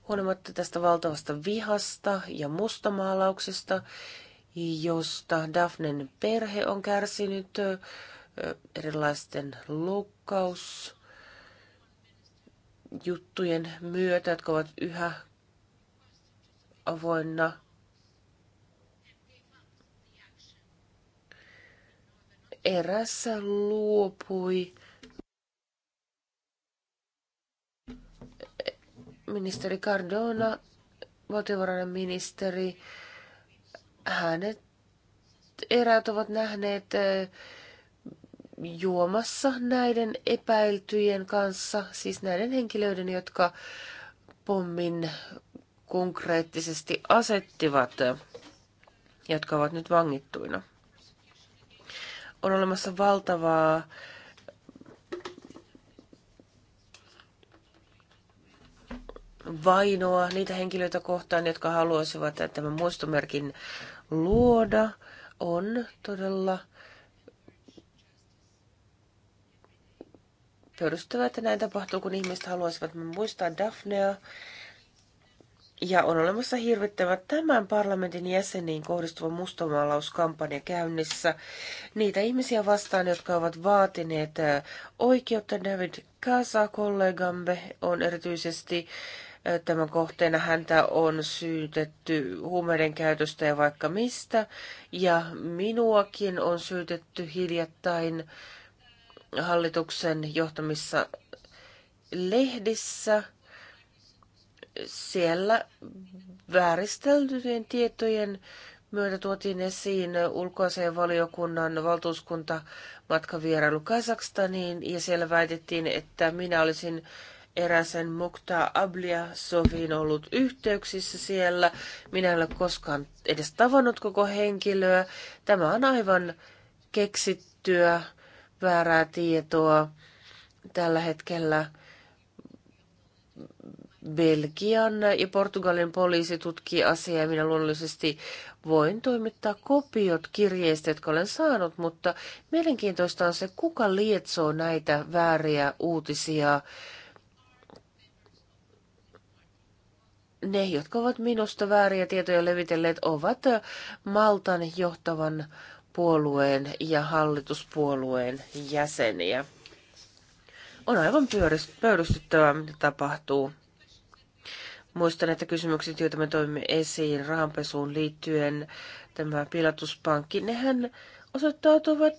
Huolimatta tästä valtavasta vihasta ja mustamaalauksesta, josta Daphnen perhe on kärsinyt erilaisten loukkausjuttujen myötä, jotka ovat yhä avoinna. Erässä luopui ministeri Cardona, valtiovarainministeri ministeri hänet eräät ovat nähneet juomassa näiden epäiltyjen kanssa, siis näiden henkilöiden, jotka pommin konkreettisesti asettivat, jotka ovat nyt vangittuina. On olemassa valtavaa vainoa niitä henkilöitä kohtaan, jotka haluaisivat tämän muistomerkin luoda, on todella pöyristyttävää, että näin tapahtuu, kun ihmiset haluaisivat muistaa Daphnea. Ja on olemassa hirvittävä tämän parlamentin jäseniin kohdistuva mustamaalauskampanja käynnissä niitä ihmisiä vastaan, jotka ovat vaatineet äh, oikeutta. David Kasa, kollegamme, on erityisesti äh, Tämän kohteena häntä on syytetty huumeiden käytöstä ja vaikka mistä. Ja minuakin on syytetty hiljattain hallituksen johtamissa lehdissä. Siellä vääristeltyjen tietojen myötä tuotiin esiin ulkoaseen valiokunnan valtuuskunta matkavierailu Kazakstaniin ja siellä väitettiin, että minä olisin eräsen Mukta Ablia Sofiin ollut yhteyksissä siellä. Minä en ole koskaan edes tavannut koko henkilöä. Tämä on aivan keksittyä, väärää tietoa. Tällä hetkellä Belgian ja Portugalin poliisi tutkii asiaa ja minä luonnollisesti voin toimittaa kopiot kirjeistä, jotka olen saanut, mutta mielenkiintoista on se, kuka lietsoo näitä vääriä uutisia ne, jotka ovat minusta vääriä tietoja levitelleet, ovat Maltan johtavan puolueen ja hallituspuolueen jäseniä. On aivan pöydystyttävää, mitä tapahtuu. Muistan, että kysymykset, joita me toimme esiin rahanpesuun liittyen, tämä pilatuspankki, nehän osoittautuvat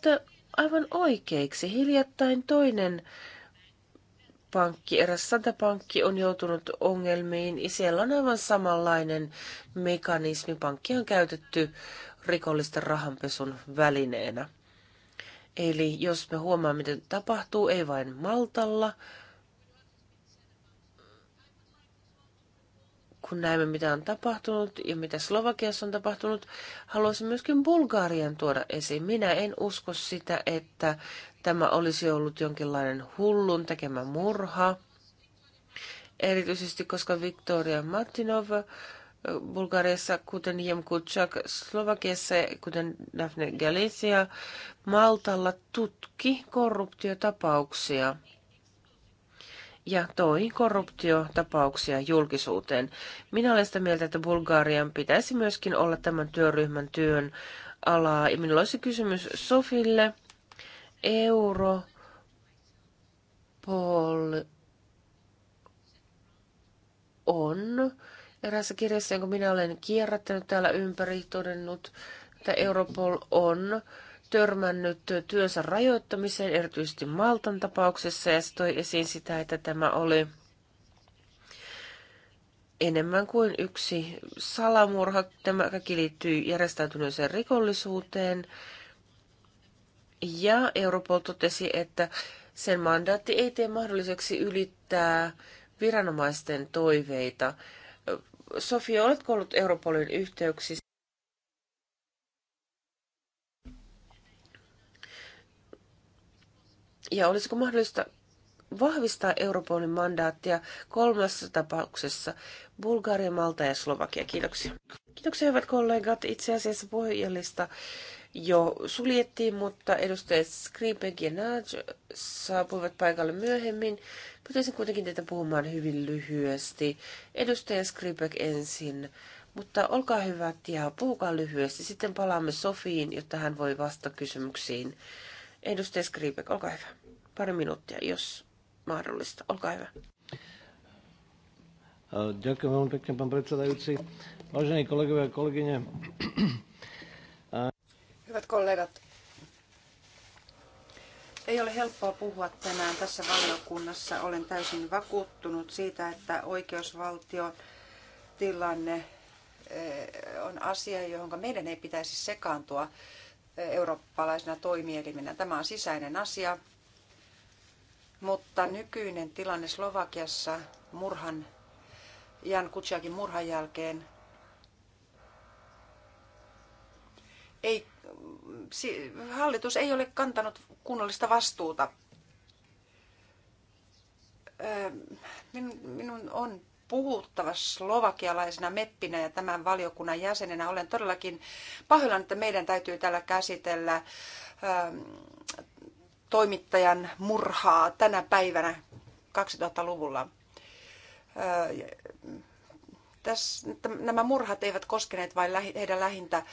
aivan oikeiksi. Hiljattain toinen pankki, eräs satapankki on joutunut ongelmiin. Siellä on aivan samanlainen mekanismi. Pankki on käytetty rikollisten rahanpesun välineenä. Eli jos me huomaamme, mitä tapahtuu, ei vain Maltalla, kun näemme, mitä on tapahtunut ja mitä Slovakiassa on tapahtunut, haluaisin myöskin Bulgarian tuoda esiin. Minä en usko sitä, että tämä olisi ollut jonkinlainen hullun tekemä murha. Erityisesti, koska Viktoria Martinov Bulgariassa, kuten Jem Kutsak, Slovakiassa, kuten Daphne Galicia, Maltalla tutki korruptiotapauksia ja toi korruptiotapauksia julkisuuteen. Minä olen sitä mieltä, että Bulgarian pitäisi myöskin olla tämän työryhmän työn alaa. Ja minulla olisi kysymys Sofille. Europol on eräässä kirjassa, jonka minä olen kierrättänyt täällä ympäri, todennut, että Europol on törmännyt työnsä rajoittamiseen, erityisesti Maltan tapauksessa, ja se toi esiin sitä, että tämä oli enemmän kuin yksi salamurha. Tämä kaikki liittyy järjestäytyneeseen rikollisuuteen. Ja Europol totesi, että sen mandaatti ei tee mahdolliseksi ylittää viranomaisten toiveita. Sofia, oletko ollut Europolin yhteyksissä? Ja olisiko mahdollista vahvistaa Europolin mandaattia kolmessa tapauksessa Bulgaria, Malta ja Slovakia. Kiitoksia. Kiitoksia hyvät kollegat. Itse asiassa pohjallista jo suljettiin, mutta edustajat Skripek ja Naj saapuivat paikalle myöhemmin. Pyytäisin kuitenkin teitä puhumaan hyvin lyhyesti. Edustaja Skripek ensin. Mutta olkaa hyvät ja puhukaa lyhyesti. Sitten palaamme Sofiin, jotta hän voi vastata kysymyksiin. Edustaja Skripek, olkaa hyvä pari minuuttia, jos mahdollista. Olkaa hyvä. Ďakujem veľmi pekne, pán predsedajúci. Vážení kolegovia a kolegyne. Hyvät kollegat, ei ole helppoa puhua tänään tässä valiokunnassa. Olen täysin vakuuttunut siitä, että oikeusvaltiotilanne eh, on asia, johon meidän ei pitäisi sekaantua eh, eurooppalaisena toimielimenä. Tämä on sisäinen asia mutta nykyinen tilanne Slovakiassa murhan, Jan Kutsiakin murhan jälkeen ei, hallitus ei ole kantanut kunnollista vastuuta. Öö, minun on puhuttava slovakialaisena meppinä ja tämän valiokunnan jäsenenä. Olen todellakin pahoillani, että meidän täytyy täällä käsitellä öö, toimittajan murhaa tänä päivänä 2000-luvulla. nämä murhat eivät koskeneet vain heidän lähintä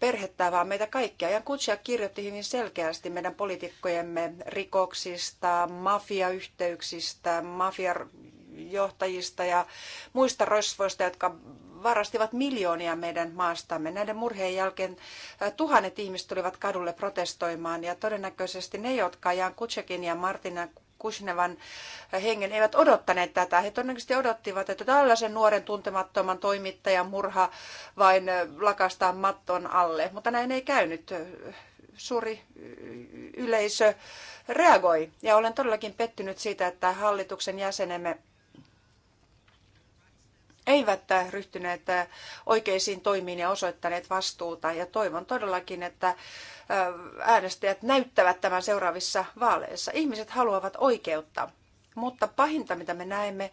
perhettä, vaan meitä kaikkia. Ja Kutsia kirjoitti hyvin selkeästi meidän poliitikkojemme rikoksista, mafiayhteyksistä, mafia johtajista ja muista rosvoista, jotka varastivat miljoonia meidän maastamme. Näiden murheen jälkeen tuhannet ihmiset tulivat kadulle protestoimaan ja todennäköisesti ne, jotka Jan Kutsekin ja Martina Kusnevan hengen eivät odottaneet tätä. He todennäköisesti odottivat, että tällaisen nuoren tuntemattoman toimittajan murha vain lakastaa matton alle. Mutta näin ei käynyt. Suuri yleisö reagoi ja olen todellakin pettynyt siitä, että hallituksen jäsenemme eivät ryhtyneet äh, oikeisiin toimiin ja osoittaneet vastuuta. Ja toivon todellakin, että äh, äänestäjät näyttävät tämän seuraavissa vaaleissa. Ihmiset haluavat oikeutta, mutta pahinta mitä me näemme,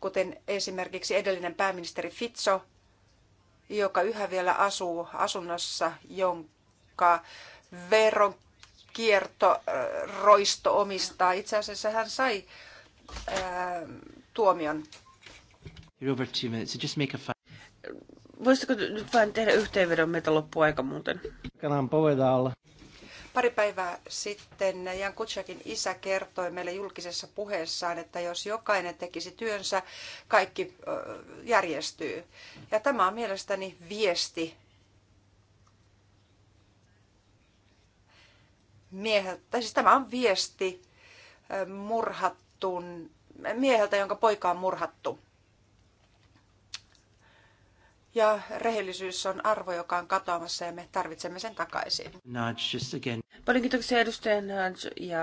kuten esimerkiksi edellinen pääministeri Fitso, joka yhä vielä asuu asunnossa, jonka veronkierto, äh, roisto omistaa. Itse asiassa hän sai ää, tuomion You're over two minutes, so just make a Voisitko nyt vain tehdä yhteenvedon meitä loppuaika muuten? Kanan povedalla. Pari päivää sitten Jan Kutsakin isä kertoi meille julkisessa puheessaan, että jos jokainen tekisi työnsä, kaikki järjestyy. Ja tämä on mielestäni viesti mieheltä, tai siis tämä on viesti murhattun, mieheltä, jonka poika on murhattu ja rehellisyys on arvo, joka on katoamassa ja me tarvitsemme sen takaisin. Paljon kiitoksia edustaja Nudge ja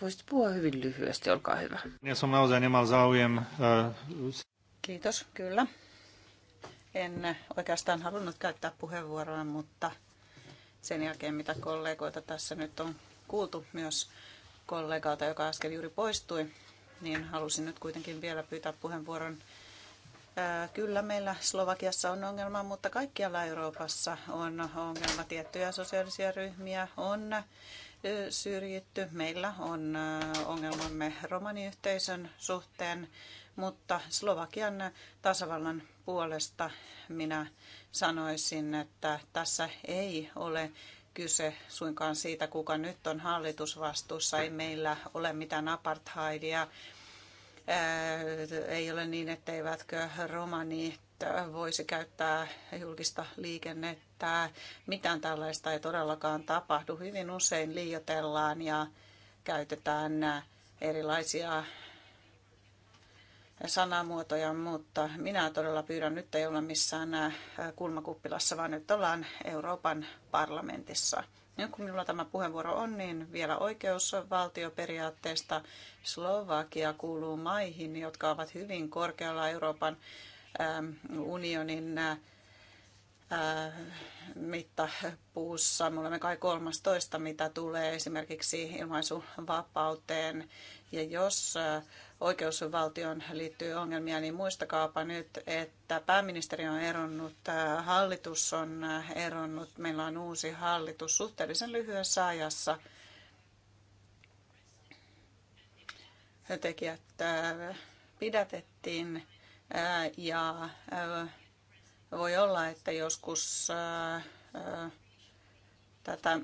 voisit puhua hyvin lyhyesti, olkaa hyvä. Niin äh, Kiitos, kyllä. En oikeastaan halunnut käyttää puheenvuoroa, mutta sen jälkeen mitä kollegoita tässä nyt on kuultu myös kollegalta, joka äsken juuri poistui, niin halusin nyt kuitenkin vielä pyytää puheenvuoron Kyllä meillä Slovakiassa on ongelma, mutta kaikkialla Euroopassa on ongelma. Tiettyjä sosiaalisia ryhmiä on syrjitty. Meillä on ongelmamme romaniyhteisön suhteen, mutta Slovakian tasavallan puolesta minä sanoisin, että tässä ei ole kyse suinkaan siitä, kuka nyt on hallitusvastuussa. Ei meillä ole mitään apartheidia ei ole niin, etteivätkö romanit voisi käyttää julkista liikennettä. Mitään tällaista ei todellakaan tapahdu. Hyvin usein liioitellaan ja käytetään erilaisia sanamuotoja, mutta minä todella pyydän, nyt ei olla missään kulmakuppilassa, vaan nyt ollaan Euroopan parlamentissa. Nyt kun minulla tämä puheenvuoro on, niin vielä oikeusvaltioperiaatteesta Slovakia kuuluu maihin, jotka ovat hyvin korkealla Euroopan ähm, unionin äh, mittapuussa. Me olemme kai 13, mitä tulee esimerkiksi ilmaisuvapauteen. Ja jos äh, oikeusvaltioon liittyy ongelmia, niin muistakaapa nyt, että pääministeri on eronnut, äh, hallitus on äh, eronnut, meillä on uusi hallitus suhteellisen lyhyessä ajassa. Tekijät äh, pidätettiin ja voi olla, että joskus tätä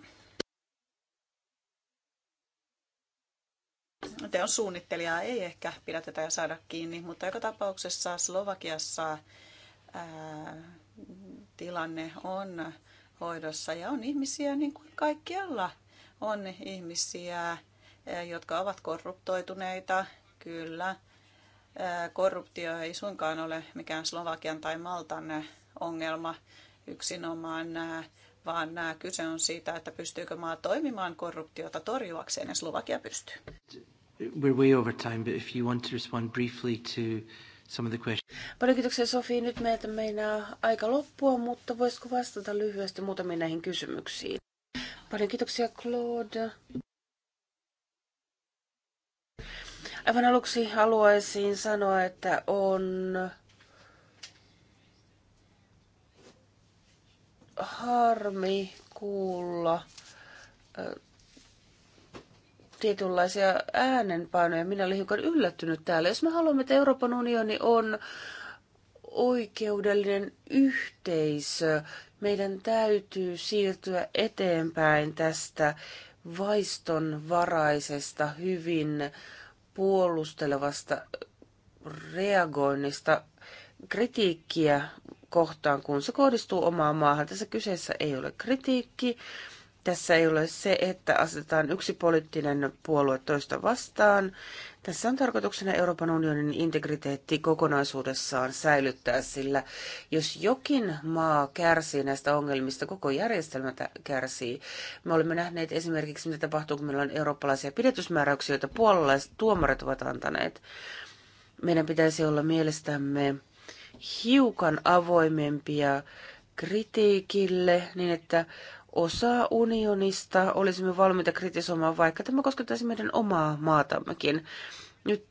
teon suunnittelijaa ei ehkä pidätetä ja saada kiinni, mutta joka tapauksessa Slovakiassa ää, tilanne on hoidossa ja on ihmisiä niin kuin kaikkialla on ihmisiä, jotka ovat korruptoituneita, kyllä. Korruptio ei suinkaan ole mikään Slovakian tai Maltan ongelma yksinomaan vaan äh, kyse on siitä, että pystyykö maa toimimaan korruptiota torjuakseen, ja Slovakia pystyy. We're way over time, but if you want to respond briefly to some of the questions. Paljon kiitoksia Sofi. Nyt meiltä meinaa aika loppua, mutta voisiko vastata lyhyesti muutamiin näihin kysymyksiin? Paljon kiitoksia Claude. Aivan aluksi haluaisin sanoa, että on harmi kuulla tietynlaisia äänenpainoja. Minä olin hiukan yllättynyt täällä. Jos me haluamme, että Euroopan unioni on oikeudellinen yhteisö, meidän täytyy siirtyä eteenpäin tästä vaistonvaraisesta, hyvin puolustelevasta reagoinnista kritiikkiä kohtaan, kun se kohdistuu omaan maahan. Tässä kyseessä ei ole kritiikki, tässä ei ole se, että asetetaan yksi poliittinen puolue toista vastaan. Tässä on tarkoituksena Euroopan unionin integriteetti kokonaisuudessaan säilyttää, sillä jos jokin maa kärsii näistä ongelmista, koko järjestelmä kärsii. Me olemme nähneet esimerkiksi, mitä tapahtuu, kun meillä on eurooppalaisia pidetysmääräyksiä, joita puolalaiset tuomarit ovat antaneet. Meidän pitäisi olla mielestämme hiukan avoimempia kritiikille, niin että osa unionista olisimme valmiita kritisoimaan, vaikka tämä koskettaisi meidän omaa maatammekin. Nyt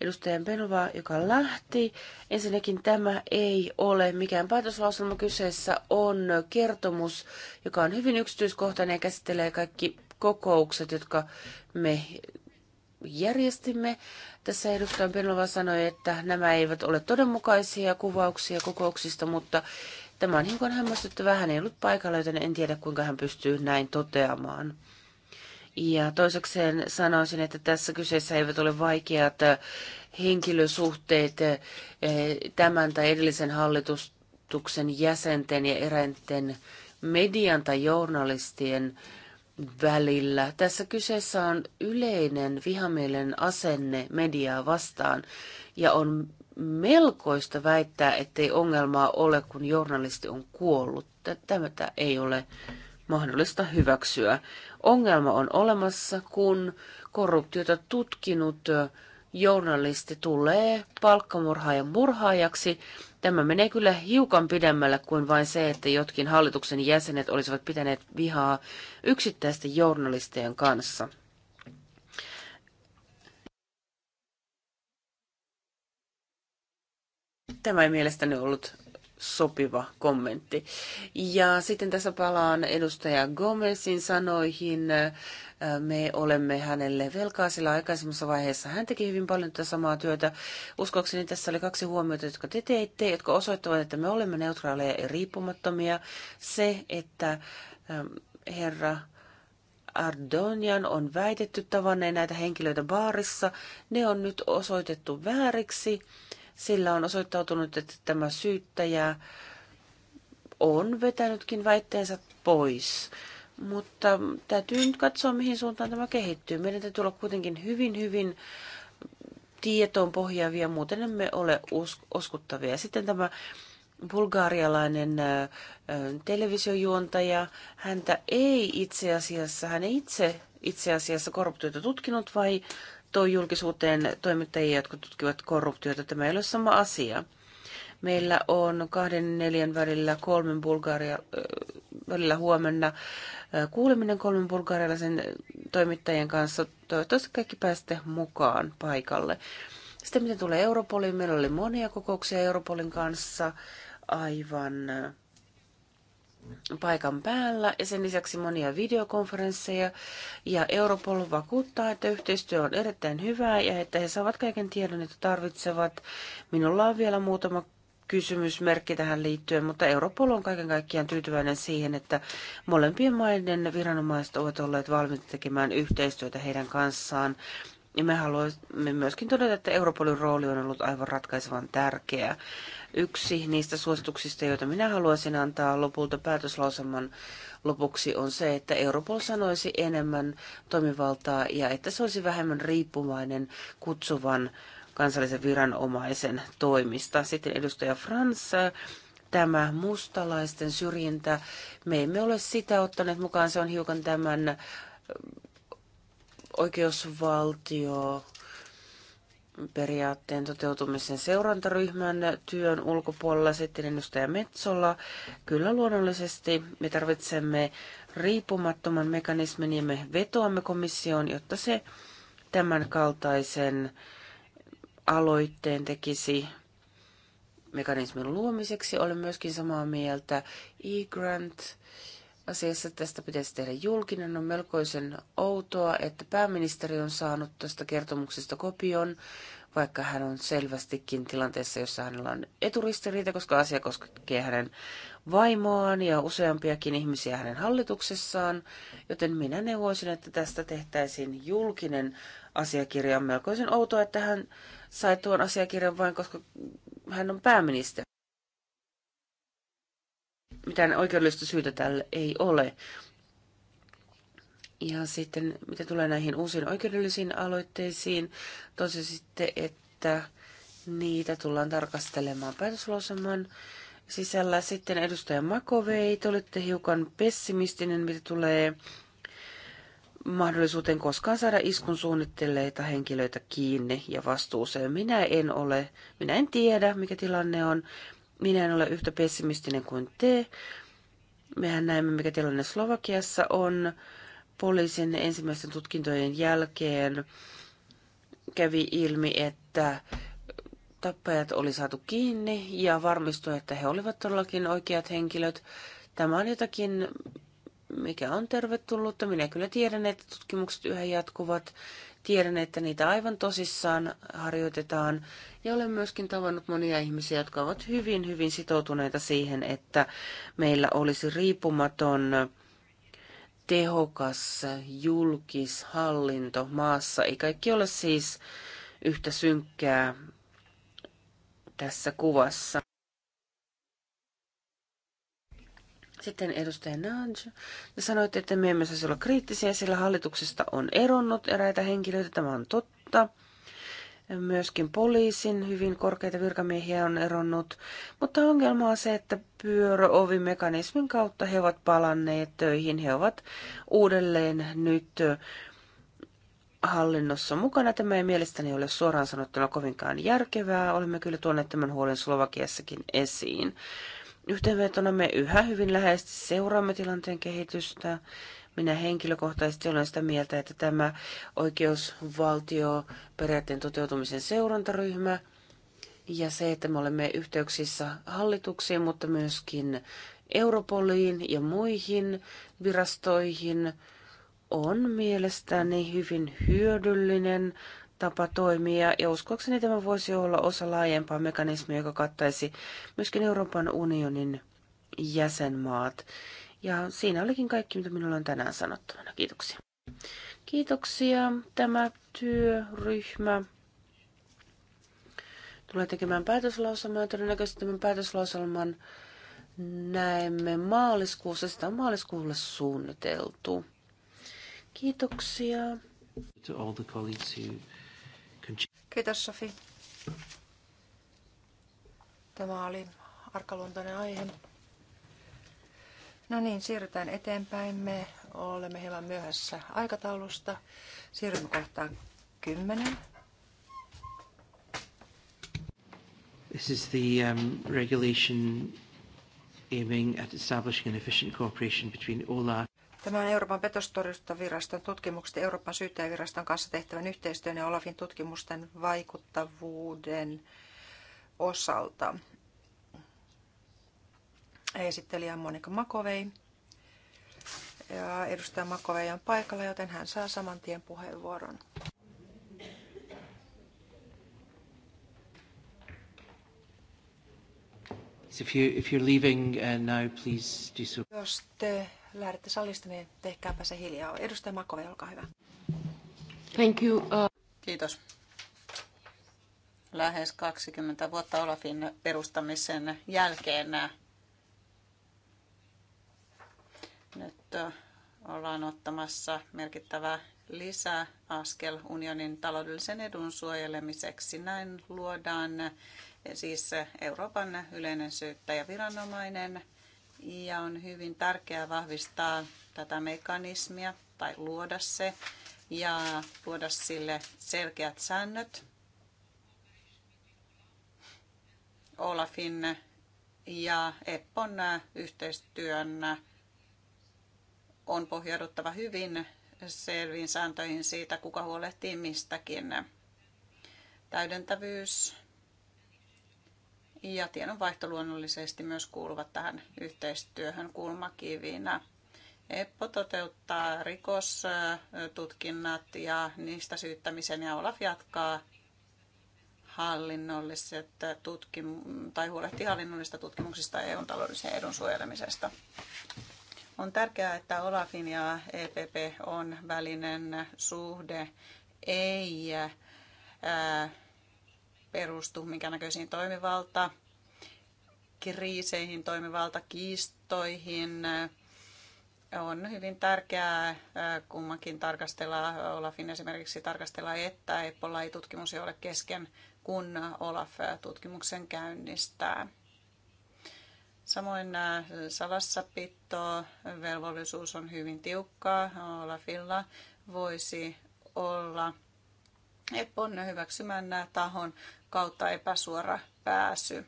edustaja Benova, joka lähti. Ensinnäkin tämä ei ole mikään päätöslauselma. Kyseessä on kertomus, joka on hyvin yksityiskohtainen ja käsittelee kaikki kokoukset, jotka me järjestimme. Tässä edustaja Benova sanoi, että nämä eivät ole todenmukaisia kuvauksia kokouksista, mutta tämä on hiukan hämmästyttävää. Hän ei ollut paikalla, joten en tiedä kuinka hän pystyy näin toteamaan. Ja toisekseen sanoisin, että tässä kyseessä eivät ole vaikeat äh, henkilösuhteet äh, tämän tai edellisen hallitustuksen jäsenten ja eräinten median tai journalistien välillä. Tässä kyseessä on yleinen vihamielen asenne mediaa vastaan ja on melkoista väittää, ettei ongelmaa ole, kun journalisti on kuollut. Tämä ei ole mahdollista hyväksyä. Ongelma on olemassa, kun korruptiota tutkinut journalisti tulee palkkamurhaajan murhaajaksi. Tämä menee kyllä hiukan pidemmälle kuin vain se, että jotkin hallituksen jäsenet olisivat pitäneet vihaa yksittäisten journalistien kanssa. Tämä ei mielestäni ollut sopiva kommentti. Ja sitten tässä palaan edustaja Gomezin sanoihin. Me olemme hänelle velkaa, sillä aikaisemmassa vaiheessa hän teki hyvin paljon tätä samaa työtä. Uskoakseni tässä oli kaksi huomiota, jotka te teitte, jotka osoittavat, että me olemme neutraaleja ja riippumattomia. Se, että ähm, herra Ardonian on väitetty tavanneen näitä henkilöitä baarissa. Ne on nyt osoitettu vääriksi. Sillä on osoittautunut, että tämä syyttäjä on vetänytkin väitteensä pois. Mutta täytyy nyt katsoa, mihin suuntaan tämä kehittyy. Meidän täytyy olla kuitenkin hyvin, hyvin tietoon pohjaavia, muuten emme ole uskottavia. Sitten tämä bulgaarialainen televisiojuontaja, häntä ei itse asiassa, hän ei itse itse asiassa korruptioita tutkinut vai toi julkisuuteen toimittajia, jotka tutkivat korruptiota. Tämä ei ole sama asia. Meillä on kahden neljän välillä kolmen Bulgaria, välillä huomenna kuuleminen kolmen bulgarialaisen toimittajien kanssa. Toivottavasti kaikki pääsette mukaan paikalle. Sitten mitä tulee Europoliin, meillä oli monia kokouksia Europolin kanssa aivan paikan päällä ja sen lisäksi monia videokonferensseja. Ja Europol vakuuttaa, että yhteistyö on erittäin hyvää ja että he saavat kaiken tiedon, että tarvitsevat. Minulla on vielä muutama kysymysmerkki tähän liittyen, mutta Europol on kaiken kaikkiaan tyytyväinen siihen, että molempien maiden viranomaiset ovat olleet valmiita tekemään yhteistyötä heidän kanssaan ja me haluamme myöskin todeta, että Europolin rooli on ollut aivan ratkaisevan tärkeä. Yksi niistä suosituksista, joita minä haluaisin antaa lopulta päätöslauselman lopuksi, on se, että Europol sanoisi enemmän toimivaltaa ja että se olisi vähemmän riippuvainen kutsuvan kansallisen viranomaisen toimista. Sitten edustaja Frans, tämä mustalaisten syrjintä, me emme ole sitä ottaneet mukaan, se on hiukan tämän oikeusvaltio periaatteen toteutumisen seurantaryhmän työn ulkopuolella sitten ennustaja Metsola. Kyllä luonnollisesti me tarvitsemme riippumattoman mekanismin ja me vetoamme komissioon, jotta se tämän kaltaisen aloitteen tekisi mekanismin luomiseksi. Olen myöskin samaa mieltä e-grant asiassa. Tästä pitäisi tehdä julkinen. On melkoisen outoa, että pääministeri on saanut tästä kertomuksesta kopion, vaikka hän on selvästikin tilanteessa, jossa hänellä on eturistiriita, koska asia koskee hänen vaimoaan ja useampiakin ihmisiä hänen hallituksessaan, joten minä neuvoisin, että tästä tehtäisiin julkinen asiakirja. On melkoisen outoa, että hän sai tuon asiakirjan vain, koska hän on pääministeri mitään oikeudellista syytä tälle ei ole. Ja sitten, mitä tulee näihin uusiin oikeudellisiin aloitteisiin, sitten, että niitä tullaan tarkastelemaan päätöslauselman sisällä. Sitten edustaja Makovei, te olette hiukan pessimistinen, mitä tulee mahdollisuuteen koskaan saada iskun suunnitteleita henkilöitä kiinni ja vastuuseen. Minä en ole, minä en tiedä, mikä tilanne on. Minä en ole yhtä pessimistinen kuin te. Mehän näemme, mikä tilanne Slovakiassa on. Poliisin ensimmäisten tutkintojen jälkeen kävi ilmi, että tappajat oli saatu kiinni ja varmistui, että he olivat todellakin oikeat henkilöt. Tämä on jotakin, mikä on tervetullutta. Minä kyllä tiedän, että tutkimukset yhä jatkuvat Tiedän, että niitä aivan tosissaan harjoitetaan ja olen myöskin tavannut monia ihmisiä, jotka ovat hyvin, hyvin sitoutuneita siihen, että meillä olisi riippumaton tehokas julkishallinto maassa. Ei kaikki ole siis yhtä synkkää tässä kuvassa. Sitten edustaja Nudge. Te sanoitte, että me emme saisi olla kriittisiä, sillä hallituksesta on eronnut eräitä henkilöitä. Tämä on totta. Myöskin poliisin hyvin korkeita virkamiehiä on eronnut. Mutta ongelma on se, että pyöröovimekanismin kautta he ovat palanneet töihin. He ovat uudelleen nyt hallinnossa mukana. Tämä ei mielestäni ole suoraan sanottuna kovinkaan järkevää. Olemme kyllä tuoneet tämän huolen Slovakiassakin esiin. Yhteenvetona me yhä hyvin läheisesti seuraamme tilanteen kehitystä. Minä henkilökohtaisesti olen sitä mieltä, että tämä oikeusvaltio periaatteen toteutumisen seurantaryhmä ja se, että me olemme yhteyksissä hallituksiin, mutta myöskin Europoliin ja muihin virastoihin, on mielestäni hyvin hyödyllinen tapa toimia, ja uskoakseni tämä voisi olla osa laajempaa mekanismia, joka kattaisi myöskin Euroopan unionin jäsenmaat. Ja siinä olikin kaikki, mitä minulla on tänään sanottavana. Kiitoksia. Kiitoksia. Tämä työryhmä tulee tekemään päätöslauselman. Todennäköisesti tämän päätöslauselman näemme maaliskuussa. Sitä on maaliskuulle suunniteltu. Kiitoksia. To all the colleagues who Kiitos Sofi. Tämä oli arkaluontoinen aihe. No niin, siirrytään eteenpäin. Me olemme hieman myöhässä aikataulusta. Siirrymme kohtaan kymmenen. This is the um, regulation aiming at establishing an efficient cooperation between OLAF Tämä on Euroopan petostorjuntaviraston tutkimukset Euroopan syyttäjäviraston kanssa tehtävän yhteistyön ja Olafin tutkimusten vaikuttavuuden osalta. Esittelijä Monika Makovei. Ja edustaja Makovei on paikalla, joten hän saa saman tien puheenvuoron. If you, if you're leaving, uh, now, please do so. Jos te lähdette salista, niin tehkääpä se hiljaa. Edustaja Makove, olkaa hyvä. Thank you. Uh... Kiitos. Lähes 20 vuotta Olafin perustamisen jälkeen äh, nyt äh, ollaan ottamassa merkittävä lisäaskel unionin taloudellisen edun suojelemiseksi. Näin luodaan äh, siis Euroopan yleinen syyttäjäviranomainen ja on hyvin tärkeää vahvistaa tätä mekanismia tai luoda se ja luoda sille selkeät säännöt. Olafin ja Eppon yhteistyön on pohjauduttava hyvin selviin sääntöihin siitä, kuka huolehtii mistäkin. Täydentävyys ja tiedonvaihto luonnollisesti myös kuuluvat tähän yhteistyöhön kulmakivinä. EPPO toteuttaa rikostutkinnat ja niistä syyttämisen ja Olaf jatkaa hallinnolliset tutkim- tai huolehtii hallinnollisista tutkimuksista EUn taloudellisen edun suojelemisesta. On tärkeää, että Olafin ja EPP on välinen suhde, ei ää, perustu, minkä näköisiin toimivalta, kriiseihin, toimivalta, kiistoihin. On hyvin tärkeää äh, kummankin tarkastella, Olafin esimerkiksi tarkastella, että Eppolla ei tutkimus ei ole kesken, kun Olaf äh, tutkimuksen käynnistää. Samoin äh, salassapitto, velvollisuus on hyvin tiukkaa. Olafilla voisi olla Epon hyväksymän tahon kautta epäsuora pääsy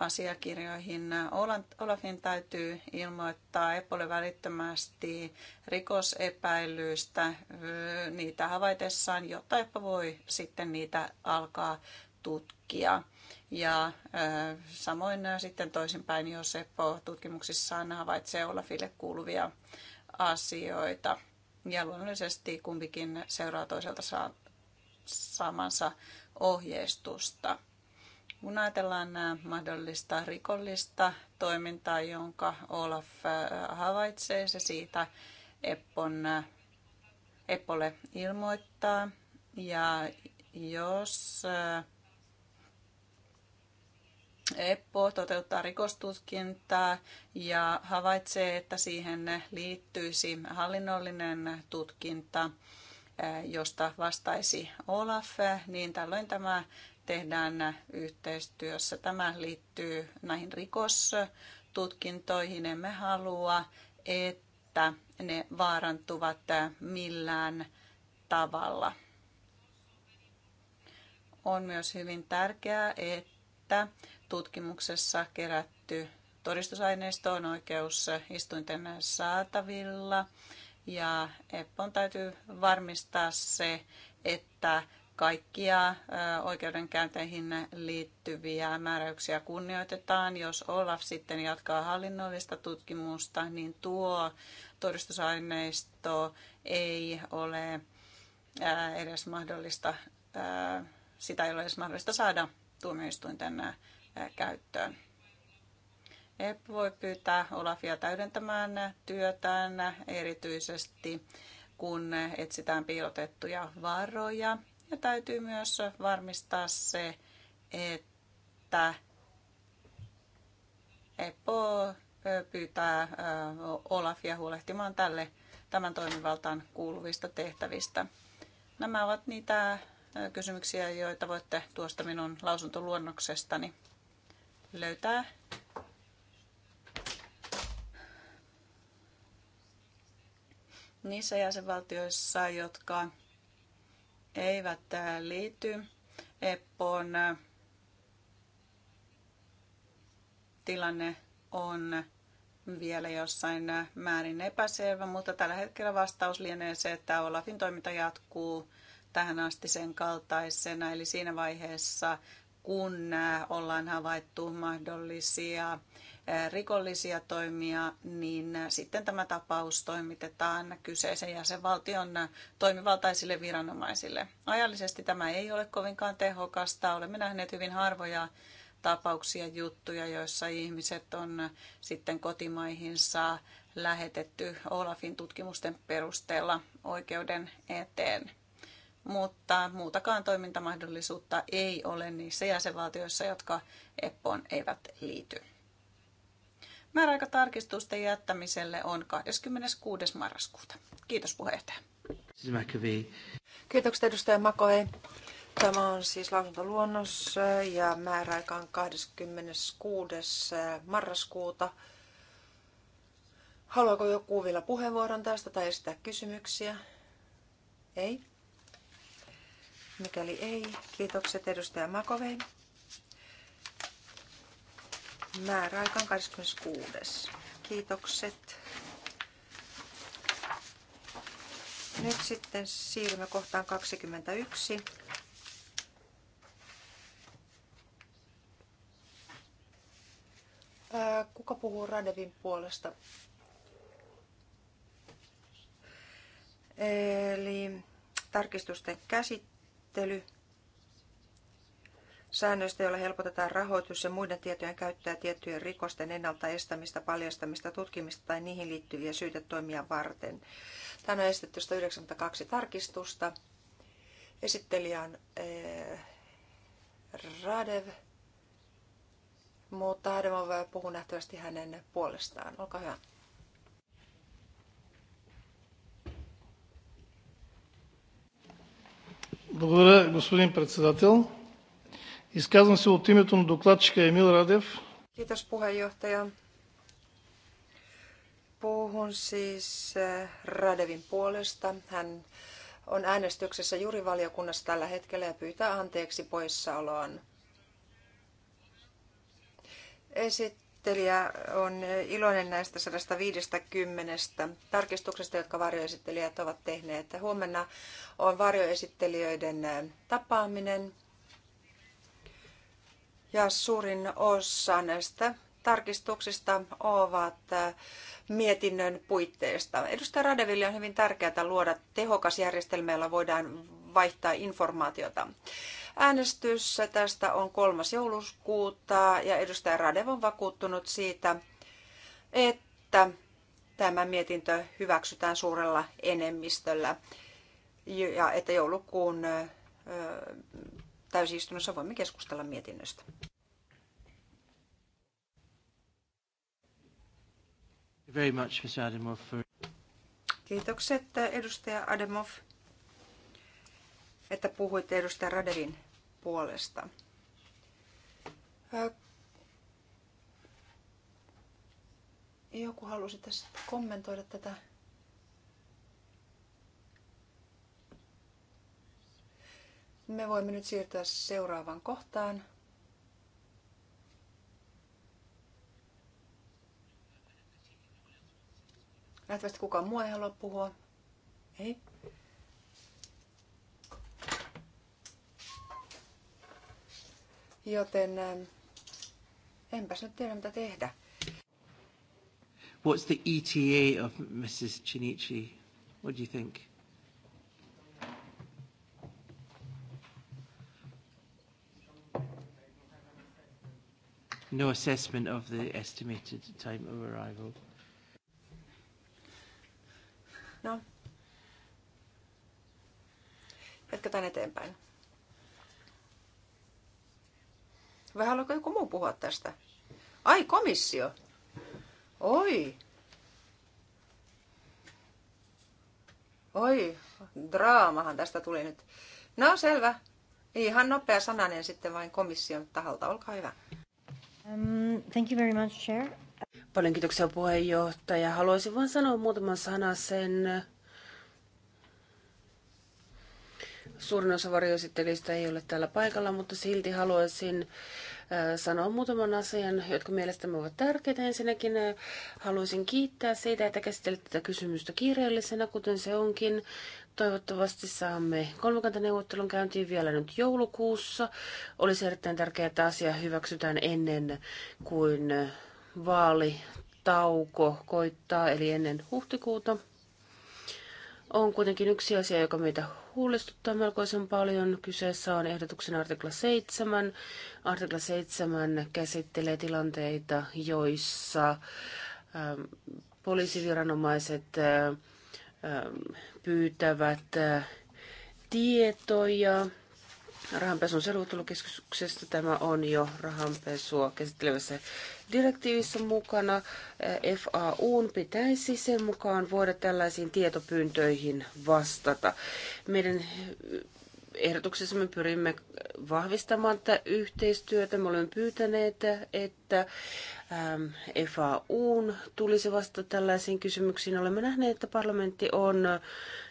asiakirjoihin. Olafin täytyy ilmoittaa Epolle välittömästi rikosepäilyistä niitä havaitessaan, jotta Epo voi sitten niitä alkaa tutkia. Ja samoin sitten toisinpäin, jos epo tutkimuksissaan havaitsee Olafille kuuluvia asioita. Ja luonnollisesti kumpikin seuraa toiselta saa, saamansa ohjeistusta. Kun ajatellaan nämä mahdollista rikollista toimintaa, jonka Olaf havaitsee, se siitä Eppon, Eppolle ilmoittaa. Ja jos Eppo toteuttaa rikostutkintaa ja havaitsee, että siihen liittyisi hallinnollinen tutkinta, Eh, josta vastaisi Olaf, niin tällöin tämä tehdään yhteistyössä. Tämä liittyy näihin rikostutkintoihin. Emme halua, että ne vaarantuvat millään tavalla. On myös hyvin tärkeää, että tutkimuksessa kerätty todistusaineisto on oikeus istuinten saatavilla ja EPPON täytyy varmistaa se, että kaikkia oikeudenkäynteihin liittyviä määräyksiä kunnioitetaan. Jos Olaf sitten jatkaa hallinnollista tutkimusta, niin tuo todistusaineisto ei ole edes mahdollista, sitä ei ole edes mahdollista saada tuomioistuinten käyttöön. EPP voi pyytää Olafia täydentämään työtään erityisesti, kun etsitään piilotettuja varoja. Ja täytyy myös varmistaa se, että EPO pyytää Olafia huolehtimaan tälle tämän toimivaltaan kuuluvista tehtävistä. Nämä ovat niitä kysymyksiä, joita voitte tuosta minun lausuntoluonnoksestani löytää niissä jäsenvaltioissa, jotka eivät äh, liity EPPOon, äh, tilanne on vielä jossain äh, määrin epäselvä, mutta tällä hetkellä vastaus lienee se, että Olafin toiminta jatkuu tähän asti sen kaltaisena, eli siinä vaiheessa, kun ollaan havaittu mahdollisia rikollisia toimia, niin sitten tämä tapaus toimitetaan kyseisen jäsenvaltion toimivaltaisille viranomaisille. Ajallisesti tämä ei ole kovinkaan tehokasta. Olemme nähneet hyvin harvoja tapauksia, juttuja, joissa ihmiset on sitten kotimaihinsa lähetetty Olafin tutkimusten perusteella oikeuden eteen. Mutta muutakaan toimintamahdollisuutta ei ole niissä jäsenvaltioissa, jotka EPPOon eivät liity. Määräaika tarkistusten jättämiselle on 26. marraskuuta. Kiitos puheenjohtaja. Siis kiitokset edustaja Makoe. Tämä on siis lausuntoluonnos äh, ja määräaika on 26. Äh, marraskuuta. Haluaako joku vielä puheenvuoron tästä tai esittää kysymyksiä? Ei? Mikäli ei, kiitokset edustaja Makovein määräaika on 26. Kiitokset. Nyt sitten siirrymme kohtaan 21. Kuka puhuu Radevin puolesta? Eli tarkistusten käsittely säännöistä, joilla helpotetaan rahoitus- ja muiden tietojen käyttöä tiettyjen rikosten ennalta estämistä, paljastamista, tutkimista tai niihin liittyviä syytetoimia varten. Tänään on esitetty 192 tarkistusta. Esittelijä on eh, Radev, mutta Ademov puhuu nähtävästi hänen puolestaan. Olkaa hyvä. Благодаря, господин председател. Изказвам се от името на докладчика Емил Радев. Kiitos puheenjohtaja. Puhun siis eh, Radevin puolesta. Hän on äänestyksessä juurivaliokunnassa tällä hetkellä ja pyytää anteeksi poissaoloaan. Esittelijä on iloinen näistä 150 tarkistuksesta, jotka varjoesittelijät ovat tehneet. Huomenna on varjoesittelijöiden eh, tapaaminen ja suurin osa näistä tarkistuksista ovat äh, mietinnön puitteista. Edustaja Radeville on hyvin tärkeää luoda tehokas järjestelmä, jolla voidaan vaihtaa informaatiota. Äänestys tästä on 3. jouluskuuta ja edustaja Radev on vakuuttunut siitä, että tämä mietintö hyväksytään suurella enemmistöllä ja että joulukuun täysistunnossa voimme keskustella mietinnöstä. Very much, Mr. Adamov, for... Kiitokset edustaja Adamov, että puhuitte edustaja Radevin puolesta. Joku halusi tässä kommentoida tätä Me voimme nyt siirtyä seuraavaan kohtaan. Nähtävästi kukaan muu ei halua puhua. Ei. Joten ähm, enpäs nyt tiedä mitä tehdä. What's the ETA of Mrs. Chinichi? What do you think? no assessment of the estimated time of arrival. No. Jatketaan eteenpäin. Vai haluatko joku muu puhua tästä? Ai, komissio. Oi. Oi, draamahan tästä tuli nyt. No selvä. Ihan nopea sananen sitten vain komission taholta. Olkaa hyvä. Um, thank you very much, Chair. Paljon kiitoksia puheenjohtaja. Haluaisin vain sanoa muutaman sana sen. Suurin osa varjoesittelijöistä ei ole täällä paikalla, mutta silti haluaisin sanoa muutaman asian, jotka mielestäni ovat tärkeitä. Ensinnäkin äh, haluaisin kiittää siitä, että käsittelit tätä kysymystä kiireellisenä, kuten se onkin. Toivottavasti saamme kolmikantaneuvottelun käyntiin vielä nyt joulukuussa. Olisi erittäin tärkeää, että asia hyväksytään ennen kuin äh, vaalitauko koittaa, eli ennen huhtikuuta on kuitenkin yksi asia, joka meitä huolestuttaa melkoisen paljon. Kyseessä on ehdotuksen artikla 7. Artikla 7 käsittelee tilanteita, joissa ähm, poliisiviranomaiset ähm, pyytävät äh, tietoja rahanpesun selvittelukeskuksesta. Tämä on jo rahanpesua käsittelevässä direktiivissä mukana. FAU pitäisi sen mukaan voida tällaisiin tietopyyntöihin vastata. Meidän ehdotuksessa me pyrimme vahvistamaan tätä yhteistyötä. Me olemme pyytäneet, että FAU tulisi vastata tällaisiin kysymyksiin. Olemme nähneet, että parlamentti on,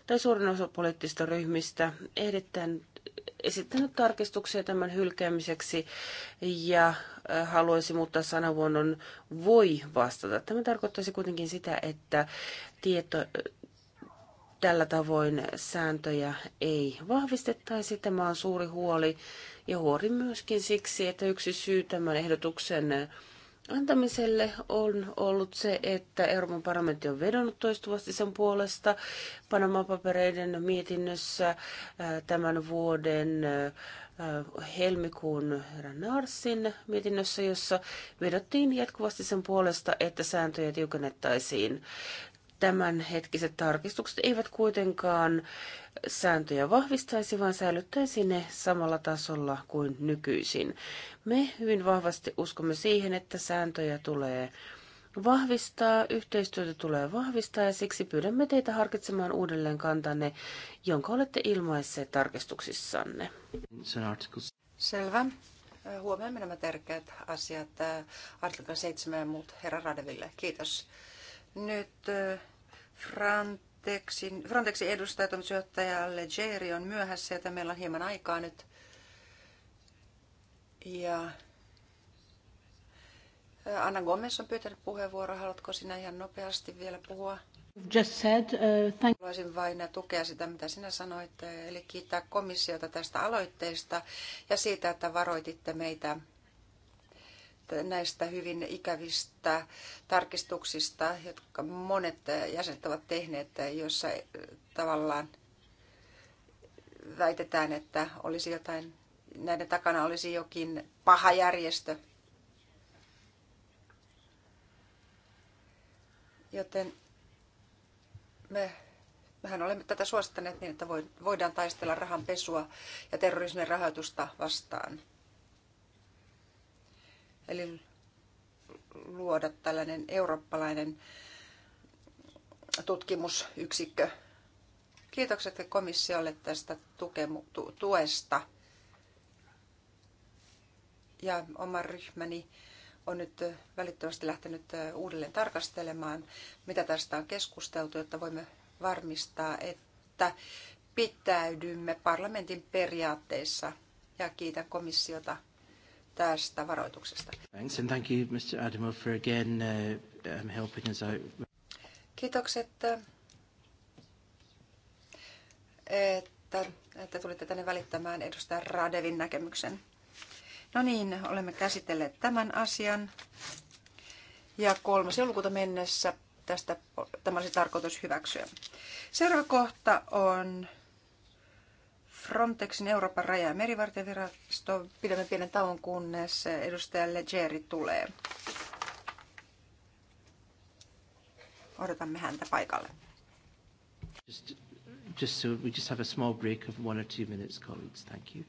tai suurin osa poliittista ryhmistä, erittäin esittänyt tarkistuksia tämän hylkäämiseksi ja haluaisi muuttaa sanavuonnon voi vastata. Tämä tarkoittaisi kuitenkin sitä, että tieto, tällä tavoin sääntöjä ei vahvistettaisi. Tämä on suuri huoli ja huoli myöskin siksi, että yksi syy tämän ehdotuksen antamiselle on ollut se, että Euroopan parlamentti on vedonnut toistuvasti sen puolesta. Panama-papereiden mietinnössä äh, tämän vuoden äh, helmikuun Ranarsin mietinnössä, jossa vedottiin jatkuvasti sen puolesta, että sääntöjä tiukennettaisiin tämänhetkiset tarkistukset eivät kuitenkaan sääntöjä vahvistaisi, vaan säilyttäisi ne samalla tasolla kuin nykyisin. Me hyvin vahvasti uskomme siihen, että sääntöjä tulee vahvistaa, yhteistyötä tulee vahvistaa ja siksi pyydämme teitä harkitsemaan uudelleen kantanne, jonka olette ilmaisseet tarkistuksissanne. Selvä. Huomioimme nämä tärkeät asiat. Artikla 7 ja muut herra Radeville. Kiitos. Nyt Frontexin, Frontexin edustaja, toimitusjohtaja Legeri on myöhässä, joten meillä on hieman aikaa nyt. Ja Anna Gomez on pyytänyt puheenvuoroa. Haluatko sinä ihan nopeasti vielä puhua? Just said, uh, thank Haluaisin vain tukea sitä, mitä sinä sanoit, eli kiittää komissiota tästä aloitteesta ja siitä, että varoititte meitä näistä hyvin ikävistä tarkistuksista, jotka monet jäsenet ovat tehneet, joissa tavallaan väitetään, että olisi jotain, näiden takana olisi jokin paha järjestö. Joten me mehän olemme tätä suosittaneet niin, että voidaan taistella rahan pesua ja terrorismin rahoitusta vastaan eli luoda tällainen eurooppalainen tutkimusyksikkö. Kiitokset komissiolle tästä tukemu- tu- tuesta. Ja oma ryhmäni on nyt välittömästi lähtenyt uudelleen tarkastelemaan, mitä tästä on keskusteltu, jotta voimme varmistaa, että pitäydymme parlamentin periaatteissa. Ja kiitän komissiota tästä varoituksesta. Kiitokset, että, että tulitte tänne välittämään edustaja Radevin näkemyksen. No niin, olemme käsitelleet tämän asian. Ja 3. joulukuuta mennessä tästä, tämä olisi tarkoitus hyväksyä. Seuraava kohta on Frontexin Euroopan raja- ja merivartijavirasto. Pidämme pienen tauon, kunnes edustaja Legeri tulee. Odotamme häntä paikalle. Just, just so we just have a small break of one or two minutes, colleagues. Thank you.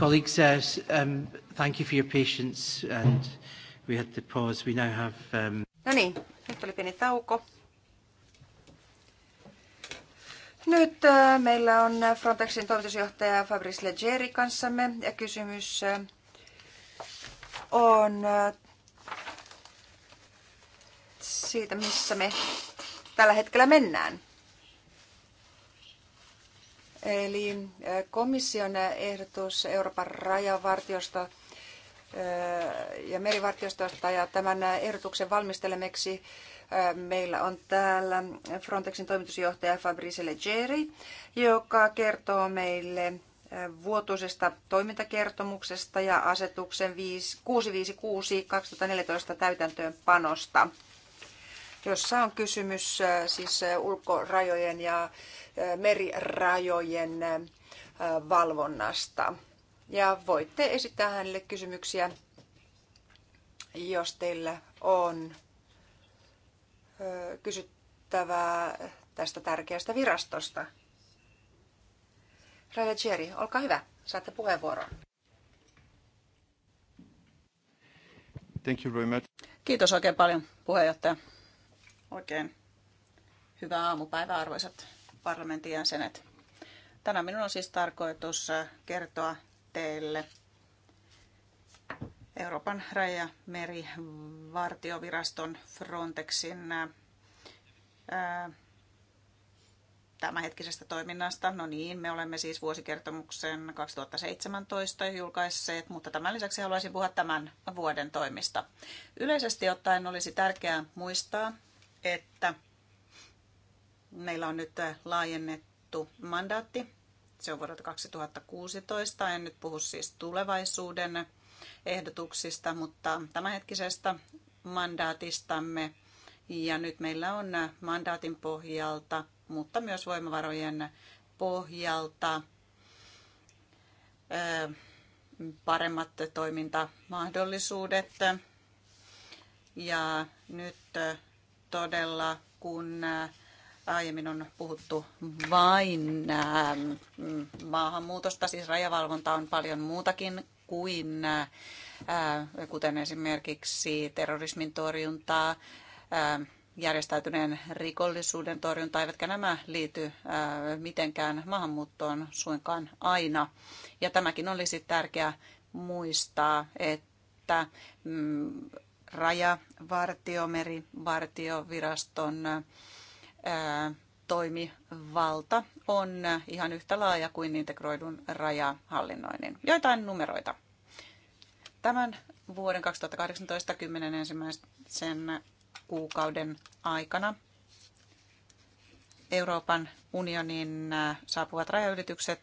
Colleagues, uh, um, thank you for your patience and we had to pause. We now have... Um... No niin, nyt oli pieni tauko. Nyt äh, meillä on Frontexin toimitusjohtaja Fabrice Leggeri kanssamme ja kysymys äh, on äh, siitä, missä me tällä hetkellä mennään. Eli komission ehdotus Euroopan rajavartiosta ja merivartiostosta ja tämän ehdotuksen valmistelemeksi meillä on täällä Frontexin toimitusjohtaja Fabrice Leggeri, joka kertoo meille vuotuisesta toimintakertomuksesta ja asetuksen 656 2014 täytäntöönpanosta, jossa on kysymys siis ulkorajojen ja merirajojen valvonnasta. Ja voitte esittää hänelle kysymyksiä, jos teillä on kysyttävää tästä tärkeästä virastosta. Raja Jerry, olkaa hyvä. Saatte puheenvuoron. Thank you very much. Kiitos oikein paljon puheenjohtaja. Oikein hyvää aamupäivää arvoisat parlamentin jäsenet. Tänään minun on siis tarkoitus äh, kertoa teille Euroopan raja- meri merivartioviraston Frontexin ää, äh, tämänhetkisestä toiminnasta. No niin, me olemme siis vuosikertomuksen 2017 julkaisseet, mutta tämän lisäksi haluaisin puhua tämän vuoden toimista. Yleisesti ottaen olisi tärkeää muistaa, että Meillä on nyt äh, laajennettu mandaatti. Se on vuodelta 2016. En nyt puhu siis tulevaisuuden ehdotuksista, mutta tämänhetkisestä mandaatistamme. Ja nyt meillä on äh, mandaatin pohjalta, mutta myös voimavarojen pohjalta äh, paremmat toimintamahdollisuudet. Ja nyt todella kun Aiemmin on puhuttu vain ähm, maahanmuutosta, siis rajavalvonta on paljon muutakin kuin äh, kuten esimerkiksi terrorismin torjuntaa, ähm, järjestäytyneen rikollisuuden torjunta, eivätkä nämä liity äh, mitenkään maahanmuuttoon suinkaan aina. Ja tämäkin olisi tärkeää muistaa, että mm, rajavartio, merivartioviraston toimivalta on ihan yhtä laaja kuin integroidun rajahallinnoinnin. Joitain numeroita. Tämän vuoden 2018 10 ensimmäisen kuukauden aikana Euroopan unionin saapuvat rajaylitykset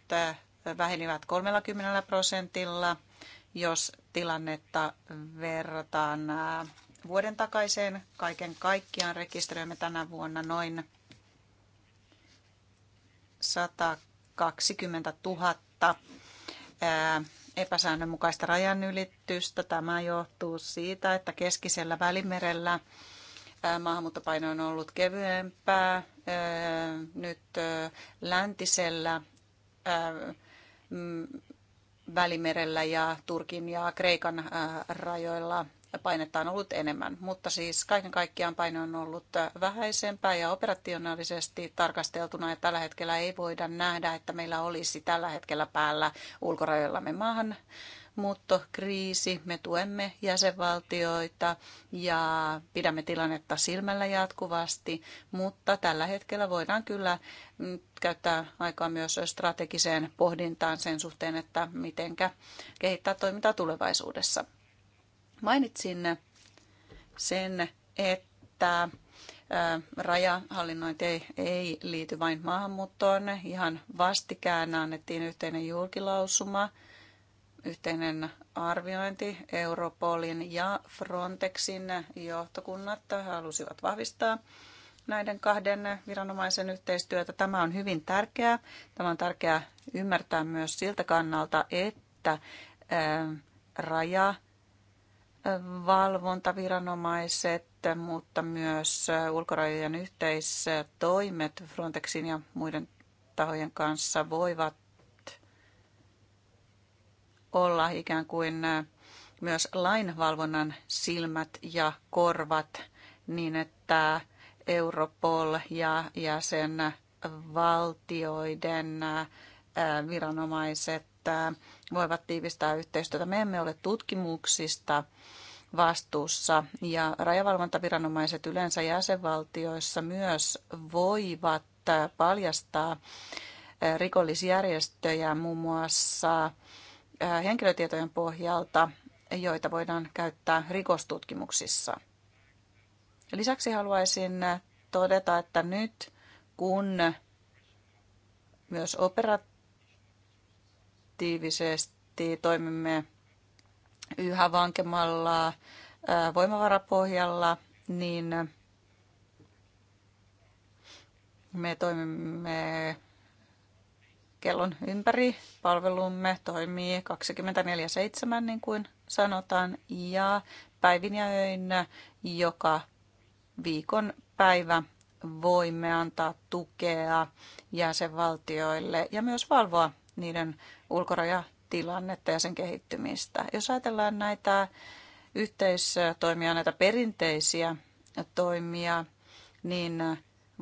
vähenivät 30 prosentilla, jos tilannetta verrataan vuoden takaiseen. Kaiken kaikkiaan rekisteröimme tänä vuonna noin 120 000 epäsäännönmukaista rajanylitystä. Tämä johtuu siitä, että keskisellä välimerellä maahanmuuttopaino on ollut kevyempää. Nyt läntisellä välimerellä ja Turkin ja Kreikan rajoilla painetta on ollut enemmän, mutta siis kaiken kaikkiaan paine on ollut äh, vähäisempää ja operationaalisesti tarkasteltuna ja tällä hetkellä ei voida nähdä, että meillä olisi tällä hetkellä päällä ulkorajoillamme maahan kriisi, Me tuemme jäsenvaltioita ja pidämme tilannetta silmällä jatkuvasti, mutta tällä hetkellä voidaan kyllä mm, käyttää aikaa myös strategiseen pohdintaan sen suhteen, että mitenkä kehittää toimintaa tulevaisuudessa. Mainitsin sen, että rajahallinnointi ei, ei liity vain maahanmuuttoon. Ihan vastikään annettiin yhteinen julkilausuma, yhteinen arviointi. Europolin ja Frontexin johtokunnat halusivat vahvistaa näiden kahden viranomaisen yhteistyötä. Tämä on hyvin tärkeää. Tämä on tärkeää ymmärtää myös siltä kannalta, että raja valvontaviranomaiset, mutta myös ulkorajojen yhteistoimet Frontexin ja muiden tahojen kanssa voivat olla ikään kuin myös lainvalvonnan silmät ja korvat niin, että Europol ja jäsenvaltioiden viranomaiset voivat tiivistää yhteistyötä. Me emme ole tutkimuksista vastuussa ja rajavalvontaviranomaiset yleensä jäsenvaltioissa myös voivat paljastaa eh, rikollisjärjestöjä muun muassa eh, henkilötietojen pohjalta, joita voidaan käyttää rikostutkimuksissa. Lisäksi haluaisin eh, todeta, että nyt kun myös operat aktiivisesti, toimimme yhä vankemmalla voimavarapohjalla, niin me toimimme kellon ympäri. Palvelumme toimii 24-7, niin kuin sanotaan, ja päivin ja öin joka viikon päivä voimme antaa tukea jäsenvaltioille ja myös valvoa niiden ulkorajatilannetta ja sen kehittymistä. Jos ajatellaan näitä yhteistoimia, näitä perinteisiä toimia, niin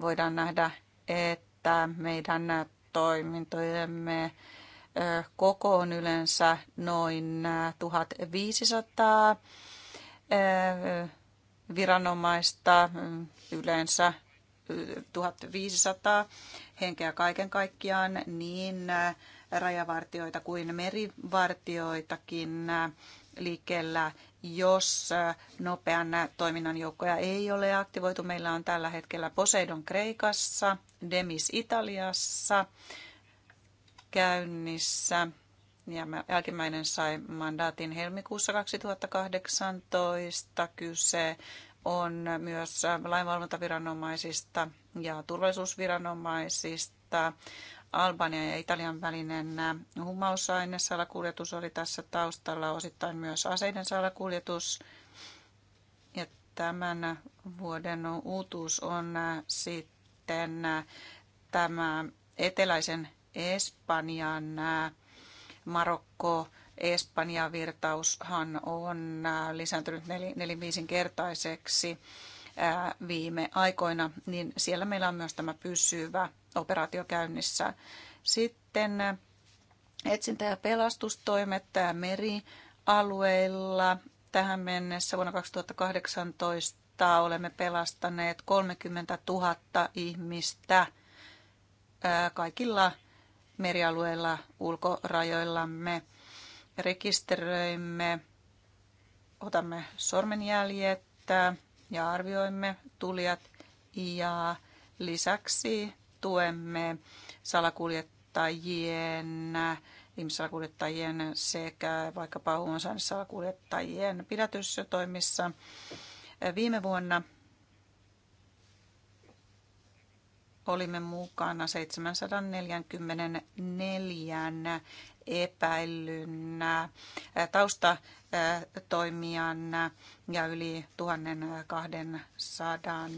voidaan nähdä, että meidän toimintojemme koko on yleensä noin 1500 viranomaista, yleensä 1500 henkeä kaiken kaikkiaan, niin rajavartioita kuin merivartioitakin liikkeellä, jos nopean toiminnan joukkoja ei ole aktivoitu. Meillä on tällä hetkellä Poseidon Kreikassa, Demis Italiassa käynnissä. Ja jälkimmäinen sai mandaatin helmikuussa 2018. Kyse on myös lainvalvontaviranomaisista ja turvallisuusviranomaisista. Albania ja Italian välinen äh, salakuljetus oli tässä taustalla, osittain myös aseiden salakuljetus. Ja tämän vuoden uutuus on äh, sitten äh, tämä eteläisen Espanjan Marokko Espanjan virtaushan on lisääntynyt nel, kertaiseksi viime aikoina, niin siellä meillä on myös tämä pysyvä operaatio käynnissä. Sitten etsintä- ja pelastustoimet merialueilla. Tähän mennessä vuonna 2018 olemme pelastaneet 30 000 ihmistä kaikilla merialueilla ulkorajoillamme. Rekisteröimme, otamme sormenjäljet ja arvioimme tulijat ja lisäksi tuemme salakuljettajien, ihmissalakuljettajien sekä vaikkapa salakuljettajien pidätystoimissa. Viime vuonna olimme mukana 744 epäillynä. tausta toimijan ja yli 1200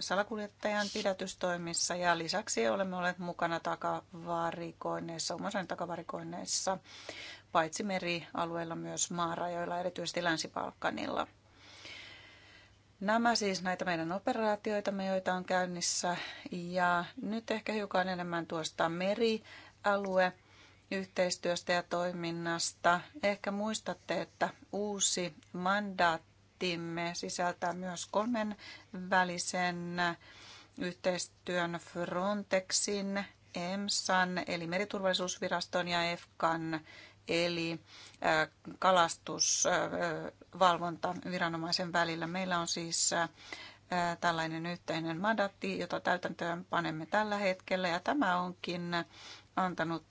salakuljettajan pidätystoimissa. Ja lisäksi olemme olleet mukana takavarikoinneissa, umosain takavarikoinneissa, paitsi merialueilla myös maarajoilla, erityisesti Länsi-Balkanilla. Nämä siis näitä meidän me joita on käynnissä. Ja nyt ehkä hiukan enemmän tuosta merialue yhteistyöstä ja toiminnasta. Ehkä muistatte, että uusi mandaattimme sisältää myös kolmen välisen yhteistyön Frontexin, EMSAN eli meriturvallisuusviraston ja EFKAN eli äh, kalastusvalvontaviranomaisen äh, välillä. Meillä on siis äh, tällainen yhteinen mandatti, jota täytäntöön panemme tällä hetkellä ja tämä onkin antanut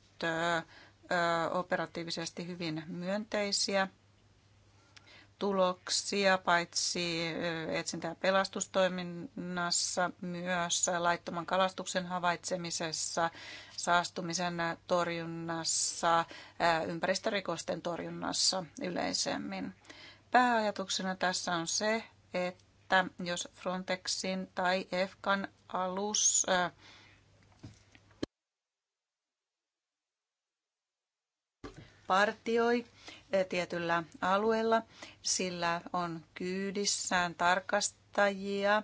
operatiivisesti hyvin myönteisiä tuloksia, paitsi etsintä- ja pelastustoiminnassa, myös laittoman kalastuksen havaitsemisessa, saastumisen torjunnassa, ympäristörikosten torjunnassa yleisemmin. Pääajatuksena tässä on se, että jos Frontexin tai EFKAN alus partioi eh, tietyllä alueella. Sillä on kyydissään tarkastajia,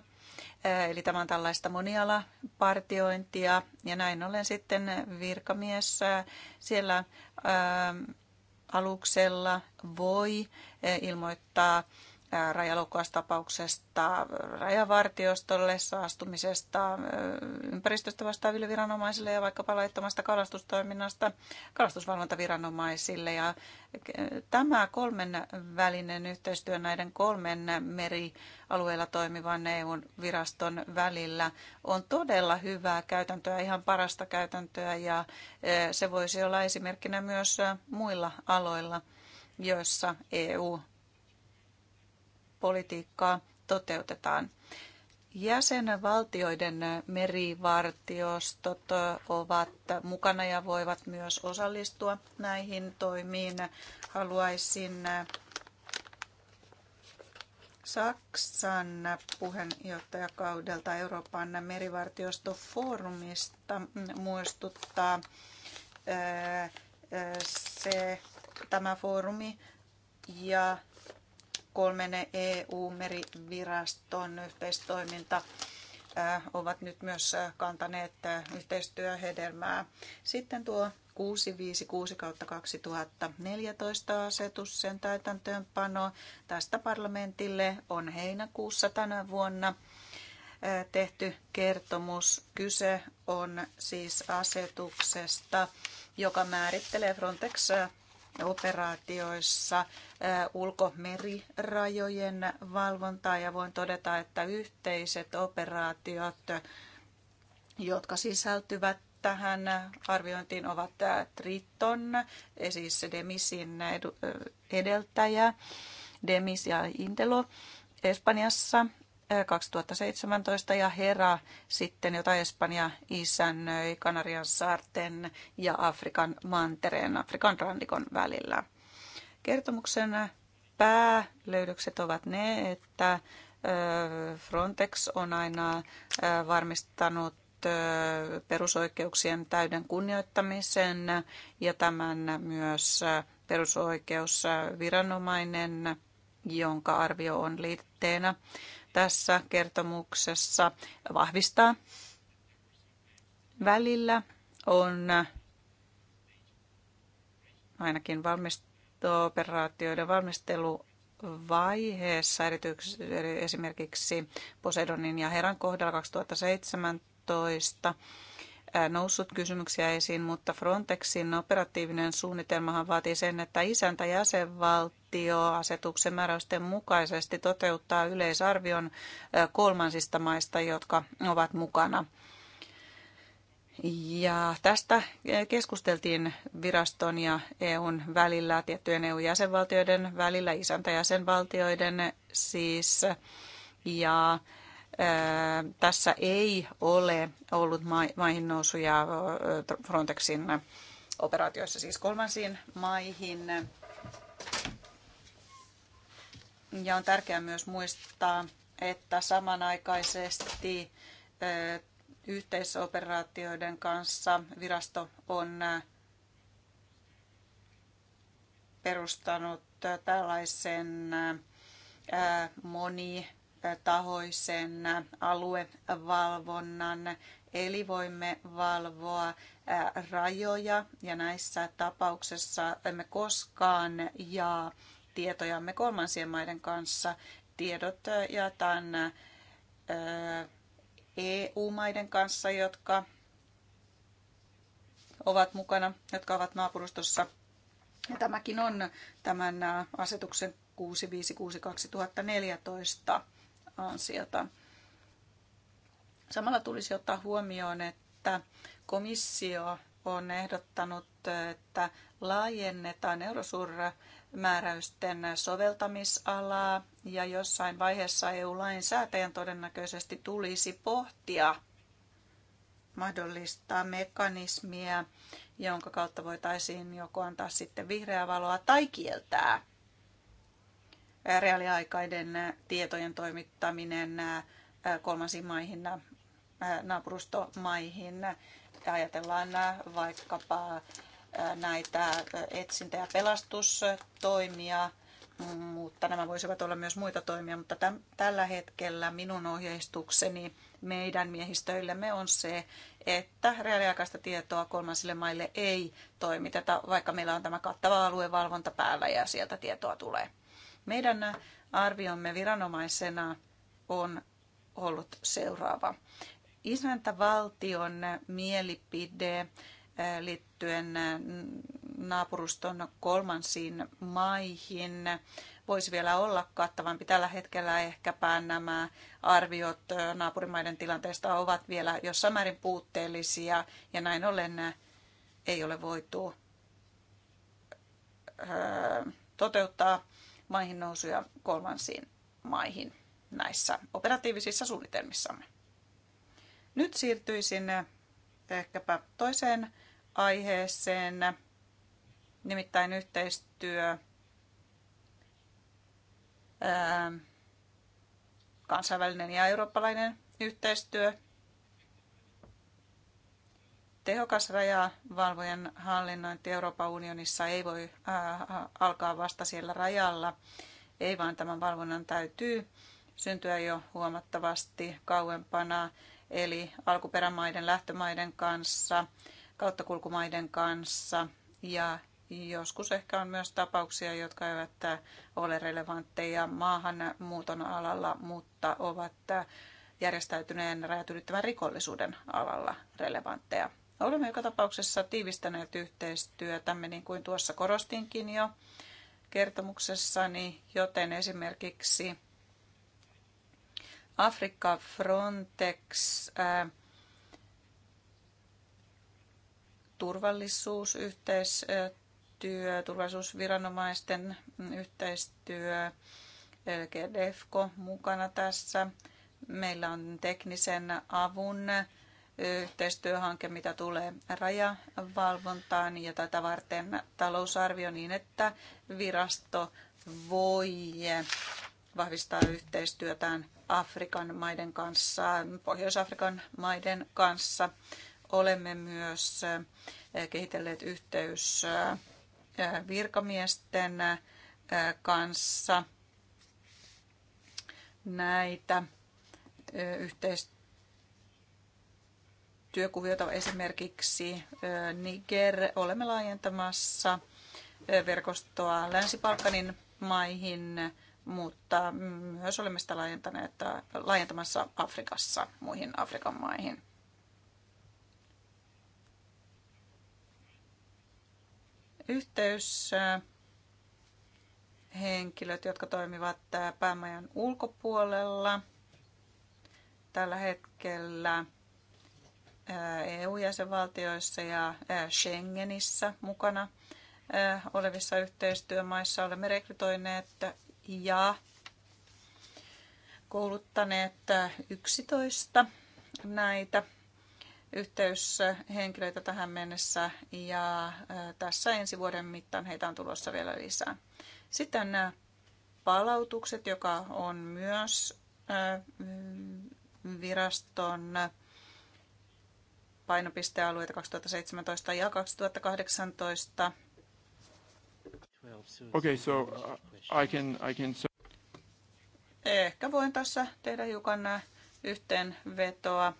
eh, eli tämä on tällaista monialapartiointia. Ja näin ollen sitten virkamies eh, siellä aluksella voi ilmoittaa rajaloukkaustapauksesta, rajavartiostolle, saastumisesta, ympäristöstä vastaaville viranomaisille ja vaikkapa laittomasta kalastustoiminnasta kalastusvalvontaviranomaisille. Ja tämä kolmen välinen yhteistyö näiden kolmen merialueella toimivan EU-viraston välillä on todella hyvää käytäntöä, ihan parasta käytäntöä ja se voisi olla esimerkkinä myös muilla aloilla joissa EU politiikkaa toteutetaan. Jäsenvaltioiden merivartiostot ovat mukana ja voivat myös osallistua näihin toimiin. Haluaisin Saksan puheenjohtajakaudelta Euroopan merivartiostofoorumista muistuttaa. Se, tämä foorumi ja kolmen EU-meriviraston yhteistoiminta äh, ovat nyt myös äh, kantaneet äh, yhteistyöhedelmää. Sitten tuo 656 2014 asetus, sen täytäntöönpano tästä parlamentille on heinäkuussa tänä vuonna tehty kertomus. Kyse on siis asetuksesta, joka määrittelee Frontex operaatioissa ulkomerirajojen valvontaa ja voin todeta, että yhteiset operaatiot, jotka sisältyvät tähän arviointiin ovat Triton, e, siis Demisin edeltäjä, Demis ja Intelo Espanjassa 2017 ja Hera sitten, jota Espanja isännöi Kanarian saarten ja Afrikan mantereen, Afrikan rannikon välillä. Kertomuksen päälöydökset ovat ne, että Frontex on aina varmistanut perusoikeuksien täyden kunnioittamisen ja tämän myös perusoikeusviranomainen, jonka arvio on liitteenä tässä kertomuksessa vahvistaa. Välillä on ainakin valmisto-operaatioiden valmistelu vaiheessa, esimerkiksi Poseidonin ja Heran kohdalla 2017, noussut kysymyksiä esiin, mutta Frontexin operatiivinen suunnitelmahan vaatii sen, että isäntä jäsenvaltio asetuksen määräysten mukaisesti toteuttaa yleisarvion kolmansista maista, jotka ovat mukana. Ja tästä keskusteltiin viraston ja EUn välillä, tiettyjen EU-jäsenvaltioiden välillä, isäntäjäsenvaltioiden siis. Ja tässä ei ole ollut maihin nousuja Frontexin operaatioissa, siis kolmansiin maihin. Ja on tärkeää myös muistaa, että samanaikaisesti yhteisoperaatioiden kanssa virasto on perustanut tällaisen moni tahoisen aluevalvonnan, eli voimme valvoa rajoja ja näissä tapauksissa emme koskaan jaa tietojamme kolmansien maiden kanssa. Tiedot jaetaan EU-maiden kanssa, jotka ovat mukana, jotka ovat naapurustossa. Ja tämäkin on tämän asetuksen 656-2014 ansiota. Samalla tulisi ottaa huomioon, että komissio on ehdottanut, että laajennetaan eurosuurmääräysten soveltamisalaa ja jossain vaiheessa EU-lainsäätäjän todennäköisesti tulisi pohtia mahdollistaa mekanismia, jonka kautta voitaisiin joko antaa sitten vihreää valoa tai kieltää reaaliaikainen tietojen toimittaminen kolmansiin maihin, naapurustomaihin. Ajatellaan vaikkapa näitä etsintä- ja pelastustoimia, mutta nämä voisivat olla myös muita toimia, mutta täm, tällä hetkellä minun ohjeistukseni meidän miehistöillemme on se, että reaaliaikaista tietoa kolmansille maille ei toimiteta, vaikka meillä on tämä kattava aluevalvonta päällä ja sieltä tietoa tulee. Meidän arviomme viranomaisena on ollut seuraava. Isäntävaltion mielipide eh, liittyen mm, naapuruston kolmansiin maihin voisi vielä olla kattavampi. Tällä hetkellä ehkäpä nämä arviot eh, naapurimaiden tilanteesta ovat vielä jossain määrin puutteellisia ja näin ollen eh, ei ole voitu toteuttaa maihin nousu ja kolmansiin maihin näissä operatiivisissa suunnitelmissamme. Nyt siirtyisin ehkäpä toiseen aiheeseen, nimittäin yhteistyö kansainvälinen ja eurooppalainen yhteistyö tehokas rajavalvojen hallinnointi Euroopan unionissa ei voi äh, äh, alkaa vasta siellä rajalla, ei vaan tämän valvonnan täytyy syntyä jo huomattavasti kauempana, eli alkuperämaiden, lähtömaiden kanssa, kauttakulkumaiden kanssa ja joskus ehkä on myös tapauksia, jotka eivät äh, ole relevantteja maahanmuuton alalla, mutta ovat järjestäytyneen rajat rikollisuuden alalla relevantteja. Olemme joka tapauksessa tiivistäneet yhteistyötämme, niin kuin tuossa korostinkin jo kertomuksessani, joten esimerkiksi Afrikka Frontex ää, turvallisuusyhteistyö, turvallisuusviranomaisten yhteistyö, GDFKO mukana tässä. Meillä on teknisen avun yhteistyöhanke, mitä tulee rajavalvontaan ja tätä varten talousarvio niin, että virasto voi vahvistaa yhteistyötään Afrikan maiden kanssa, Pohjois-Afrikan maiden kanssa. Olemme myös eh, kehitelleet yhteys eh, virkamiesten eh, kanssa näitä yhteistyötä työkuviota esimerkiksi Niger. Olemme laajentamassa verkostoa Länsi-Balkanin maihin, mutta myös olemme sitä laajentaneet, laajentamassa Afrikassa muihin Afrikan maihin. Yhteys henkilöt, jotka toimivat päämajan ulkopuolella. Tällä hetkellä EU-jäsenvaltioissa ja Schengenissä mukana olevissa yhteistyömaissa olemme rekrytoineet ja kouluttaneet 11 näitä yhteyshenkilöitä tähän mennessä ja tässä ensi vuoden mittaan heitä on tulossa vielä lisää. Sitten nämä palautukset, joka on myös viraston painopistealueita 2017 ja 2018. Okay, so uh, I can, I can... Ehkä voin tässä tehdä hiukan nämä uh, yhteenvetoa,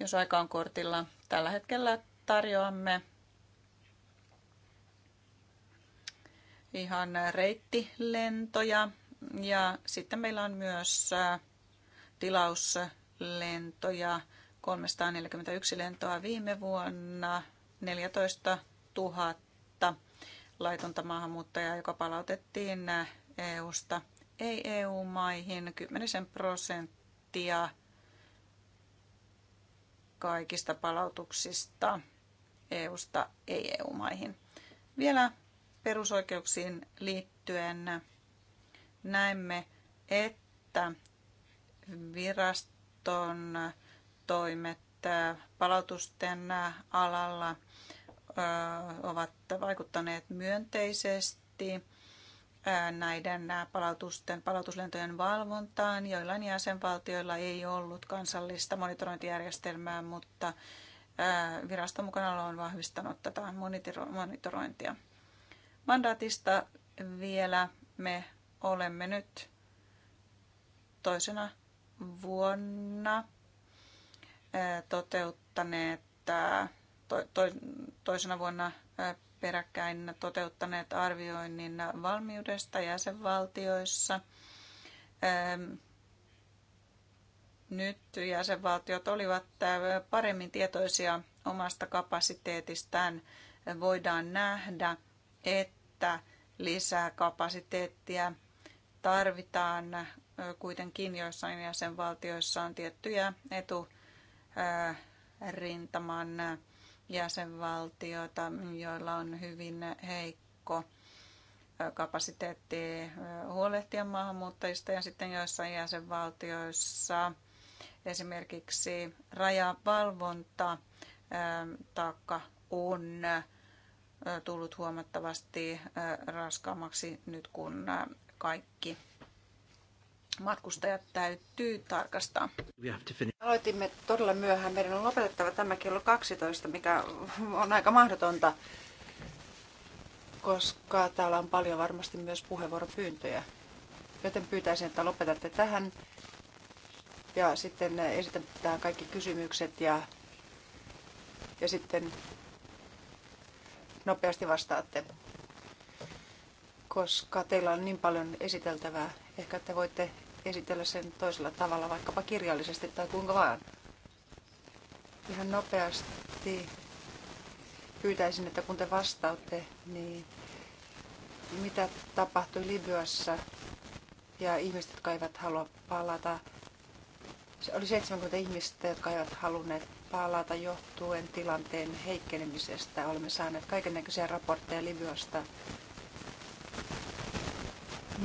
jos aika on kortilla. Tällä hetkellä tarjoamme ihan uh, reittilentoja ja sitten meillä on myös tilauslentoja 341 lentoa viime vuonna, 14 000 laitonta maahanmuuttajaa, joka palautettiin EU-sta ei-EU-maihin, 10 prosenttia kaikista palautuksista EU-sta ei-EU-maihin. Vielä perusoikeuksiin liittyen näemme, että viraston toimet palautusten alalla ovat vaikuttaneet myönteisesti näiden palautusten, palautuslentojen valvontaan. Joillain jäsenvaltioilla ei ollut kansallista monitorointijärjestelmää, mutta viraston mukana on vahvistanut tätä monitorointia. Mandaatista vielä me olemme nyt toisena vuonna toteuttaneet, toisena vuonna peräkkäin toteuttaneet arvioinnin valmiudesta jäsenvaltioissa. Nyt jäsenvaltiot olivat paremmin tietoisia omasta kapasiteetistään. Voidaan nähdä, että lisää kapasiteettia tarvitaan kuitenkin joissain jäsenvaltioissa on tiettyjä etu rintaman jäsenvaltiota, joilla on hyvin heikko kapasiteetti huolehtia maahanmuuttajista ja sitten joissain jäsenvaltioissa esimerkiksi rajavalvonta taakka on tullut huomattavasti raskaammaksi nyt kun kaikki matkustajat täytyy tarkastaa. Aloitimme todella myöhään. Meidän on lopetettava tämä kello 12, mikä on aika mahdotonta, koska täällä on paljon varmasti myös puheenvuoropyyntöjä. Joten pyytäisin, että lopetatte tähän ja sitten esitetään kaikki kysymykset ja, ja sitten nopeasti vastaatte, koska teillä on niin paljon esiteltävää Ehkä te voitte esitellä sen toisella tavalla, vaikkapa kirjallisesti tai kuinka vaan. Ihan nopeasti pyytäisin, että kun te vastaatte, niin mitä tapahtui Libyassa ja ihmiset, jotka eivät halua palata. Se oli 70 ihmistä, jotka eivät halunneet palata johtuen tilanteen heikkenemisestä. Olemme saaneet kaiken näköisiä raportteja Libyasta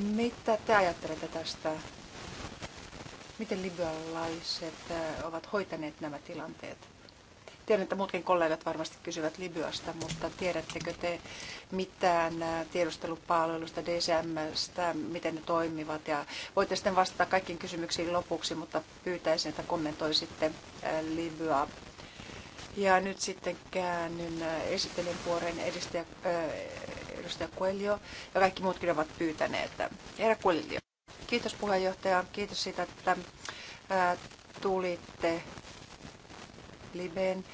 mitä te ajattelette tästä? Miten libyalaiset äh, ovat hoitaneet nämä tilanteet? Tiedän, että muutkin kollegat varmasti kysyvät Libyasta, mutta tiedättekö te mitään äh, tiedustelupalveluista, DCMstä, miten ne toimivat? Ja voitte sitten vastata kaikkiin kysymyksiin lopuksi, mutta pyytäisin, että kommentoisitte äh, Libyaa. Ja nyt sitten käännyn esittelijän puoleen edistäjä, edustaja Coelho ja kaikki muutkin ovat pyytäneet. Herra Coelho, kiitos puheenjohtaja, kiitos siitä, että ää, tulitte Libeen.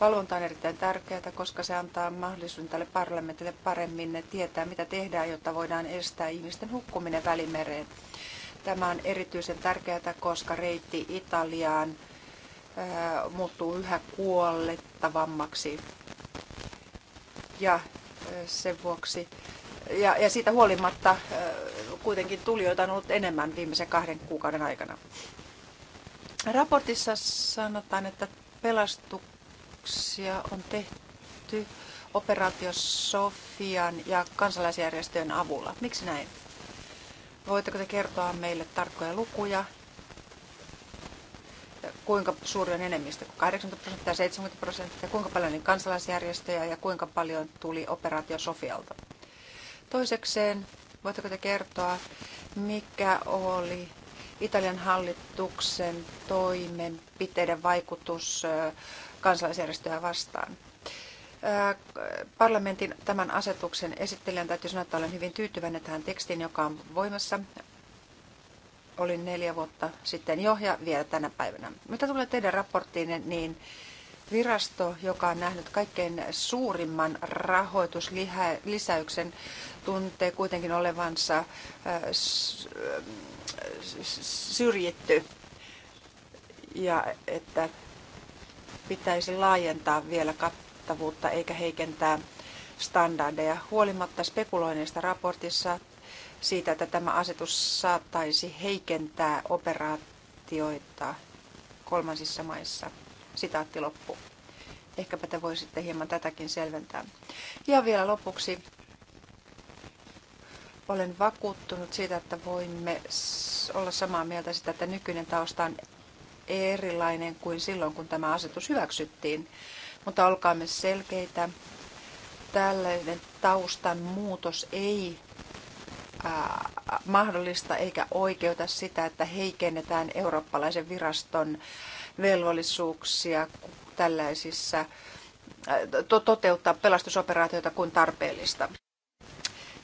Valvonta on erittäin tärkeää, koska se antaa mahdollisuuden tälle parlamentille paremmin tietää, mitä tehdään, jotta voidaan estää ihmisten hukkuminen välimereen. Tämä on erityisen tärkeää, koska reitti Italiaan muuttuu yhä kuollettavammaksi. Ja sen vuoksi. Ja, ja siitä huolimatta kuitenkin tulijoita on ollut enemmän viimeisen kahden kuukauden aikana. Raportissa sanotaan, että pelastuksia on tehty operaatio Sofian ja kansalaisjärjestöjen avulla. Miksi näin? Voitteko te kertoa meille tarkkoja lukuja kuinka suuri on enemmistö, 80 prosenttia, 70 prosenttia, kuinka paljon oli niin kansalaisjärjestöjä ja kuinka paljon tuli operaatio Sofialta. Toisekseen, voitteko te kertoa, mikä oli Italian hallituksen toimenpiteiden vaikutus kansalaisjärjestöjä vastaan? parlamentin tämän asetuksen esittelijän täytyy sanoa, että olen hyvin tyytyväinen tähän tekstiin, joka on voimassa olin neljä vuotta sitten jo ja vielä tänä päivänä. Mitä tulee teidän raporttiinne, niin virasto, joka on nähnyt kaikkein suurimman rahoituslisäyksen, tuntee kuitenkin olevansa äh, syrjitty ja että pitäisi laajentaa vielä kattavuutta eikä heikentää standardeja. Huolimatta spekuloinnista raportissa siitä, että tämä asetus saattaisi heikentää operaatioita kolmansissa maissa. Sitaatti loppu. Ehkäpä te voisitte hieman tätäkin selventää. Ja vielä lopuksi olen vakuuttunut siitä, että voimme olla samaa mieltä sitä, että nykyinen tausta on erilainen kuin silloin, kun tämä asetus hyväksyttiin. Mutta olkaamme selkeitä. Tällainen taustan muutos ei mahdollista eikä oikeuta sitä, että heikennetään eurooppalaisen viraston velvollisuuksia tällaisissa to- toteuttaa pelastusoperaatioita kun tarpeellista.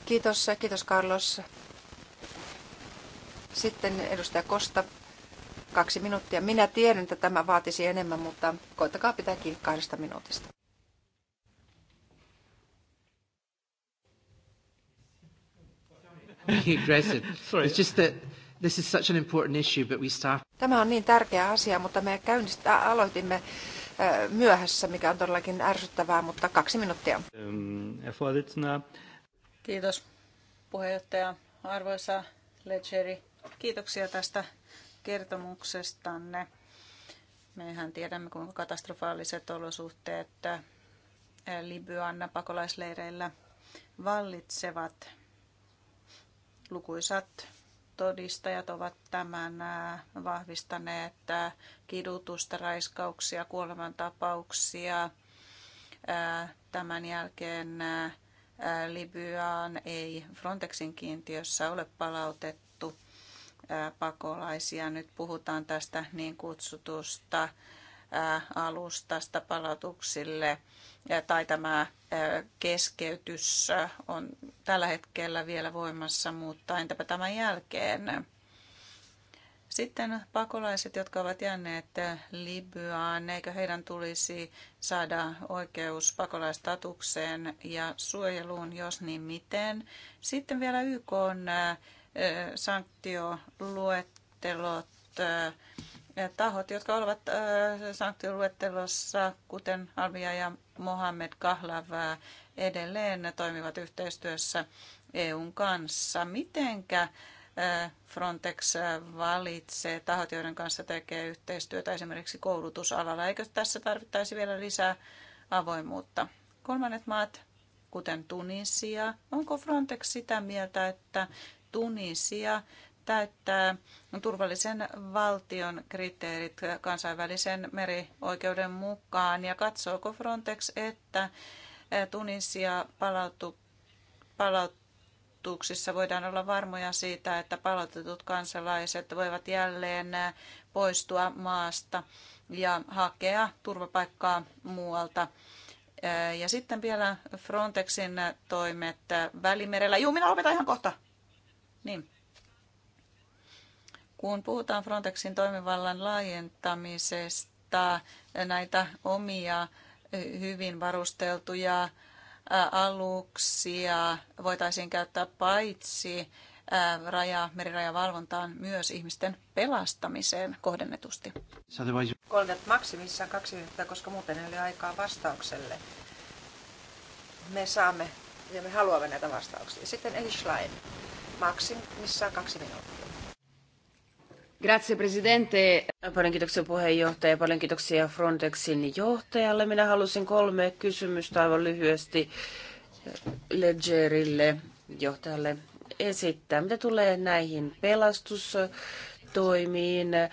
Kiitos, kiitos Carlos. Sitten edustaja Kosta, kaksi minuuttia. Minä tiedän, että tämä vaatisi enemmän, mutta koittakaa pitää kiinni kahdesta minuutista. aggressive. Sorry. It's just that this is such an important issue, but we start. Tämä on niin tärkeä asia, mutta me käynnistä, aloitimme myöhässä, mikä on todellakin ärsyttävää, mutta kaksi minuuttia. Kiitos puheenjohtaja. Arvoisa Ledgeri, kiitoksia tästä kertomuksestanne. Mehän tiedämme, kuinka katastrofaaliset olosuhteet Libyan pakolaisleireillä vallitsevat. Lukuisat todistajat ovat tämän vahvistaneet kidutusta, raiskauksia, kuolemantapauksia. Tämän jälkeen Libyaan ei Frontexin kiintiössä ole palautettu pakolaisia. Nyt puhutaan tästä niin kutsutusta alustasta palautuksille tai tämä keskeytys on tällä hetkellä vielä voimassa, mutta entäpä tämän jälkeen? Sitten pakolaiset, jotka ovat jääneet Libyaan, eikö heidän tulisi saada oikeus pakolaistatukseen ja suojeluun, jos niin miten. Sitten vielä YK on sanktioluettelot tahot, jotka ovat sanktioluettelossa, kuten Alvia ja Mohamed Kahlavää, edelleen toimivat yhteistyössä EUn kanssa. Mitenkä Frontex valitsee tahot, joiden kanssa tekee yhteistyötä esimerkiksi koulutusalalla? Eikö tässä tarvittaisi vielä lisää avoimuutta? Kolmannet maat, kuten Tunisia, onko Frontex sitä mieltä, että Tunisia täyttää turvallisen valtion kriteerit kansainvälisen merioikeuden mukaan ja katsooko Frontex, että eh, Tunisia palautu, palautuksissa voidaan olla varmoja siitä, että palautetut kansalaiset voivat jälleen eh, poistua maasta ja hakea turvapaikkaa muualta. Eh, ja sitten vielä Frontexin toimet Välimerellä. Juu, minä lopetan ihan kohta. Niin. Kun puhutaan Frontexin toimivallan laajentamisesta, näitä omia hyvin varusteltuja aluksia voitaisiin käyttää paitsi raja, merirajavalvontaan myös ihmisten pelastamiseen kohdennetusti. Kolme maksimissaan kaksi minuuttia, koska muuten ei ole aikaa vastaukselle. Me saamme ja me haluamme näitä vastauksia. Sitten Eli maksimissaan kaksi minuuttia. Grazie presidente. Paljon kiitoksia puheenjohtaja, paljon kiitoksia Frontexin johtajalle. Minä halusin kolme kysymystä aivan lyhyesti Ledgerille johtajalle esittää. Mitä tulee näihin pelastustoimiin, äh,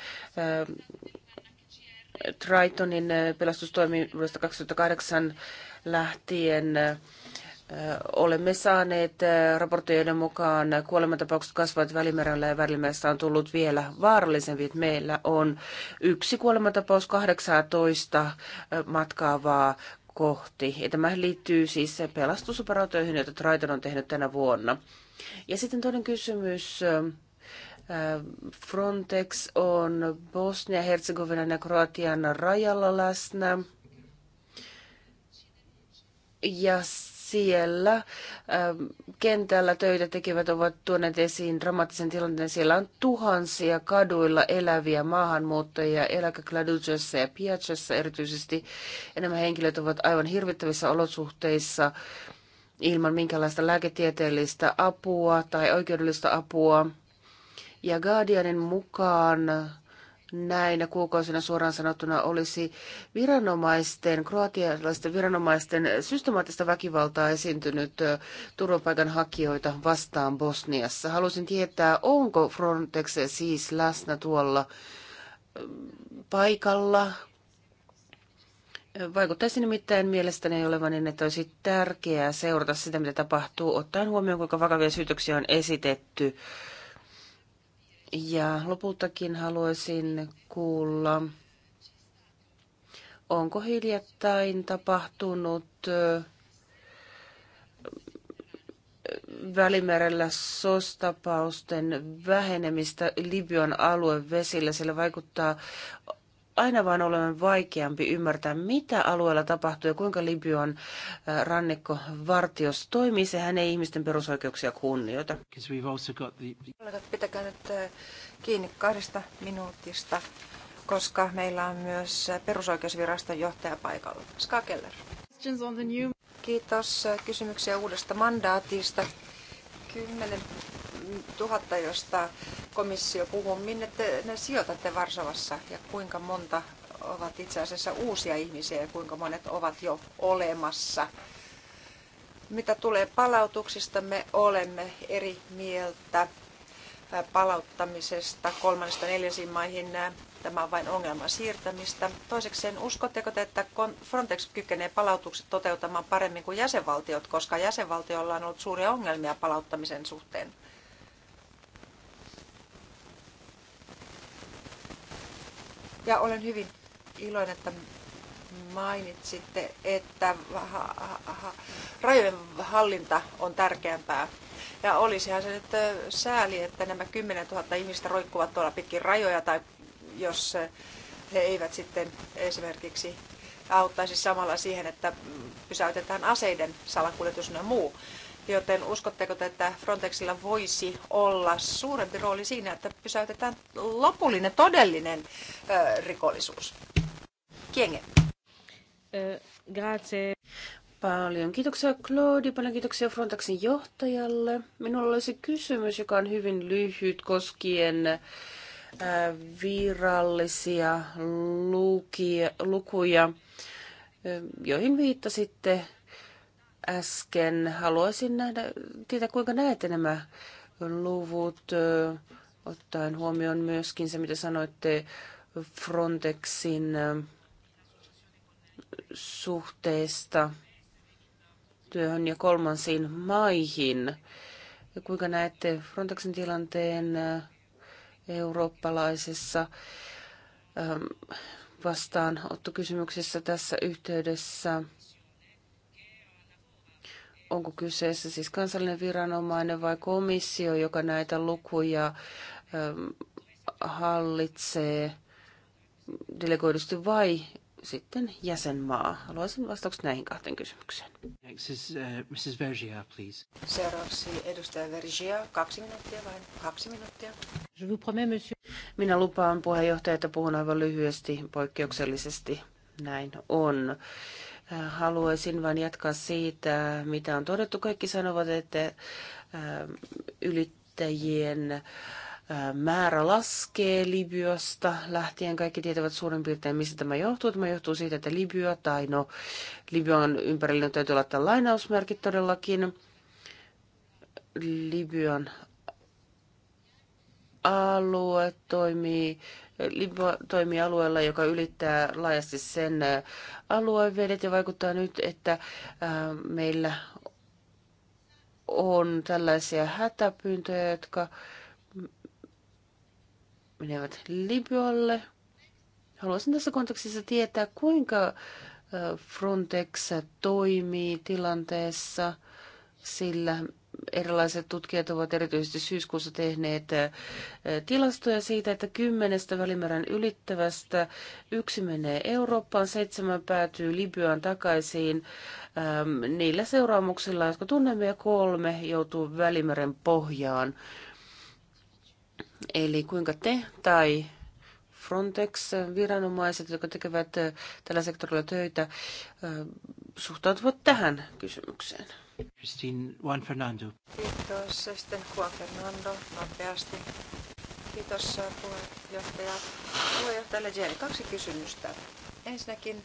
Tritonin äh, pelastustoimi vuodesta 2008 lähtien äh, olemme saaneet raportoijien mukaan kuolemantapaukset kasvavat Välimerellä ja Välimeressä on tullut vielä vaarallisempi. Meillä on yksi kuolemantapaus 18 matkaavaa kohti. Ja tämä liittyy siis pelastusoperaatioihin, joita Triton on tehnyt tänä vuonna. Ja sitten toinen kysymys. Frontex on Bosnia-Herzegovinan ja Kroatian rajalla läsnä. Ja siellä ähm, kentällä töitä tekevät ovat tuoneet esiin dramaattisen tilanteen. Siellä on tuhansia kaduilla eläviä maahanmuuttajia eläkekladutsessa ja piatsassa erityisesti. Ja nämä henkilöt ovat aivan hirvittävissä olosuhteissa ilman minkälaista lääketieteellistä apua tai oikeudellista apua. Ja Guardianin mukaan näinä kuukausina suoraan sanottuna olisi viranomaisten, kroatialaisten viranomaisten systemaattista väkivaltaa esiintynyt turvapaikanhakijoita vastaan Bosniassa. Haluaisin tietää, onko Frontex siis läsnä tuolla paikalla, Vaikuttaisi nimittäin mielestäni olevan niin, että olisi tärkeää seurata sitä, mitä tapahtuu, ottaen huomioon, kuinka vakavia syytöksiä on esitetty ja lopultakin haluaisin kuulla, onko hiljattain tapahtunut Välimerellä sostapausten vähenemistä Libyan aluevesillä. Sillä vaikuttaa aina vaan olemaan vaikeampi ymmärtää, mitä alueella tapahtuu ja kuinka Libyan äh, rannikkovartios toimii. Sehän ei ihmisten perusoikeuksia kunnioita. The... Pitäkää nyt äh, kiinni kahdesta minuutista, koska meillä on myös äh, perusoikeusviraston johtaja paikalla. Ska Keller. Kiitos. Kysymyksiä uudesta mandaatista. Kymmenen tuhatta, josta komissio puhuu, minne te ne sijoitatte Varsovassa ja kuinka monta ovat itse asiassa uusia ihmisiä ja kuinka monet ovat jo olemassa. Mitä tulee palautuksista, me olemme eri mieltä palauttamisesta kolmannesta neljäsiin maihin. Tämä on vain ongelman siirtämistä. Toisekseen, uskotteko te, että Frontex kykenee palautukset toteuttamaan paremmin kuin jäsenvaltiot, koska jäsenvaltioilla on ollut suuria ongelmia palauttamisen suhteen? Ja olen hyvin iloinen, että mainitsitte, että rajojen hallinta on tärkeämpää. Ja olisihan se nyt sääli, että nämä 10 000 ihmistä roikkuvat tuolla pitkin rajoja, tai jos he eivät sitten esimerkiksi auttaisi samalla siihen, että pysäytetään aseiden salakuljetus ja muu. Joten uskotteko te, että Frontexilla voisi olla suurempi rooli siinä, että pysäytetään lopullinen, todellinen ö, rikollisuus? Kienge. Grazie. Paljon kiitoksia Claudi, paljon kiitoksia Frontexin johtajalle. Minulla olisi kysymys, joka on hyvin lyhyt koskien virallisia lukia, lukuja, joihin viittasitte äsken. Haluaisin nähdä, tietää kuinka näette nämä luvut, ottaen huomioon myöskin se, mitä sanoitte Frontexin suhteesta työhön ja kolmansiin maihin. Ja kuinka näette Frontexin tilanteen eurooppalaisessa vastaanottokysymyksessä tässä yhteydessä? onko kyseessä siis kansallinen viranomainen vai komissio, joka näitä lukuja ähm, hallitsee delegoidusti vai sitten jäsenmaa? Haluaisin vastaukset näihin kahteen kysymykseen. Next is, uh, Mrs. Vergia, please. Seuraavaksi edustaja Vergia, kaksi minuuttia vain, kaksi minuuttia. Je vous promets, monsieur. Minä lupaan puheenjohtaja, että puhun aivan lyhyesti, poikkeuksellisesti. Näin on. Uh, Haluaisin vain jatkaa siitä, mitä on todettu. Kaikki sanovat, että ähm, ylittäjien äh, määrä laskee Libyasta lähtien. Kaikki tietävät suurin piirtein, mistä tämä johtuu. Tämä johtuu siitä, että Libya, tai no, Libyan ympärillä niin täytyy laittaa lainausmerkit todellakin. Libyan alue toimii Libya alueella, joka ylittää laajasti sen äh, aluevedet ja vaikuttaa nyt, että äh, meillä on tällaisia hätäpyyntöjä, jotka menevät Libyalle. Haluaisin tässä kontekstissa tietää, kuinka äh, Frontex toimii tilanteessa, sillä erilaiset tutkijat ovat erityisesti syyskuussa tehneet äh, tilastoja siitä, että kymmenestä välimerän ylittävästä yksi menee Eurooppaan, seitsemän päätyy Libyaan takaisin ähm, niillä seuraamuksilla, jotka tunnemme, ja kolme joutuu välimeren pohjaan. Eli kuinka te tai Frontex-viranomaiset, jotka tekevät äh, tällä sektorilla töitä, äh, suhtautuvat tähän kysymykseen? Christine Juan Fernando. Kiitos. Sitten Juan Fernando nopeasti. Kiitos äh, puheenjohtaja. Puheenjohtaja Leggeri, kaksi kysymystä. Ensinnäkin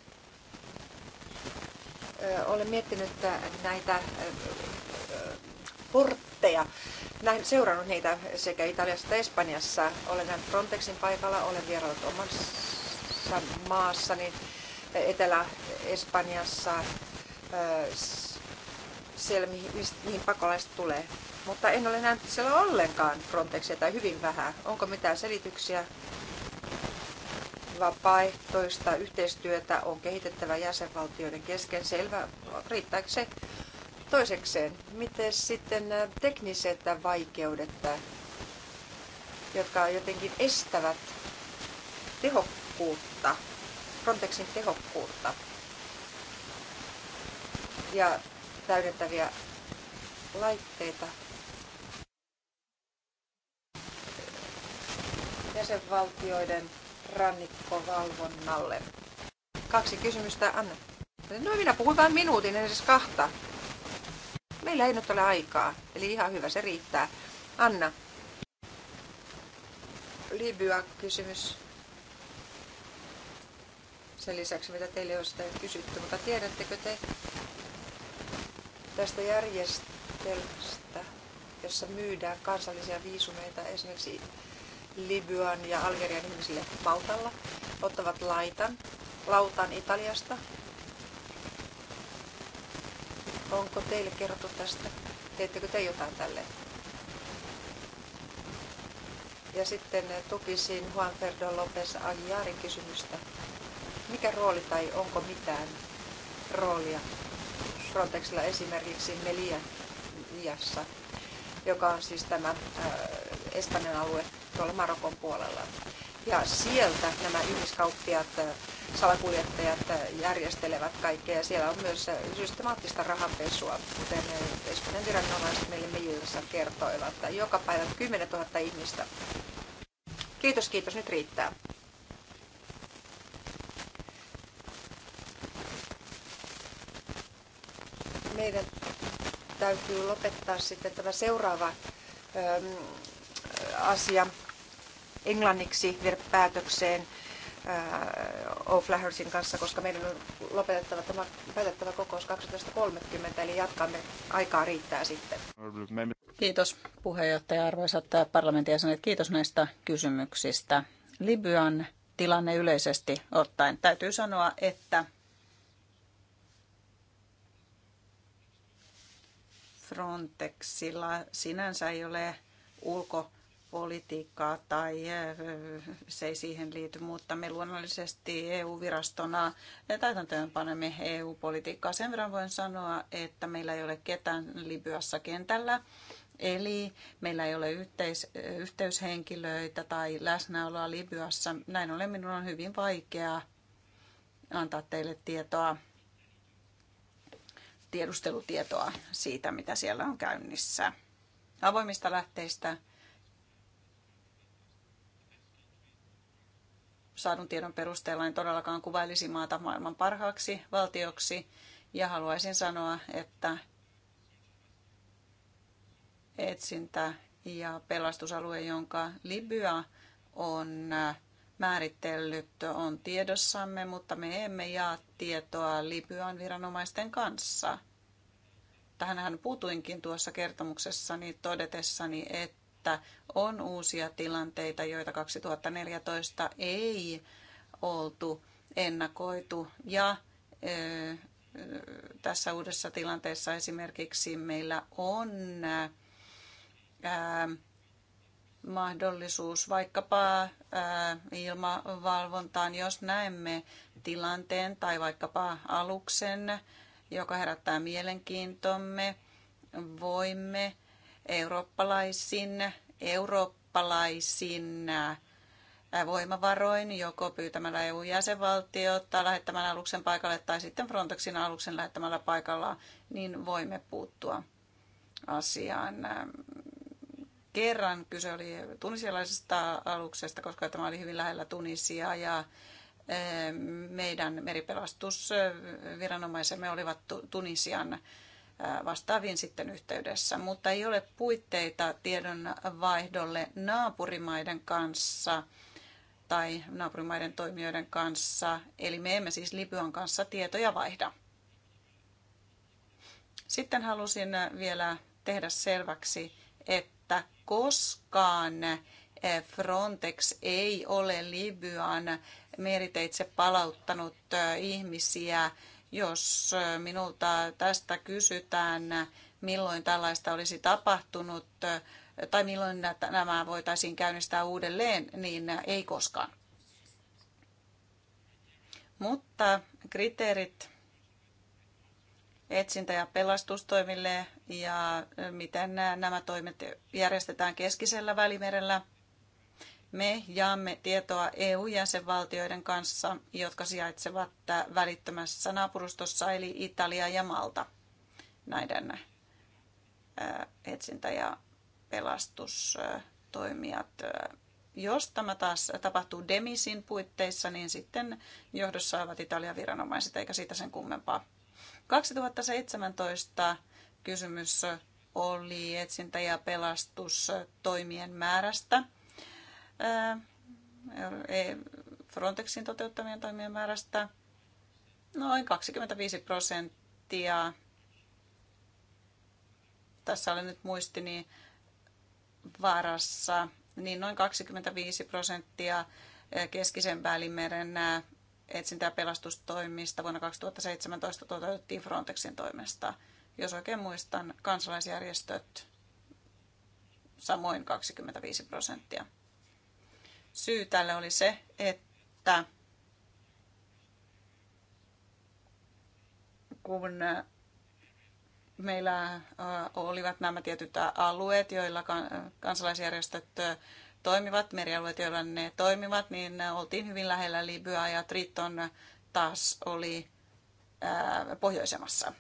ö, äh, olen miettinyt näitä äh, portteja. Näin seurannut niitä sekä Italiassa että Espanjassa. Olen nähnyt Frontexin paikalla, olen vieraillut omassa maassani Etelä-Espanjassa siellä, mihin pakolaiset tulee. Mutta en ole nähnyt siellä ollenkaan Frontexia tai hyvin vähän. Onko mitään selityksiä? Vapaaehtoista yhteistyötä on kehitettävä jäsenvaltioiden kesken. Selvä, riittääkö se? Toisekseen, miten sitten äh, tekniset vaikeudet, äh, jotka jotenkin estävät tehokkuutta, Frontexin tehokkuutta? Ja täydentäviä laitteita jäsenvaltioiden rannikkovalvonnalle. Kaksi kysymystä, Anna. No minä puhun vain minuutin, en edes kahta. Meillä ei nyt ole aikaa, eli ihan hyvä, se riittää. Anna. Libya-kysymys. Sen lisäksi, mitä teille on sitä kysytty, mutta tiedättekö te, tästä järjestelmästä, jossa myydään kansallisia viisumeita esimerkiksi Libyan ja Algerian ihmisille Maltalla, ottavat laitan, lautan Italiasta. Onko teille kerrottu tästä? Teettekö te jotain tälle? Ja sitten eh, tukisin Juan Ferdo Lopez Aguiarin kysymystä. Mikä rooli tai onko mitään roolia Frontexilla esimerkiksi Meliassa, joka on siis tämä Espanjan alue tuolla Marokon puolella. Ja sieltä nämä ihmiskauppiat, salakuljettajat järjestelevät kaikkea. Ja siellä on myös systemaattista rahanpesua, kuten Espanjan viranomaiset meille Melillassa kertoivat. Joka päivä 10 000 ihmistä. Kiitos, kiitos. Nyt riittää. meidän täytyy lopettaa sitten tämä seuraava ähm, asia englanniksi päätökseen päätökseen äh, O'Flahersin kanssa, koska meidän on lopetettava tämä päätettävä kokous 12.30, eli jatkamme. Aikaa riittää sitten. Kiitos puheenjohtaja, arvoisat parlamentin jäsenet. Kiitos näistä kysymyksistä. Libyan tilanne yleisesti ottaen. Täytyy sanoa, että Frontexilla sinänsä ei ole ulkopolitiikkaa tai se ei siihen liity, mutta me luonnollisesti EU-virastona täytäntöön panemme EU-politiikkaa. Sen verran voin sanoa, että meillä ei ole ketään Libyassa kentällä. Eli meillä ei ole yhteis, yhteyshenkilöitä tai läsnäoloa Libyassa. Näin ollen minun on hyvin vaikea antaa teille tietoa tiedustelutietoa siitä, mitä siellä on käynnissä. Avoimista lähteistä saadun tiedon perusteella en todellakaan kuvailisi maata maailman parhaaksi valtioksi. Ja haluaisin sanoa, että etsintä ja pelastusalue, jonka Libya on määritellyt on tiedossamme, mutta me emme jaa tietoa Libyan viranomaisten kanssa. Tähänhän puutuinkin tuossa kertomuksessani todetessani, että on uusia tilanteita, joita 2014 ei oltu ennakoitu. Ja ö, tässä uudessa tilanteessa esimerkiksi meillä on ö, mahdollisuus vaikkapa ilmavalvontaan, jos näemme tilanteen tai vaikkapa aluksen, joka herättää mielenkiintomme, voimme eurooppalaisin, eurooppalaisin voimavaroin, joko pyytämällä EU-jäsenvaltiota lähettämällä aluksen paikalle tai sitten Frontexin aluksen lähettämällä paikalla, niin voimme puuttua asiaan kerran. Kyse oli tunisialaisesta aluksesta, koska tämä oli hyvin lähellä Tunisiaa ja eh, meidän meripelastusviranomaisemme olivat Tunisian eh, vastaaviin sitten yhteydessä, mutta ei ole puitteita tiedonvaihdolle naapurimaiden kanssa tai naapurimaiden toimijoiden kanssa, eli me emme siis Libyan kanssa tietoja vaihda. Sitten halusin vielä tehdä selväksi, että koskaan eh, Frontex ei ole Libyan meriteitse palauttanut eh, ihmisiä. Jos eh, minulta tästä kysytään, milloin tällaista olisi tapahtunut tai milloin nämä voitaisiin käynnistää uudelleen, niin ei koskaan. Mutta kriteerit etsintä- ja pelastustoimille ja miten nämä toimet järjestetään keskisellä välimerellä. Me jaamme tietoa EU-jäsenvaltioiden kanssa, jotka sijaitsevat välittömässä naapurustossa, eli Italia ja Malta, näiden etsintä- ja pelastustoimijat. Jos tämä taas tapahtuu Demisin puitteissa, niin sitten johdossa ovat Italian viranomaiset, eikä siitä sen kummempaa. 2017 kysymys oli etsintä- ja pelastustoimien määrästä. E, Frontexin toteuttamien toimien määrästä noin 25 prosenttia. Tässä oli nyt muistini varassa, niin noin 25 prosenttia keskisen välimeren etsintä- ja pelastustoimista vuonna 2017 toteutettiin Frontexin toimesta. Jos oikein muistan, kansalaisjärjestöt samoin 25 prosenttia. Syy tälle oli se, että kun meillä äh, olivat nämä tietyt alueet, joilla kansalaisjärjestöt äh, toimivat, merialueet, joilla ne toimivat, niin äh, oltiin hyvin lähellä Libyaa ja Triton taas oli pohjoisemmassa.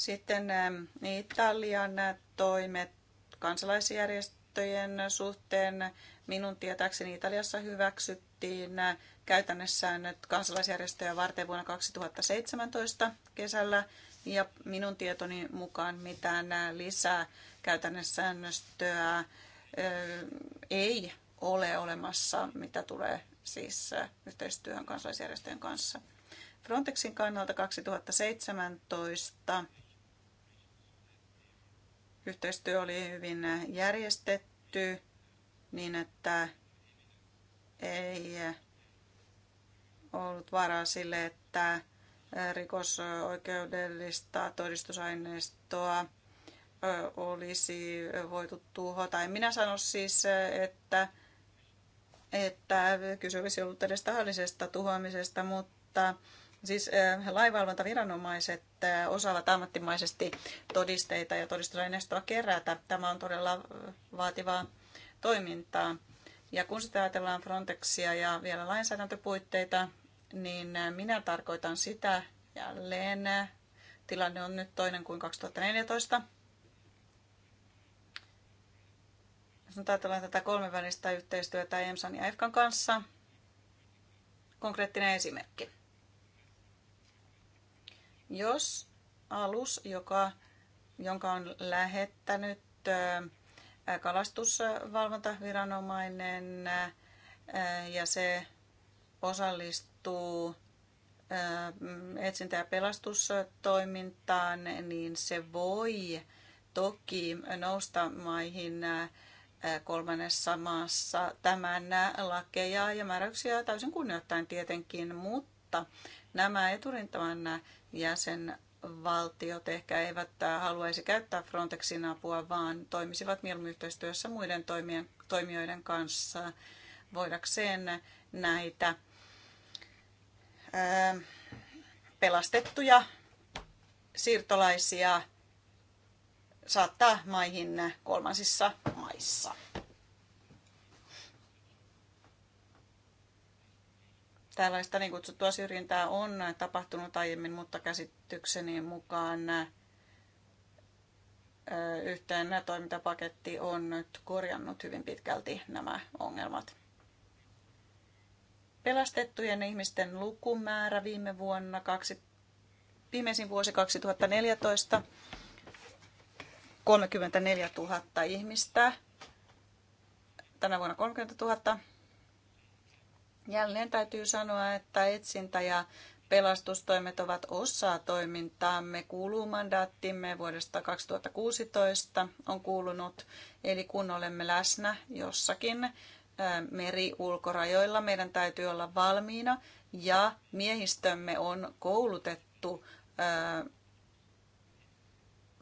Sitten ähm, Italian toimet kansalaisjärjestöjen suhteen minun tietääkseni Italiassa hyväksyttiin äh, nyt kansalaisjärjestöjä varten vuonna 2017 kesällä. Ja minun tietoni mukaan mitään äh, lisää käytännössäännöstöä äh, ei ole olemassa, mitä tulee siis yhteistyöhön kansalaisjärjestöjen kanssa. Frontexin kannalta 2017 yhteistyö oli hyvin järjestetty niin, että ei ollut varaa sille, että rikosoikeudellista todistusaineistoa olisi voitu tuhota. En minä sano siis, että, että kyse olisi ollut edes tahallisesta tuhoamisesta, mutta Siis äh, osaavat ammattimaisesti todisteita ja todistusaineistoa kerätä. Tämä on todella eh, vaativaa toimintaa. Ja kun sitä ajatellaan Frontexia ja vielä lainsäädäntöpuitteita, niin minä tarkoitan sitä jälleen. Tilanne on nyt toinen kuin 2014. Jos nyt ajatellaan tätä kolmenvälistä yhteistyötä EMSAN ja EFKAN kanssa, konkreettinen esimerkki. Jos alus, joka, jonka on lähettänyt kalastusvalvontaviranomainen ja se osallistuu etsintä- ja pelastustoimintaan, niin se voi toki nousta maihin kolmannessa maassa tämän lakeja ja määräyksiä täysin kunnioittain tietenkin, mutta nämä eturintaman jäsenvaltiot ehkä eivät haluaisi käyttää Frontexin apua, vaan toimisivat mieluummin yhteistyössä muiden toimijoiden kanssa voidakseen näitä ähm, pelastettuja siirtolaisia saattaa maihin kolmansissa maissa. Tällaista niin kutsuttua syrjintää on tapahtunut aiemmin, mutta käsitykseni mukaan yhteen toimintapaketti on nyt korjannut hyvin pitkälti nämä ongelmat. Pelastettujen ihmisten lukumäärä viime vuonna, kaksi, viimeisin vuosi 2014, 34 000 ihmistä, tänä vuonna 30 000 Jälleen täytyy sanoa, että etsintä ja pelastustoimet ovat osa toimintaamme. Kuuluu mandaattimme vuodesta 2016 on kuulunut, eli kun olemme läsnä jossakin meriulkorajoilla, meidän täytyy olla valmiina ja miehistömme on koulutettu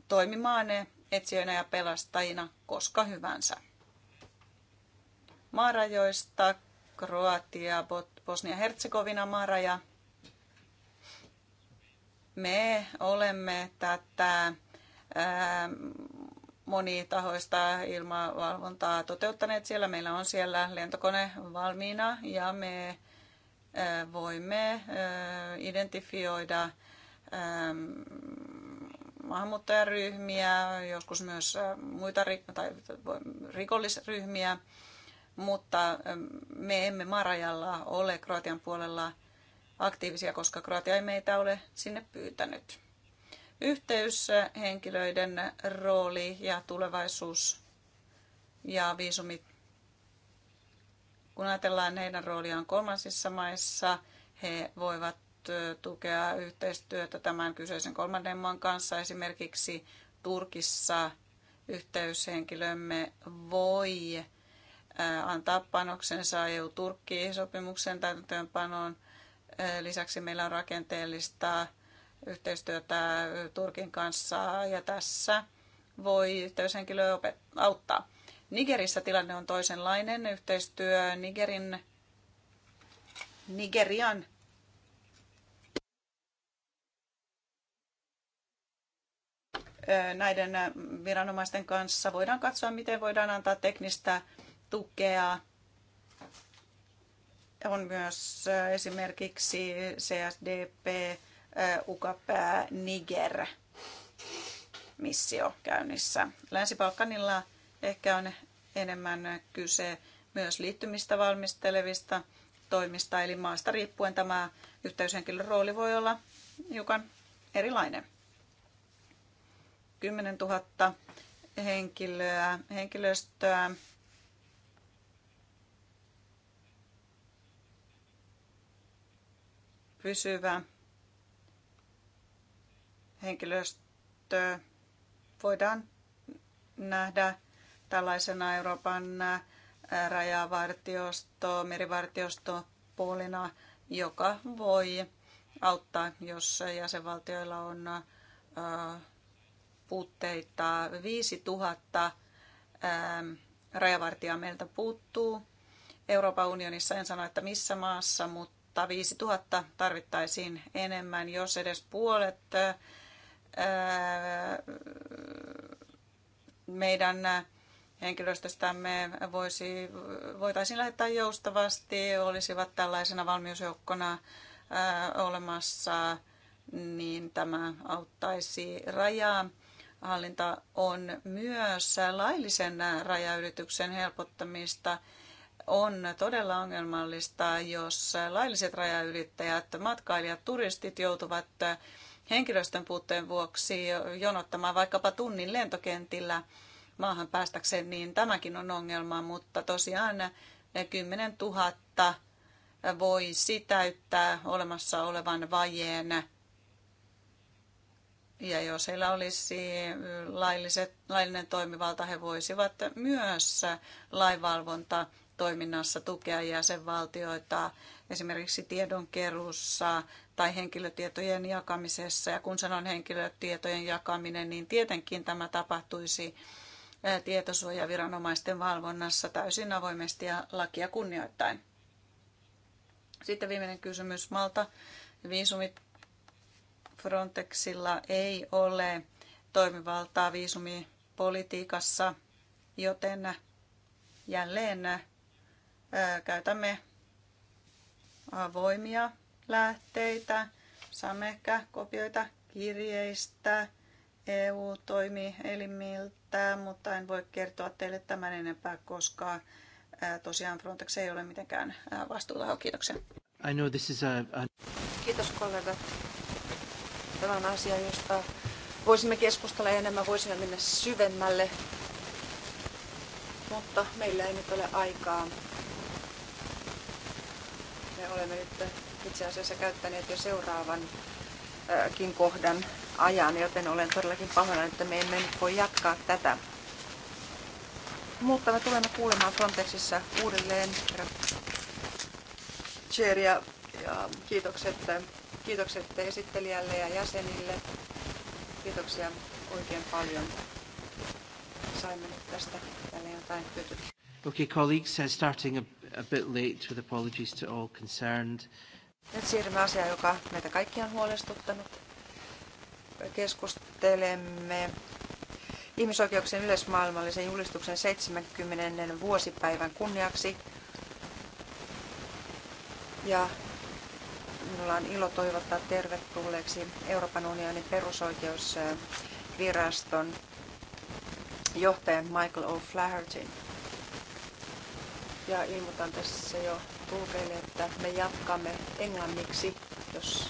toimimaan etsijöinä ja pelastajina koska hyvänsä. Maarajoista Kroatia, Bosnia-Herzegovina maraja. Me olemme tätä monitahoista ilmavalvontaa toteuttaneet siellä. Meillä on siellä lentokone valmiina ja me voimme identifioida maahanmuuttajaryhmiä, joskus myös muita tai rikollisryhmiä mutta me emme marajalla ole Kroatian puolella aktiivisia, koska Kroatia ei meitä ole sinne pyytänyt. Yhteyshenkilöiden rooli ja tulevaisuus ja viisumit, kun ajatellaan heidän rooliaan kolmansissa maissa, he voivat tukea yhteistyötä tämän kyseisen kolmannen maan kanssa. Esimerkiksi Turkissa yhteyshenkilömme voi antaa panoksensa EU-Turkki-sopimuksen täytäntöönpanoon. Lisäksi meillä on rakenteellista yhteistyötä Turkin kanssa ja tässä voi yhteyshenkilö auttaa. Nigerissä tilanne on toisenlainen. Yhteistyö Nigerin, Nigerian näiden viranomaisten kanssa. Voidaan katsoa, miten voidaan antaa teknistä tukea. On myös äh, esimerkiksi CSDP, äh, UKP, Niger missio käynnissä. Länsi-Balkanilla ehkä on enemmän kyse myös liittymistä valmistelevista toimista, eli maasta riippuen tämä yhteyshenkilön rooli voi olla hiukan erilainen. 10 000 henkilöä, henkilöstöä pysyvä henkilöstö voidaan nähdä tällaisena Euroopan rajavartiosto, merivartiosto puolina, joka voi auttaa, jos jäsenvaltioilla on puutteita. 5000 rajavartijaa meiltä puuttuu Euroopan unionissa. En sano, että missä maassa, mutta mutta 000 tarvittaisiin enemmän, jos edes puolet meidän henkilöstöstämme voisi, voitaisiin lähettää joustavasti, olisivat tällaisena valmiusjoukkona olemassa, niin tämä auttaisi rajaa. Hallinta on myös laillisen rajayrityksen helpottamista – on todella ongelmallista, jos lailliset rajaylittäjät, matkailijat, turistit joutuvat henkilöstön puutteen vuoksi jonottamaan vaikkapa tunnin lentokentillä maahan päästäkseen, niin tämäkin on ongelma, mutta tosiaan 10 000 voisi täyttää olemassa olevan vajeen. Ja jos heillä olisi lailliset, laillinen toimivalta, he voisivat myös lainvalvonta toiminnassa tukea jäsenvaltioita esimerkiksi tiedonkeruussa tai henkilötietojen jakamisessa. Ja kun sanon henkilötietojen jakaminen, niin tietenkin tämä tapahtuisi tietosuojaviranomaisten valvonnassa täysin avoimesti ja lakia kunnioittain. Sitten viimeinen kysymys Malta. Viisumit Frontexilla ei ole toimivaltaa viisumipolitiikassa, joten jälleen käytämme avoimia lähteitä, saamme ehkä kopioita kirjeistä EU-toimielimiltä, mutta en voi kertoa teille tämän enempää, koska tosiaan Frontex ei ole mitenkään vastuutaho. Kiitoksia. I know this is a, a... Kiitos kollegat. Tämä on asia, josta voisimme keskustella enemmän, voisimme mennä syvemmälle, mutta meillä ei nyt ole aikaa me olemme nyt itse asiassa käyttäneet jo seuraavankin kohdan ajan, joten olen todellakin pahoillani, että me emme nyt voi jatkaa tätä. Mutta me tulemme kuulemaan Frontexissa uudelleen Cheeria ja kiitokset, kiitokset esittelijälle ja jäsenille. Kiitoksia oikein paljon. Saimme nyt tästä jälleen jotain hyötyä. Okay, colleagues, uh, starting a, a bit late with apologies to all concerned. Nyt siirrymme asiaan, joka meitä kaikkia on huolestuttanut. Keskustelemme ihmisoikeuksien yleismaailmallisen julistuksen 70. vuosipäivän kunniaksi. Ja minulla on ilo toivottaa tervetulleeksi Euroopan unionin perusoikeusviraston johtajan Michael O'Flaherty. Ja ilmoitan tässä jo tulkeille, että me jatkamme englanniksi, jos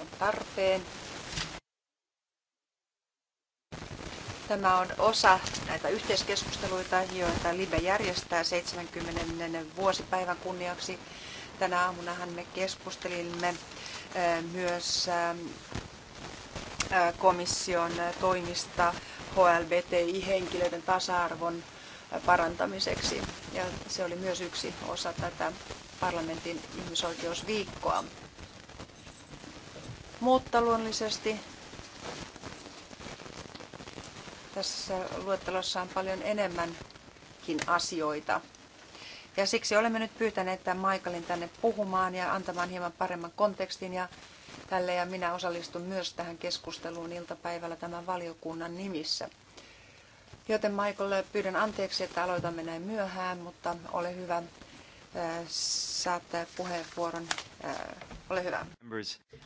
on tarpeen. Tämä on osa näitä yhteiskeskusteluita, joita Libe järjestää 70. vuosipäivän kunniaksi. Tänä aamunahan me keskustelimme myös komission toimista HLBTI-henkilöiden tasa-arvon parantamiseksi. Ja se oli myös yksi osa tätä parlamentin ihmisoikeusviikkoa. Mutta luonnollisesti tässä luettelossa on paljon enemmänkin asioita. Ja siksi olemme nyt pyytäneet tämän Michaelin tänne puhumaan ja antamaan hieman paremman kontekstin ja tälle. Ja minä osallistun myös tähän keskusteluun iltapäivällä tämän valiokunnan nimissä. Joten Michael, pyydän anteeksi, että aloitamme näin myöhään, mutta ole hyvä, saat puheenvuoron. Ole hyvä.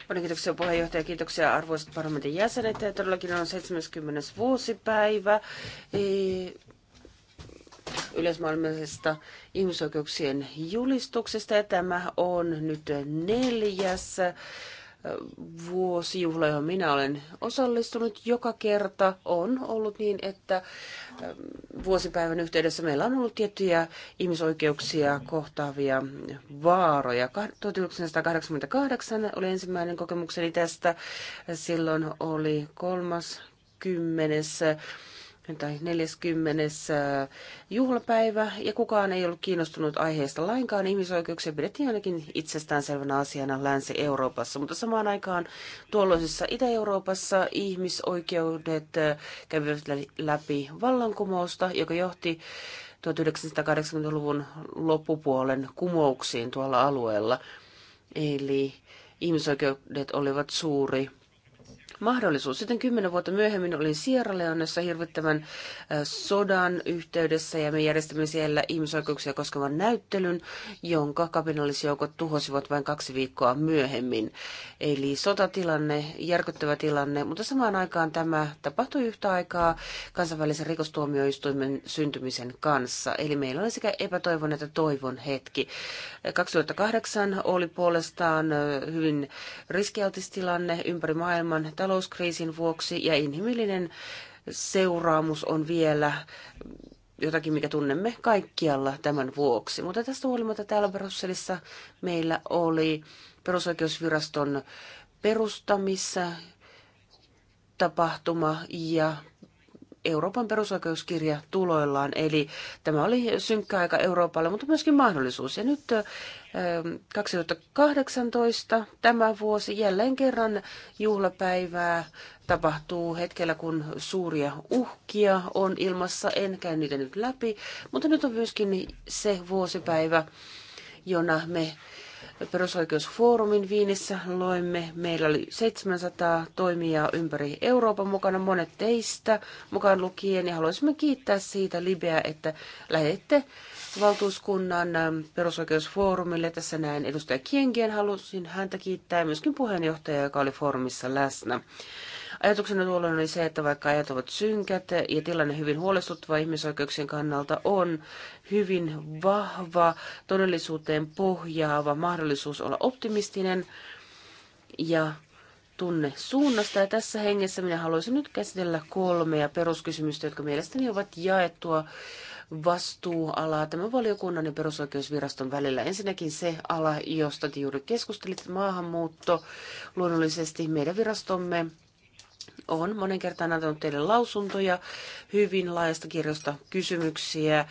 Paljon kiitoksia puheenjohtaja, kiitoksia arvoisat parlamentin jäsenet. Todellakin on 70. vuosipäivä e, yleismaailmallisesta ihmisoikeuksien julistuksesta ja tämä on nyt neljäs vuosijuhla, johon minä olen osallistunut joka kerta, on ollut niin, että ähm, vuosipäivän yhteydessä meillä on ollut tiettyjä ihmisoikeuksia kohtaavia vaaroja. 1988 oli ensimmäinen kokemukseni tästä. Silloin oli kolmas kymmenes tai 40. Äh, juhlapäivä, ja kukaan ei ollut kiinnostunut aiheesta lainkaan. Ihmisoikeuksia pidettiin ainakin itsestäänselvänä asiana Länsi-Euroopassa, mutta samaan aikaan tuolloisessa Itä-Euroopassa ihmisoikeudet äh, kävivät läpi vallankumousta, joka johti 1980-luvun loppupuolen kumouksiin tuolla alueella. Eli ihmisoikeudet olivat suuri mahdollisuus. Sitten kymmenen vuotta myöhemmin olin Sierra Leonessa hirvittävän äh, sodan yhteydessä ja me järjestimme siellä ihmisoikeuksia koskevan näyttelyn, jonka kapinallisjoukot tuhosivat vain kaksi viikkoa myöhemmin. Eli sotatilanne, järkyttävä tilanne, mutta samaan aikaan tämä tapahtui yhtä aikaa kansainvälisen rikostuomioistuimen syntymisen kanssa. Eli meillä oli sekä epätoivon että toivon hetki. 2008 oli puolestaan äh, hyvin riskialtis tilanne ympäri maailman talouskriisin vuoksi ja inhimillinen seuraamus on vielä jotakin, mikä tunnemme kaikkialla tämän vuoksi. Mutta tästä huolimatta täällä Brysselissa meillä oli perusoikeusviraston perustamissa tapahtuma ja Euroopan perusoikeuskirja tuloillaan. Eli tämä oli synkkä aika Euroopalle, mutta myöskin mahdollisuus. Ja nyt 2018 tämä vuosi jälleen kerran juhlapäivää tapahtuu hetkellä, kun suuria uhkia on ilmassa. En käy niitä nyt läpi, mutta nyt on myöskin se vuosipäivä, jona me perusoikeusfoorumin Viinissä loimme. Meillä oli 700 toimijaa ympäri Euroopan mukana, monet teistä mukaan lukien, ja haluaisimme kiittää siitä Libeä, että lähette valtuuskunnan ähm, perusoikeusfoorumille. Tässä näin edustaja Kienkien halusin häntä kiittää, myöskin puheenjohtaja, joka oli foorumissa läsnä. Ajatuksena tuolloin oli se, että vaikka ajat ovat synkät ja tilanne hyvin huolestuttava ihmisoikeuksien kannalta on hyvin vahva, todellisuuteen pohjaava mahdollisuus olla optimistinen ja tunne suunnasta. Ja tässä hengessä minä haluaisin nyt käsitellä kolmea peruskysymystä, jotka mielestäni ovat jaettua vastuualaa tämän valiokunnan ja perusoikeusviraston välillä. Ensinnäkin se ala, josta te juuri keskustelitte, maahanmuutto. Luonnollisesti meidän virastomme on monen kertaan antanut teille lausuntoja hyvin laajasta kirjosta kysymyksiä,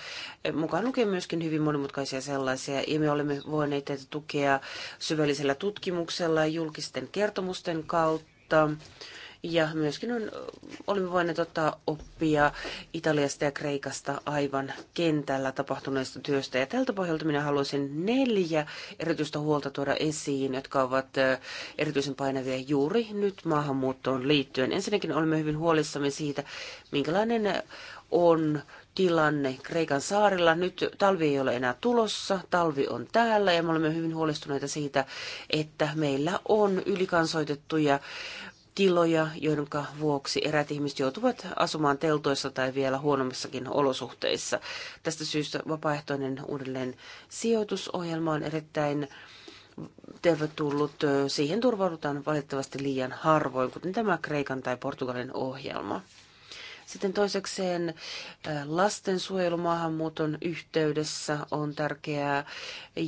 mukaan lukee myöskin hyvin monimutkaisia sellaisia, ja me olemme voineet teitä tukea syvällisellä tutkimuksella ja julkisten kertomusten kautta ja myöskin on, olimme voineet ottaa oppia Italiasta ja Kreikasta aivan kentällä tapahtuneesta työstä. Ja tältä pohjalta minä haluaisin neljä erityistä huolta tuoda esiin, jotka ovat erityisen painavia juuri nyt maahanmuuttoon liittyen. Ensinnäkin olemme hyvin huolissamme siitä, minkälainen on tilanne Kreikan saarilla. Nyt talvi ei ole enää tulossa, talvi on täällä ja me olemme hyvin huolestuneita siitä, että meillä on ylikansoitettuja tiloja, joiden vuoksi erät ihmiset joutuvat asumaan teltoissa tai vielä huonommissakin olosuhteissa. Tästä syystä vapaaehtoinen uudelleen sijoitusohjelma on erittäin tervetullut. Siihen turvaudutaan valitettavasti liian harvoin, kuten tämä Kreikan tai Portugalin ohjelma. Sitten toisekseen lastensuojelumaahanmuuton yhteydessä on tärkeää,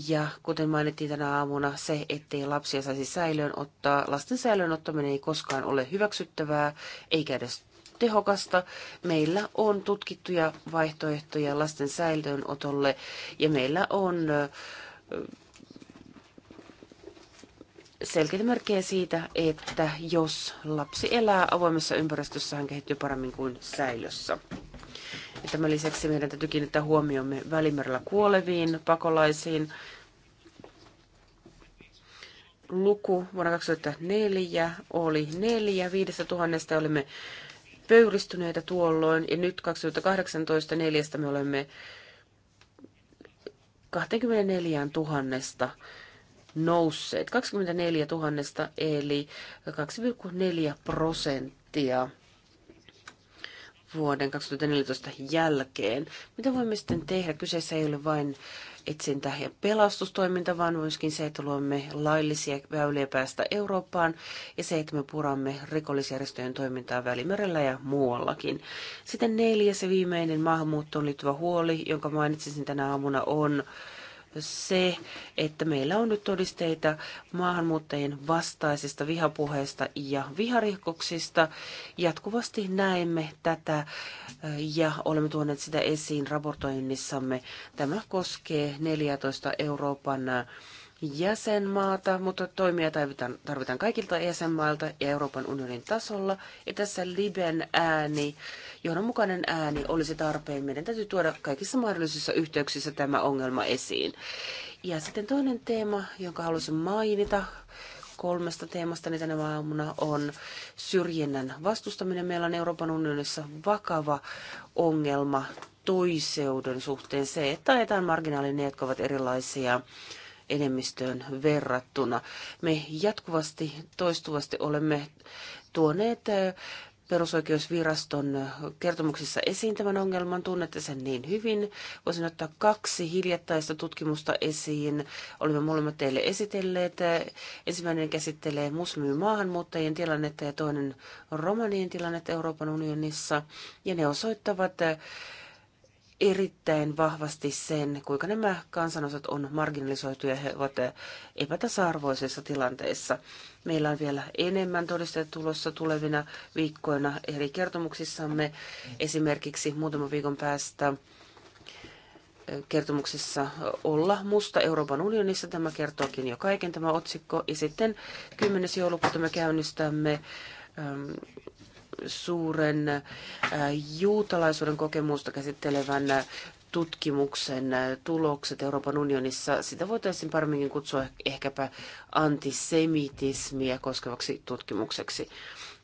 ja kuten mainittiin tänä aamuna, se, ettei lapsia saisi säilöön ottaa. Lasten säilöön ottaminen ei koskaan ole hyväksyttävää, eikä edes tehokasta. Meillä on tutkittuja vaihtoehtoja lasten säilöönotolle, ja meillä on selkeitä merkkejä siitä, että jos lapsi elää avoimessa ympäristössä, hän kehittyy paremmin kuin säilössä. Ja tämän lisäksi meidän täytyy kiinnittää huomiomme välimerellä kuoleviin pakolaisiin. Luku vuonna 2004 oli neljä viidestä tuhannesta. Olimme pöyristyneitä tuolloin ja nyt 2018 neljästä me olemme 24 tuhannesta nousseet 24 000 eli 2,4 prosenttia vuoden 2014 jälkeen. Mitä voimme sitten tehdä? Kyseessä ei ole vain etsintä- ja pelastustoiminta, vaan myöskin se, että luomme laillisia väyliä päästä Eurooppaan ja se, että me puramme rikollisjärjestöjen toimintaa Välimerellä ja muuallakin. Sitten neljäs ja viimeinen maahanmuuttoon liittyvä huoli, jonka mainitsisin tänä aamuna, on se, että meillä on nyt todisteita maahanmuuttajien vastaisista vihapuheista ja viharikoksista. Jatkuvasti näemme tätä ja olemme tuoneet sitä esiin raportoinnissamme. Tämä koskee 14 Euroopan jäsenmaata, mutta toimia tarvitaan, tarvitaan kaikilta jäsenmailta ja Euroopan unionin tasolla. Ja tässä Liben ääni, johdonmukainen ääni, olisi tarpeen. Meidän täytyy tuoda kaikissa mahdollisissa yhteyksissä tämä ongelma esiin. Ja sitten toinen teema, jonka haluaisin mainita kolmesta teemasta niin tänä aamuna on syrjinnän vastustaminen. Meillä on Euroopan unionissa vakava ongelma toiseuden suhteen se, että ajetaan marginaalinen, jotka ovat erilaisia enemmistöön verrattuna. Me jatkuvasti, toistuvasti olemme tuoneet perusoikeusviraston kertomuksissa esiin tämän ongelman, tunnette sen niin hyvin. Voisin ottaa kaksi hiljattaista tutkimusta esiin. Olemme molemmat teille esitelleet. Ensimmäinen käsittelee maahanmuuttajien tilannetta ja toinen romanien tilannetta Euroopan unionissa. Ja ne osoittavat erittäin vahvasti sen, kuinka nämä kansanosat on marginalisoitu ja he ovat epätasa-arvoisessa tilanteessa. Meillä on vielä enemmän todisteita tulossa tulevina viikkoina eri kertomuksissamme. Esimerkiksi muutaman viikon päästä kertomuksessa olla musta Euroopan unionissa. Tämä kertookin jo kaiken tämä otsikko. Ja sitten 10. joulukuuta me käynnistämme suuren äh, juutalaisuuden kokemusta käsittelevän äh, tutkimuksen äh, tulokset Euroopan unionissa. Sitä voitaisiin paremminkin kutsua ehkäpä antisemitismiä koskevaksi tutkimukseksi.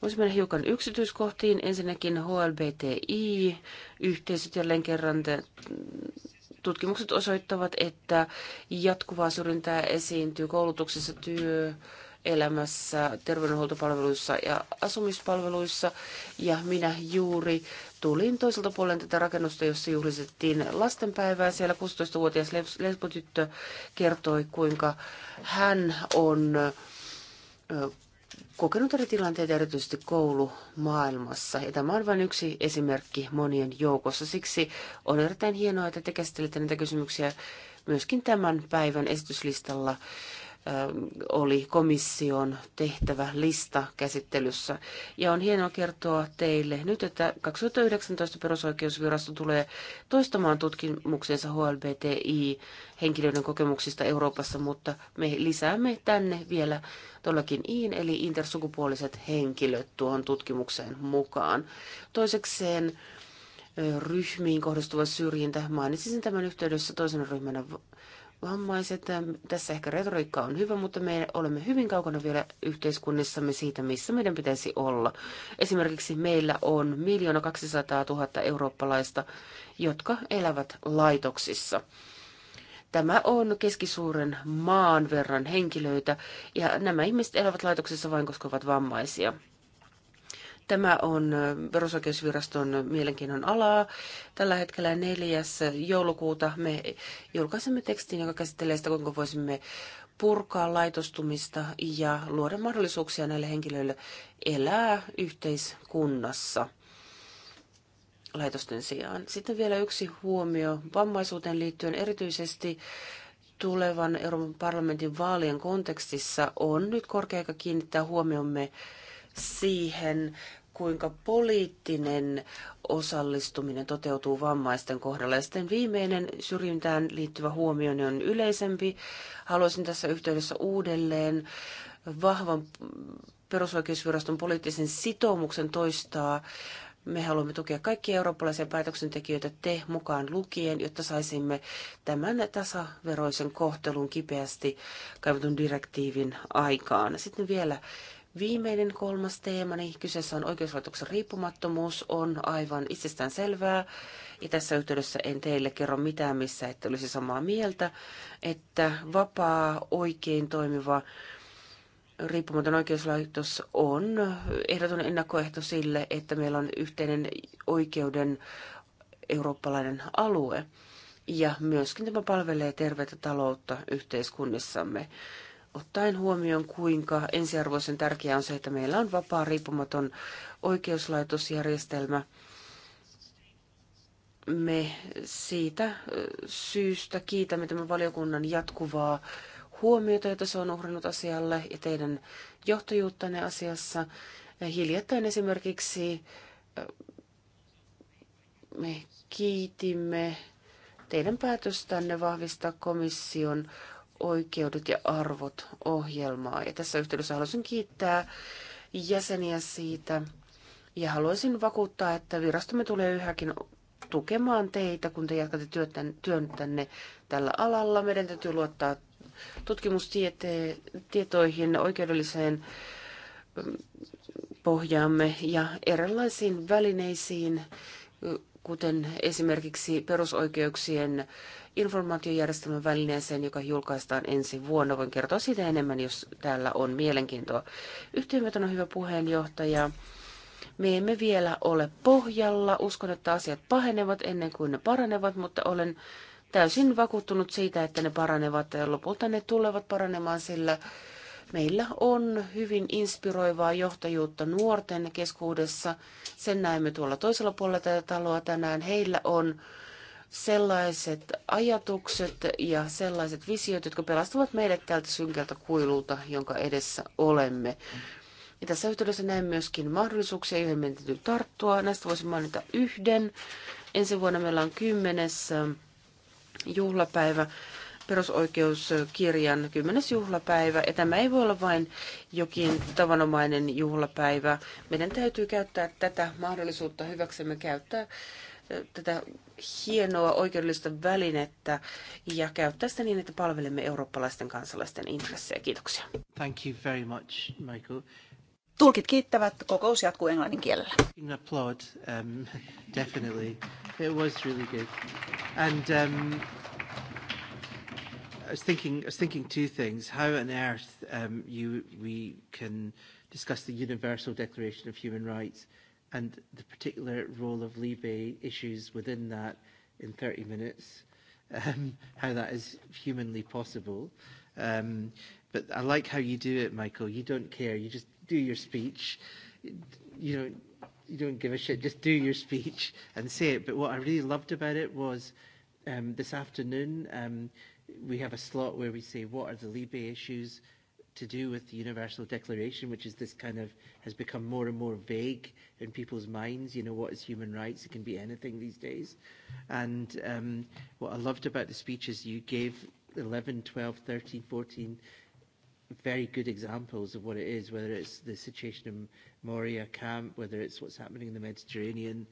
Voisi mennä hiukan yksityiskohtiin. Ensinnäkin HLBTI, yhteisöt jälleen kerran tutkimukset osoittavat, että jatkuvaa syrjintää esiintyy koulutuksessa, työ, elämässä, terveydenhuoltopalveluissa ja asumispalveluissa. Ja minä juuri tulin toiselta puolen tätä rakennusta, jossa juhlistettiin lastenpäivää. Siellä 16-vuotias lesbotyttö kertoi, kuinka hän on kokenut eri tilanteita erityisesti koulumaailmassa. Ja tämä on vain yksi esimerkki monien joukossa. Siksi on erittäin hienoa, että te käsittelette näitä kysymyksiä myöskin tämän päivän esityslistalla oli komission tehtävä lista käsittelyssä. Ja on hienoa kertoa teille nyt, että 2019 perusoikeusvirasto tulee toistamaan tutkimuksensa HLBTI-henkilöiden kokemuksista Euroopassa, mutta me lisäämme tänne vielä tuollakin IIN eli intersukupuoliset henkilöt tuohon tutkimukseen mukaan. Toisekseen ryhmiin kohdistuva syrjintä. Mainitsisin tämän yhteydessä toisena ryhmänä vammaiset. Ähm, tässä ehkä retoriikka on hyvä, mutta me olemme hyvin kaukana vielä yhteiskunnissamme siitä, missä meidän pitäisi olla. Esimerkiksi meillä on miljoona 200 000 eurooppalaista, jotka elävät laitoksissa. Tämä on keskisuuren maan verran henkilöitä, ja nämä ihmiset elävät laitoksissa vain, koska ovat vammaisia. Tämä on perusoikeusviraston mielenkiinnon alaa. Tällä hetkellä 4. joulukuuta me julkaisemme tekstin, joka käsittelee sitä, kuinka voisimme purkaa laitostumista ja luoda mahdollisuuksia näille henkilöille elää yhteiskunnassa laitosten sijaan. Sitten vielä yksi huomio vammaisuuteen liittyen erityisesti tulevan Euroopan parlamentin vaalien kontekstissa on nyt korkea aika kiinnittää huomiomme siihen, kuinka poliittinen osallistuminen toteutuu vammaisten kohdalla. Ja sitten viimeinen syrjintään liittyvä huomio niin on yleisempi. Haluaisin tässä yhteydessä uudelleen vahvan perusoikeusviraston poliittisen sitoumuksen toistaa. Me haluamme tukea kaikkia eurooppalaisia päätöksentekijöitä te mukaan lukien, jotta saisimme tämän tasaveroisen kohtelun kipeästi kaivatun direktiivin aikaan. Sitten vielä Viimeinen kolmas teemani, niin kyseessä on oikeuslaitoksen riippumattomuus, on aivan itsestään selvää. Ja tässä yhteydessä en teille kerro mitään, missä ette olisi samaa mieltä, että vapaa, oikein toimiva riippumaton oikeuslaitos on ehdoton ennakkoehto sille, että meillä on yhteinen oikeuden eurooppalainen alue. Ja myöskin tämä palvelee tervettä taloutta yhteiskunnissamme ottaen huomioon, kuinka ensiarvoisen tärkeää on se, että meillä on vapaa, riippumaton oikeuslaitosjärjestelmä. Me siitä syystä kiitämme tämän valiokunnan jatkuvaa huomiota, jota se on uhrannut asialle ja teidän johtajuuttanne asiassa. Hiljattain esimerkiksi me kiitimme teidän päätöstänne vahvistaa komission oikeudet ja arvot ohjelmaa. Ja tässä yhteydessä haluaisin kiittää jäseniä siitä ja haluaisin vakuuttaa, että virastomme tulee yhäkin tukemaan teitä, kun te jatkatte työn tänne tällä alalla. Meidän täytyy luottaa tutkimustietoihin, oikeudelliseen mm, pohjaamme ja erilaisiin välineisiin, kuten esimerkiksi perusoikeuksien informaatiojärjestelmän välineeseen, joka julkaistaan ensi vuonna. Voin kertoa siitä enemmän, jos täällä on mielenkiintoa. Yhtiömetön on hyvä puheenjohtaja. Me emme vielä ole pohjalla. Uskon, että asiat pahenevat ennen kuin ne paranevat, mutta olen täysin vakuuttunut siitä, että ne paranevat. ja Lopulta ne tulevat paranemaan, sillä Meillä on hyvin inspiroivaa johtajuutta nuorten keskuudessa. Sen näemme tuolla toisella puolella tätä taloa tänään. Heillä on sellaiset ajatukset ja sellaiset visiot, jotka pelastavat meidät tältä synkältä kuilulta, jonka edessä olemme. Ja tässä yhteydessä näen myöskin mahdollisuuksia, joihin meidän täytyy tarttua. Näistä voisin mainita yhden. Ensi vuonna meillä on kymmenes äh, juhlapäivä perusoikeuskirjan 10. juhlapäivä. Ja tämä ei voi olla vain jokin tavanomainen juhlapäivä. Meidän täytyy käyttää tätä mahdollisuutta hyväksemme käyttää tätä hienoa oikeudellista välinettä ja käyttää sitä niin, että palvelemme eurooppalaisten kansalaisten intressejä. Kiitoksia. Thank you very much, Michael. Tulkit kiittävät, kokous jatkuu englannin kielellä. Applaud, um, definitely. It was really good. And um, was thinking, I was thinking two things. How on earth um, you, we can discuss the Universal Declaration of Human Rights and the particular role of Libe issues within that in 30 minutes, um, how that is humanly possible. Um, but I like how you do it, Michael. You don't care. You just do your speech. You don't, you don't give a shit. Just do your speech and say it. But what I really loved about it was um, this afternoon, um, we have a slot where we say what are the Libe issues to do with the Universal Declaration, which is this kind of has become more and more vague in people's minds. You know, what is human rights? It can be anything these days. And um, what I loved about the speech is you gave 11, 12, 13, 14 very good examples of what it is, whether it's the situation in Moria camp, whether it's what's happening in the Mediterranean,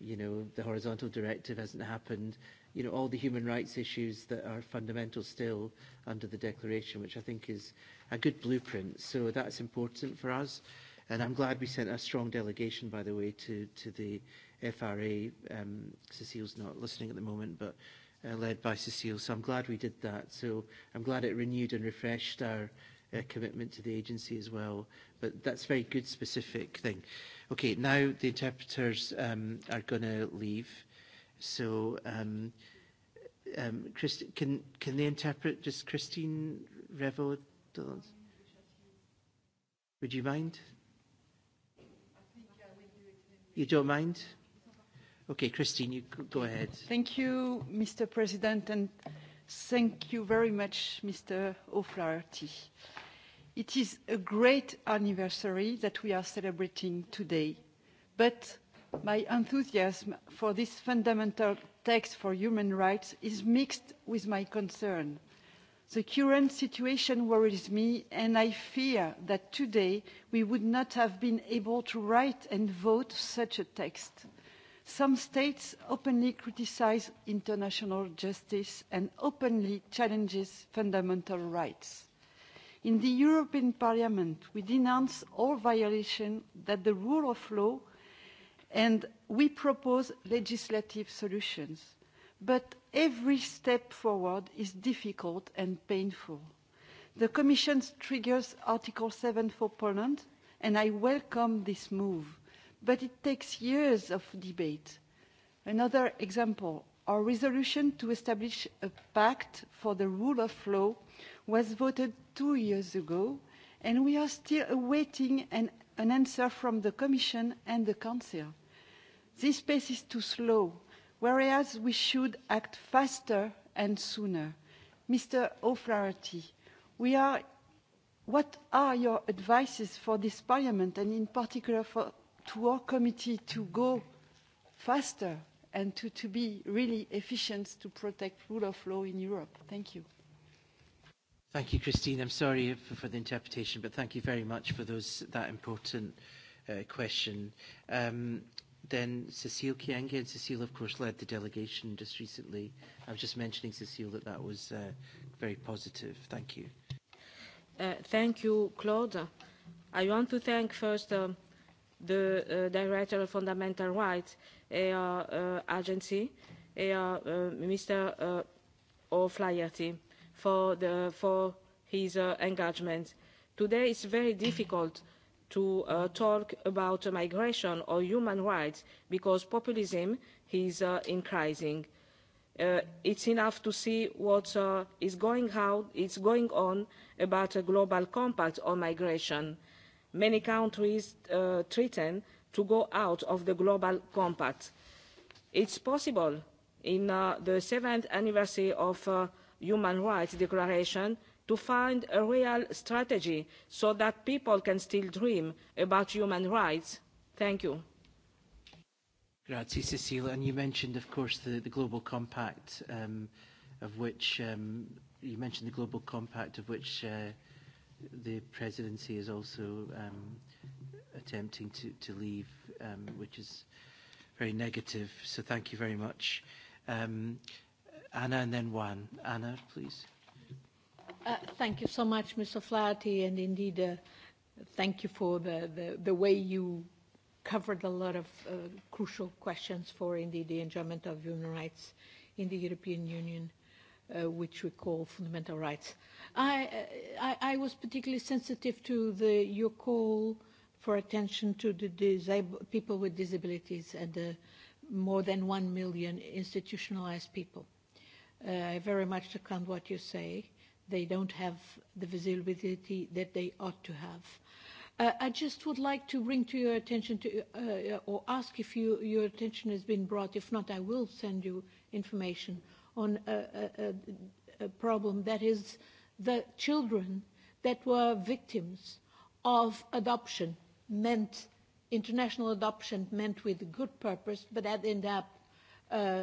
you know, the horizontal directive hasn't happened, you know, all the human rights issues that are fundamental still under the declaration, which I think is a good blueprint. So that's important for us. And I'm glad we sent a strong delegation, by the way, to, to the FRA. Um, Cecile's not listening at the moment, but uh, led by Cecile. So I'm glad we did that. So I'm glad it renewed and refreshed our uh, commitment to the agency as well. But that's a very good specific thing. Okay, now the interpreters um, are going to leave. So, um, um, Christ can, can they interpret just Christine Revel? Would you mind? You don't mind? Okay, Christine, you go ahead. Thank you, Mr. President, and thank you very much, Mr. O'Flaherty. It is a great anniversary that we are celebrating today, but my enthusiasm for this fundamental text for human rights is mixed with my concern. The current situation worries me, and I fear that today we would not have been able to write and vote such a text. Some states openly criticize international justice and openly challenges fundamental rights. In the European Parliament, we denounce all violations that the rule of law and we propose legislative solutions. But every step forward is difficult and painful. The Commission triggers Article 7 for Poland, and I welcome this move. But it takes years of debate. Another example, our resolution to establish a pact for the rule of law was voted two years ago, and we are still awaiting an an answer from the Commission and the Council. This pace is too slow, whereas we should act faster and sooner. Mr. O'Flaherty, we are, what are your advices for this Parliament and in particular for, to our committee to go faster and to, to be really efficient to protect rule of law in Europe? Thank you. Thank you, Christine. I'm sorry for, for the interpretation, but thank you very much for those that important uh, question. Um, then Cecile Kienge, and Cecile, of course, led the delegation just recently. I was just mentioning, Cecile, that that was uh, very positive. Thank you. Uh, thank you, Claude. I want to thank first um, the uh, Director of Fundamental Rights uh, uh, Agency, uh, uh, Mr. Uh, O'Flaherty for, the, for his uh, engagement. Today it's very difficult to uh, talk about migration or human rights because populism is uh, increasing. Uh, it's enough to see what uh, is going, out, going on about a global compact on migration. Many countries uh, threaten to go out of the global compact. It's possible in uh, the seventh anniversary of uh, human rights declaration to find a real strategy so that people can still dream about human rights. Thank you. Grazie, Cecilia. And you mentioned, of course, the, the Global Compact, um, of which um, you mentioned the Global Compact, of which uh, the presidency is also um, attempting to, to leave, um, which is very negative. So thank you very much. Um, Anna and then Juan. Anna, please. Uh, thank you so much, Mr. Flaherty, and indeed, uh, thank you for the, the, the way you covered a lot of uh, crucial questions for indeed the enjoyment of human rights in the European Union, uh, which we call fundamental rights. I, uh, I, I was particularly sensitive to the, your call for attention to the disabled, people with disabilities and the more than one million institutionalized people. I uh, very much second what you say. They don't have the visibility that they ought to have. Uh, I just would like to bring to your attention to, uh, or ask if you, your attention has been brought. If not, I will send you information on a, a, a, a problem that is the children that were victims of adoption meant international adoption meant with good purpose, but that end up uh,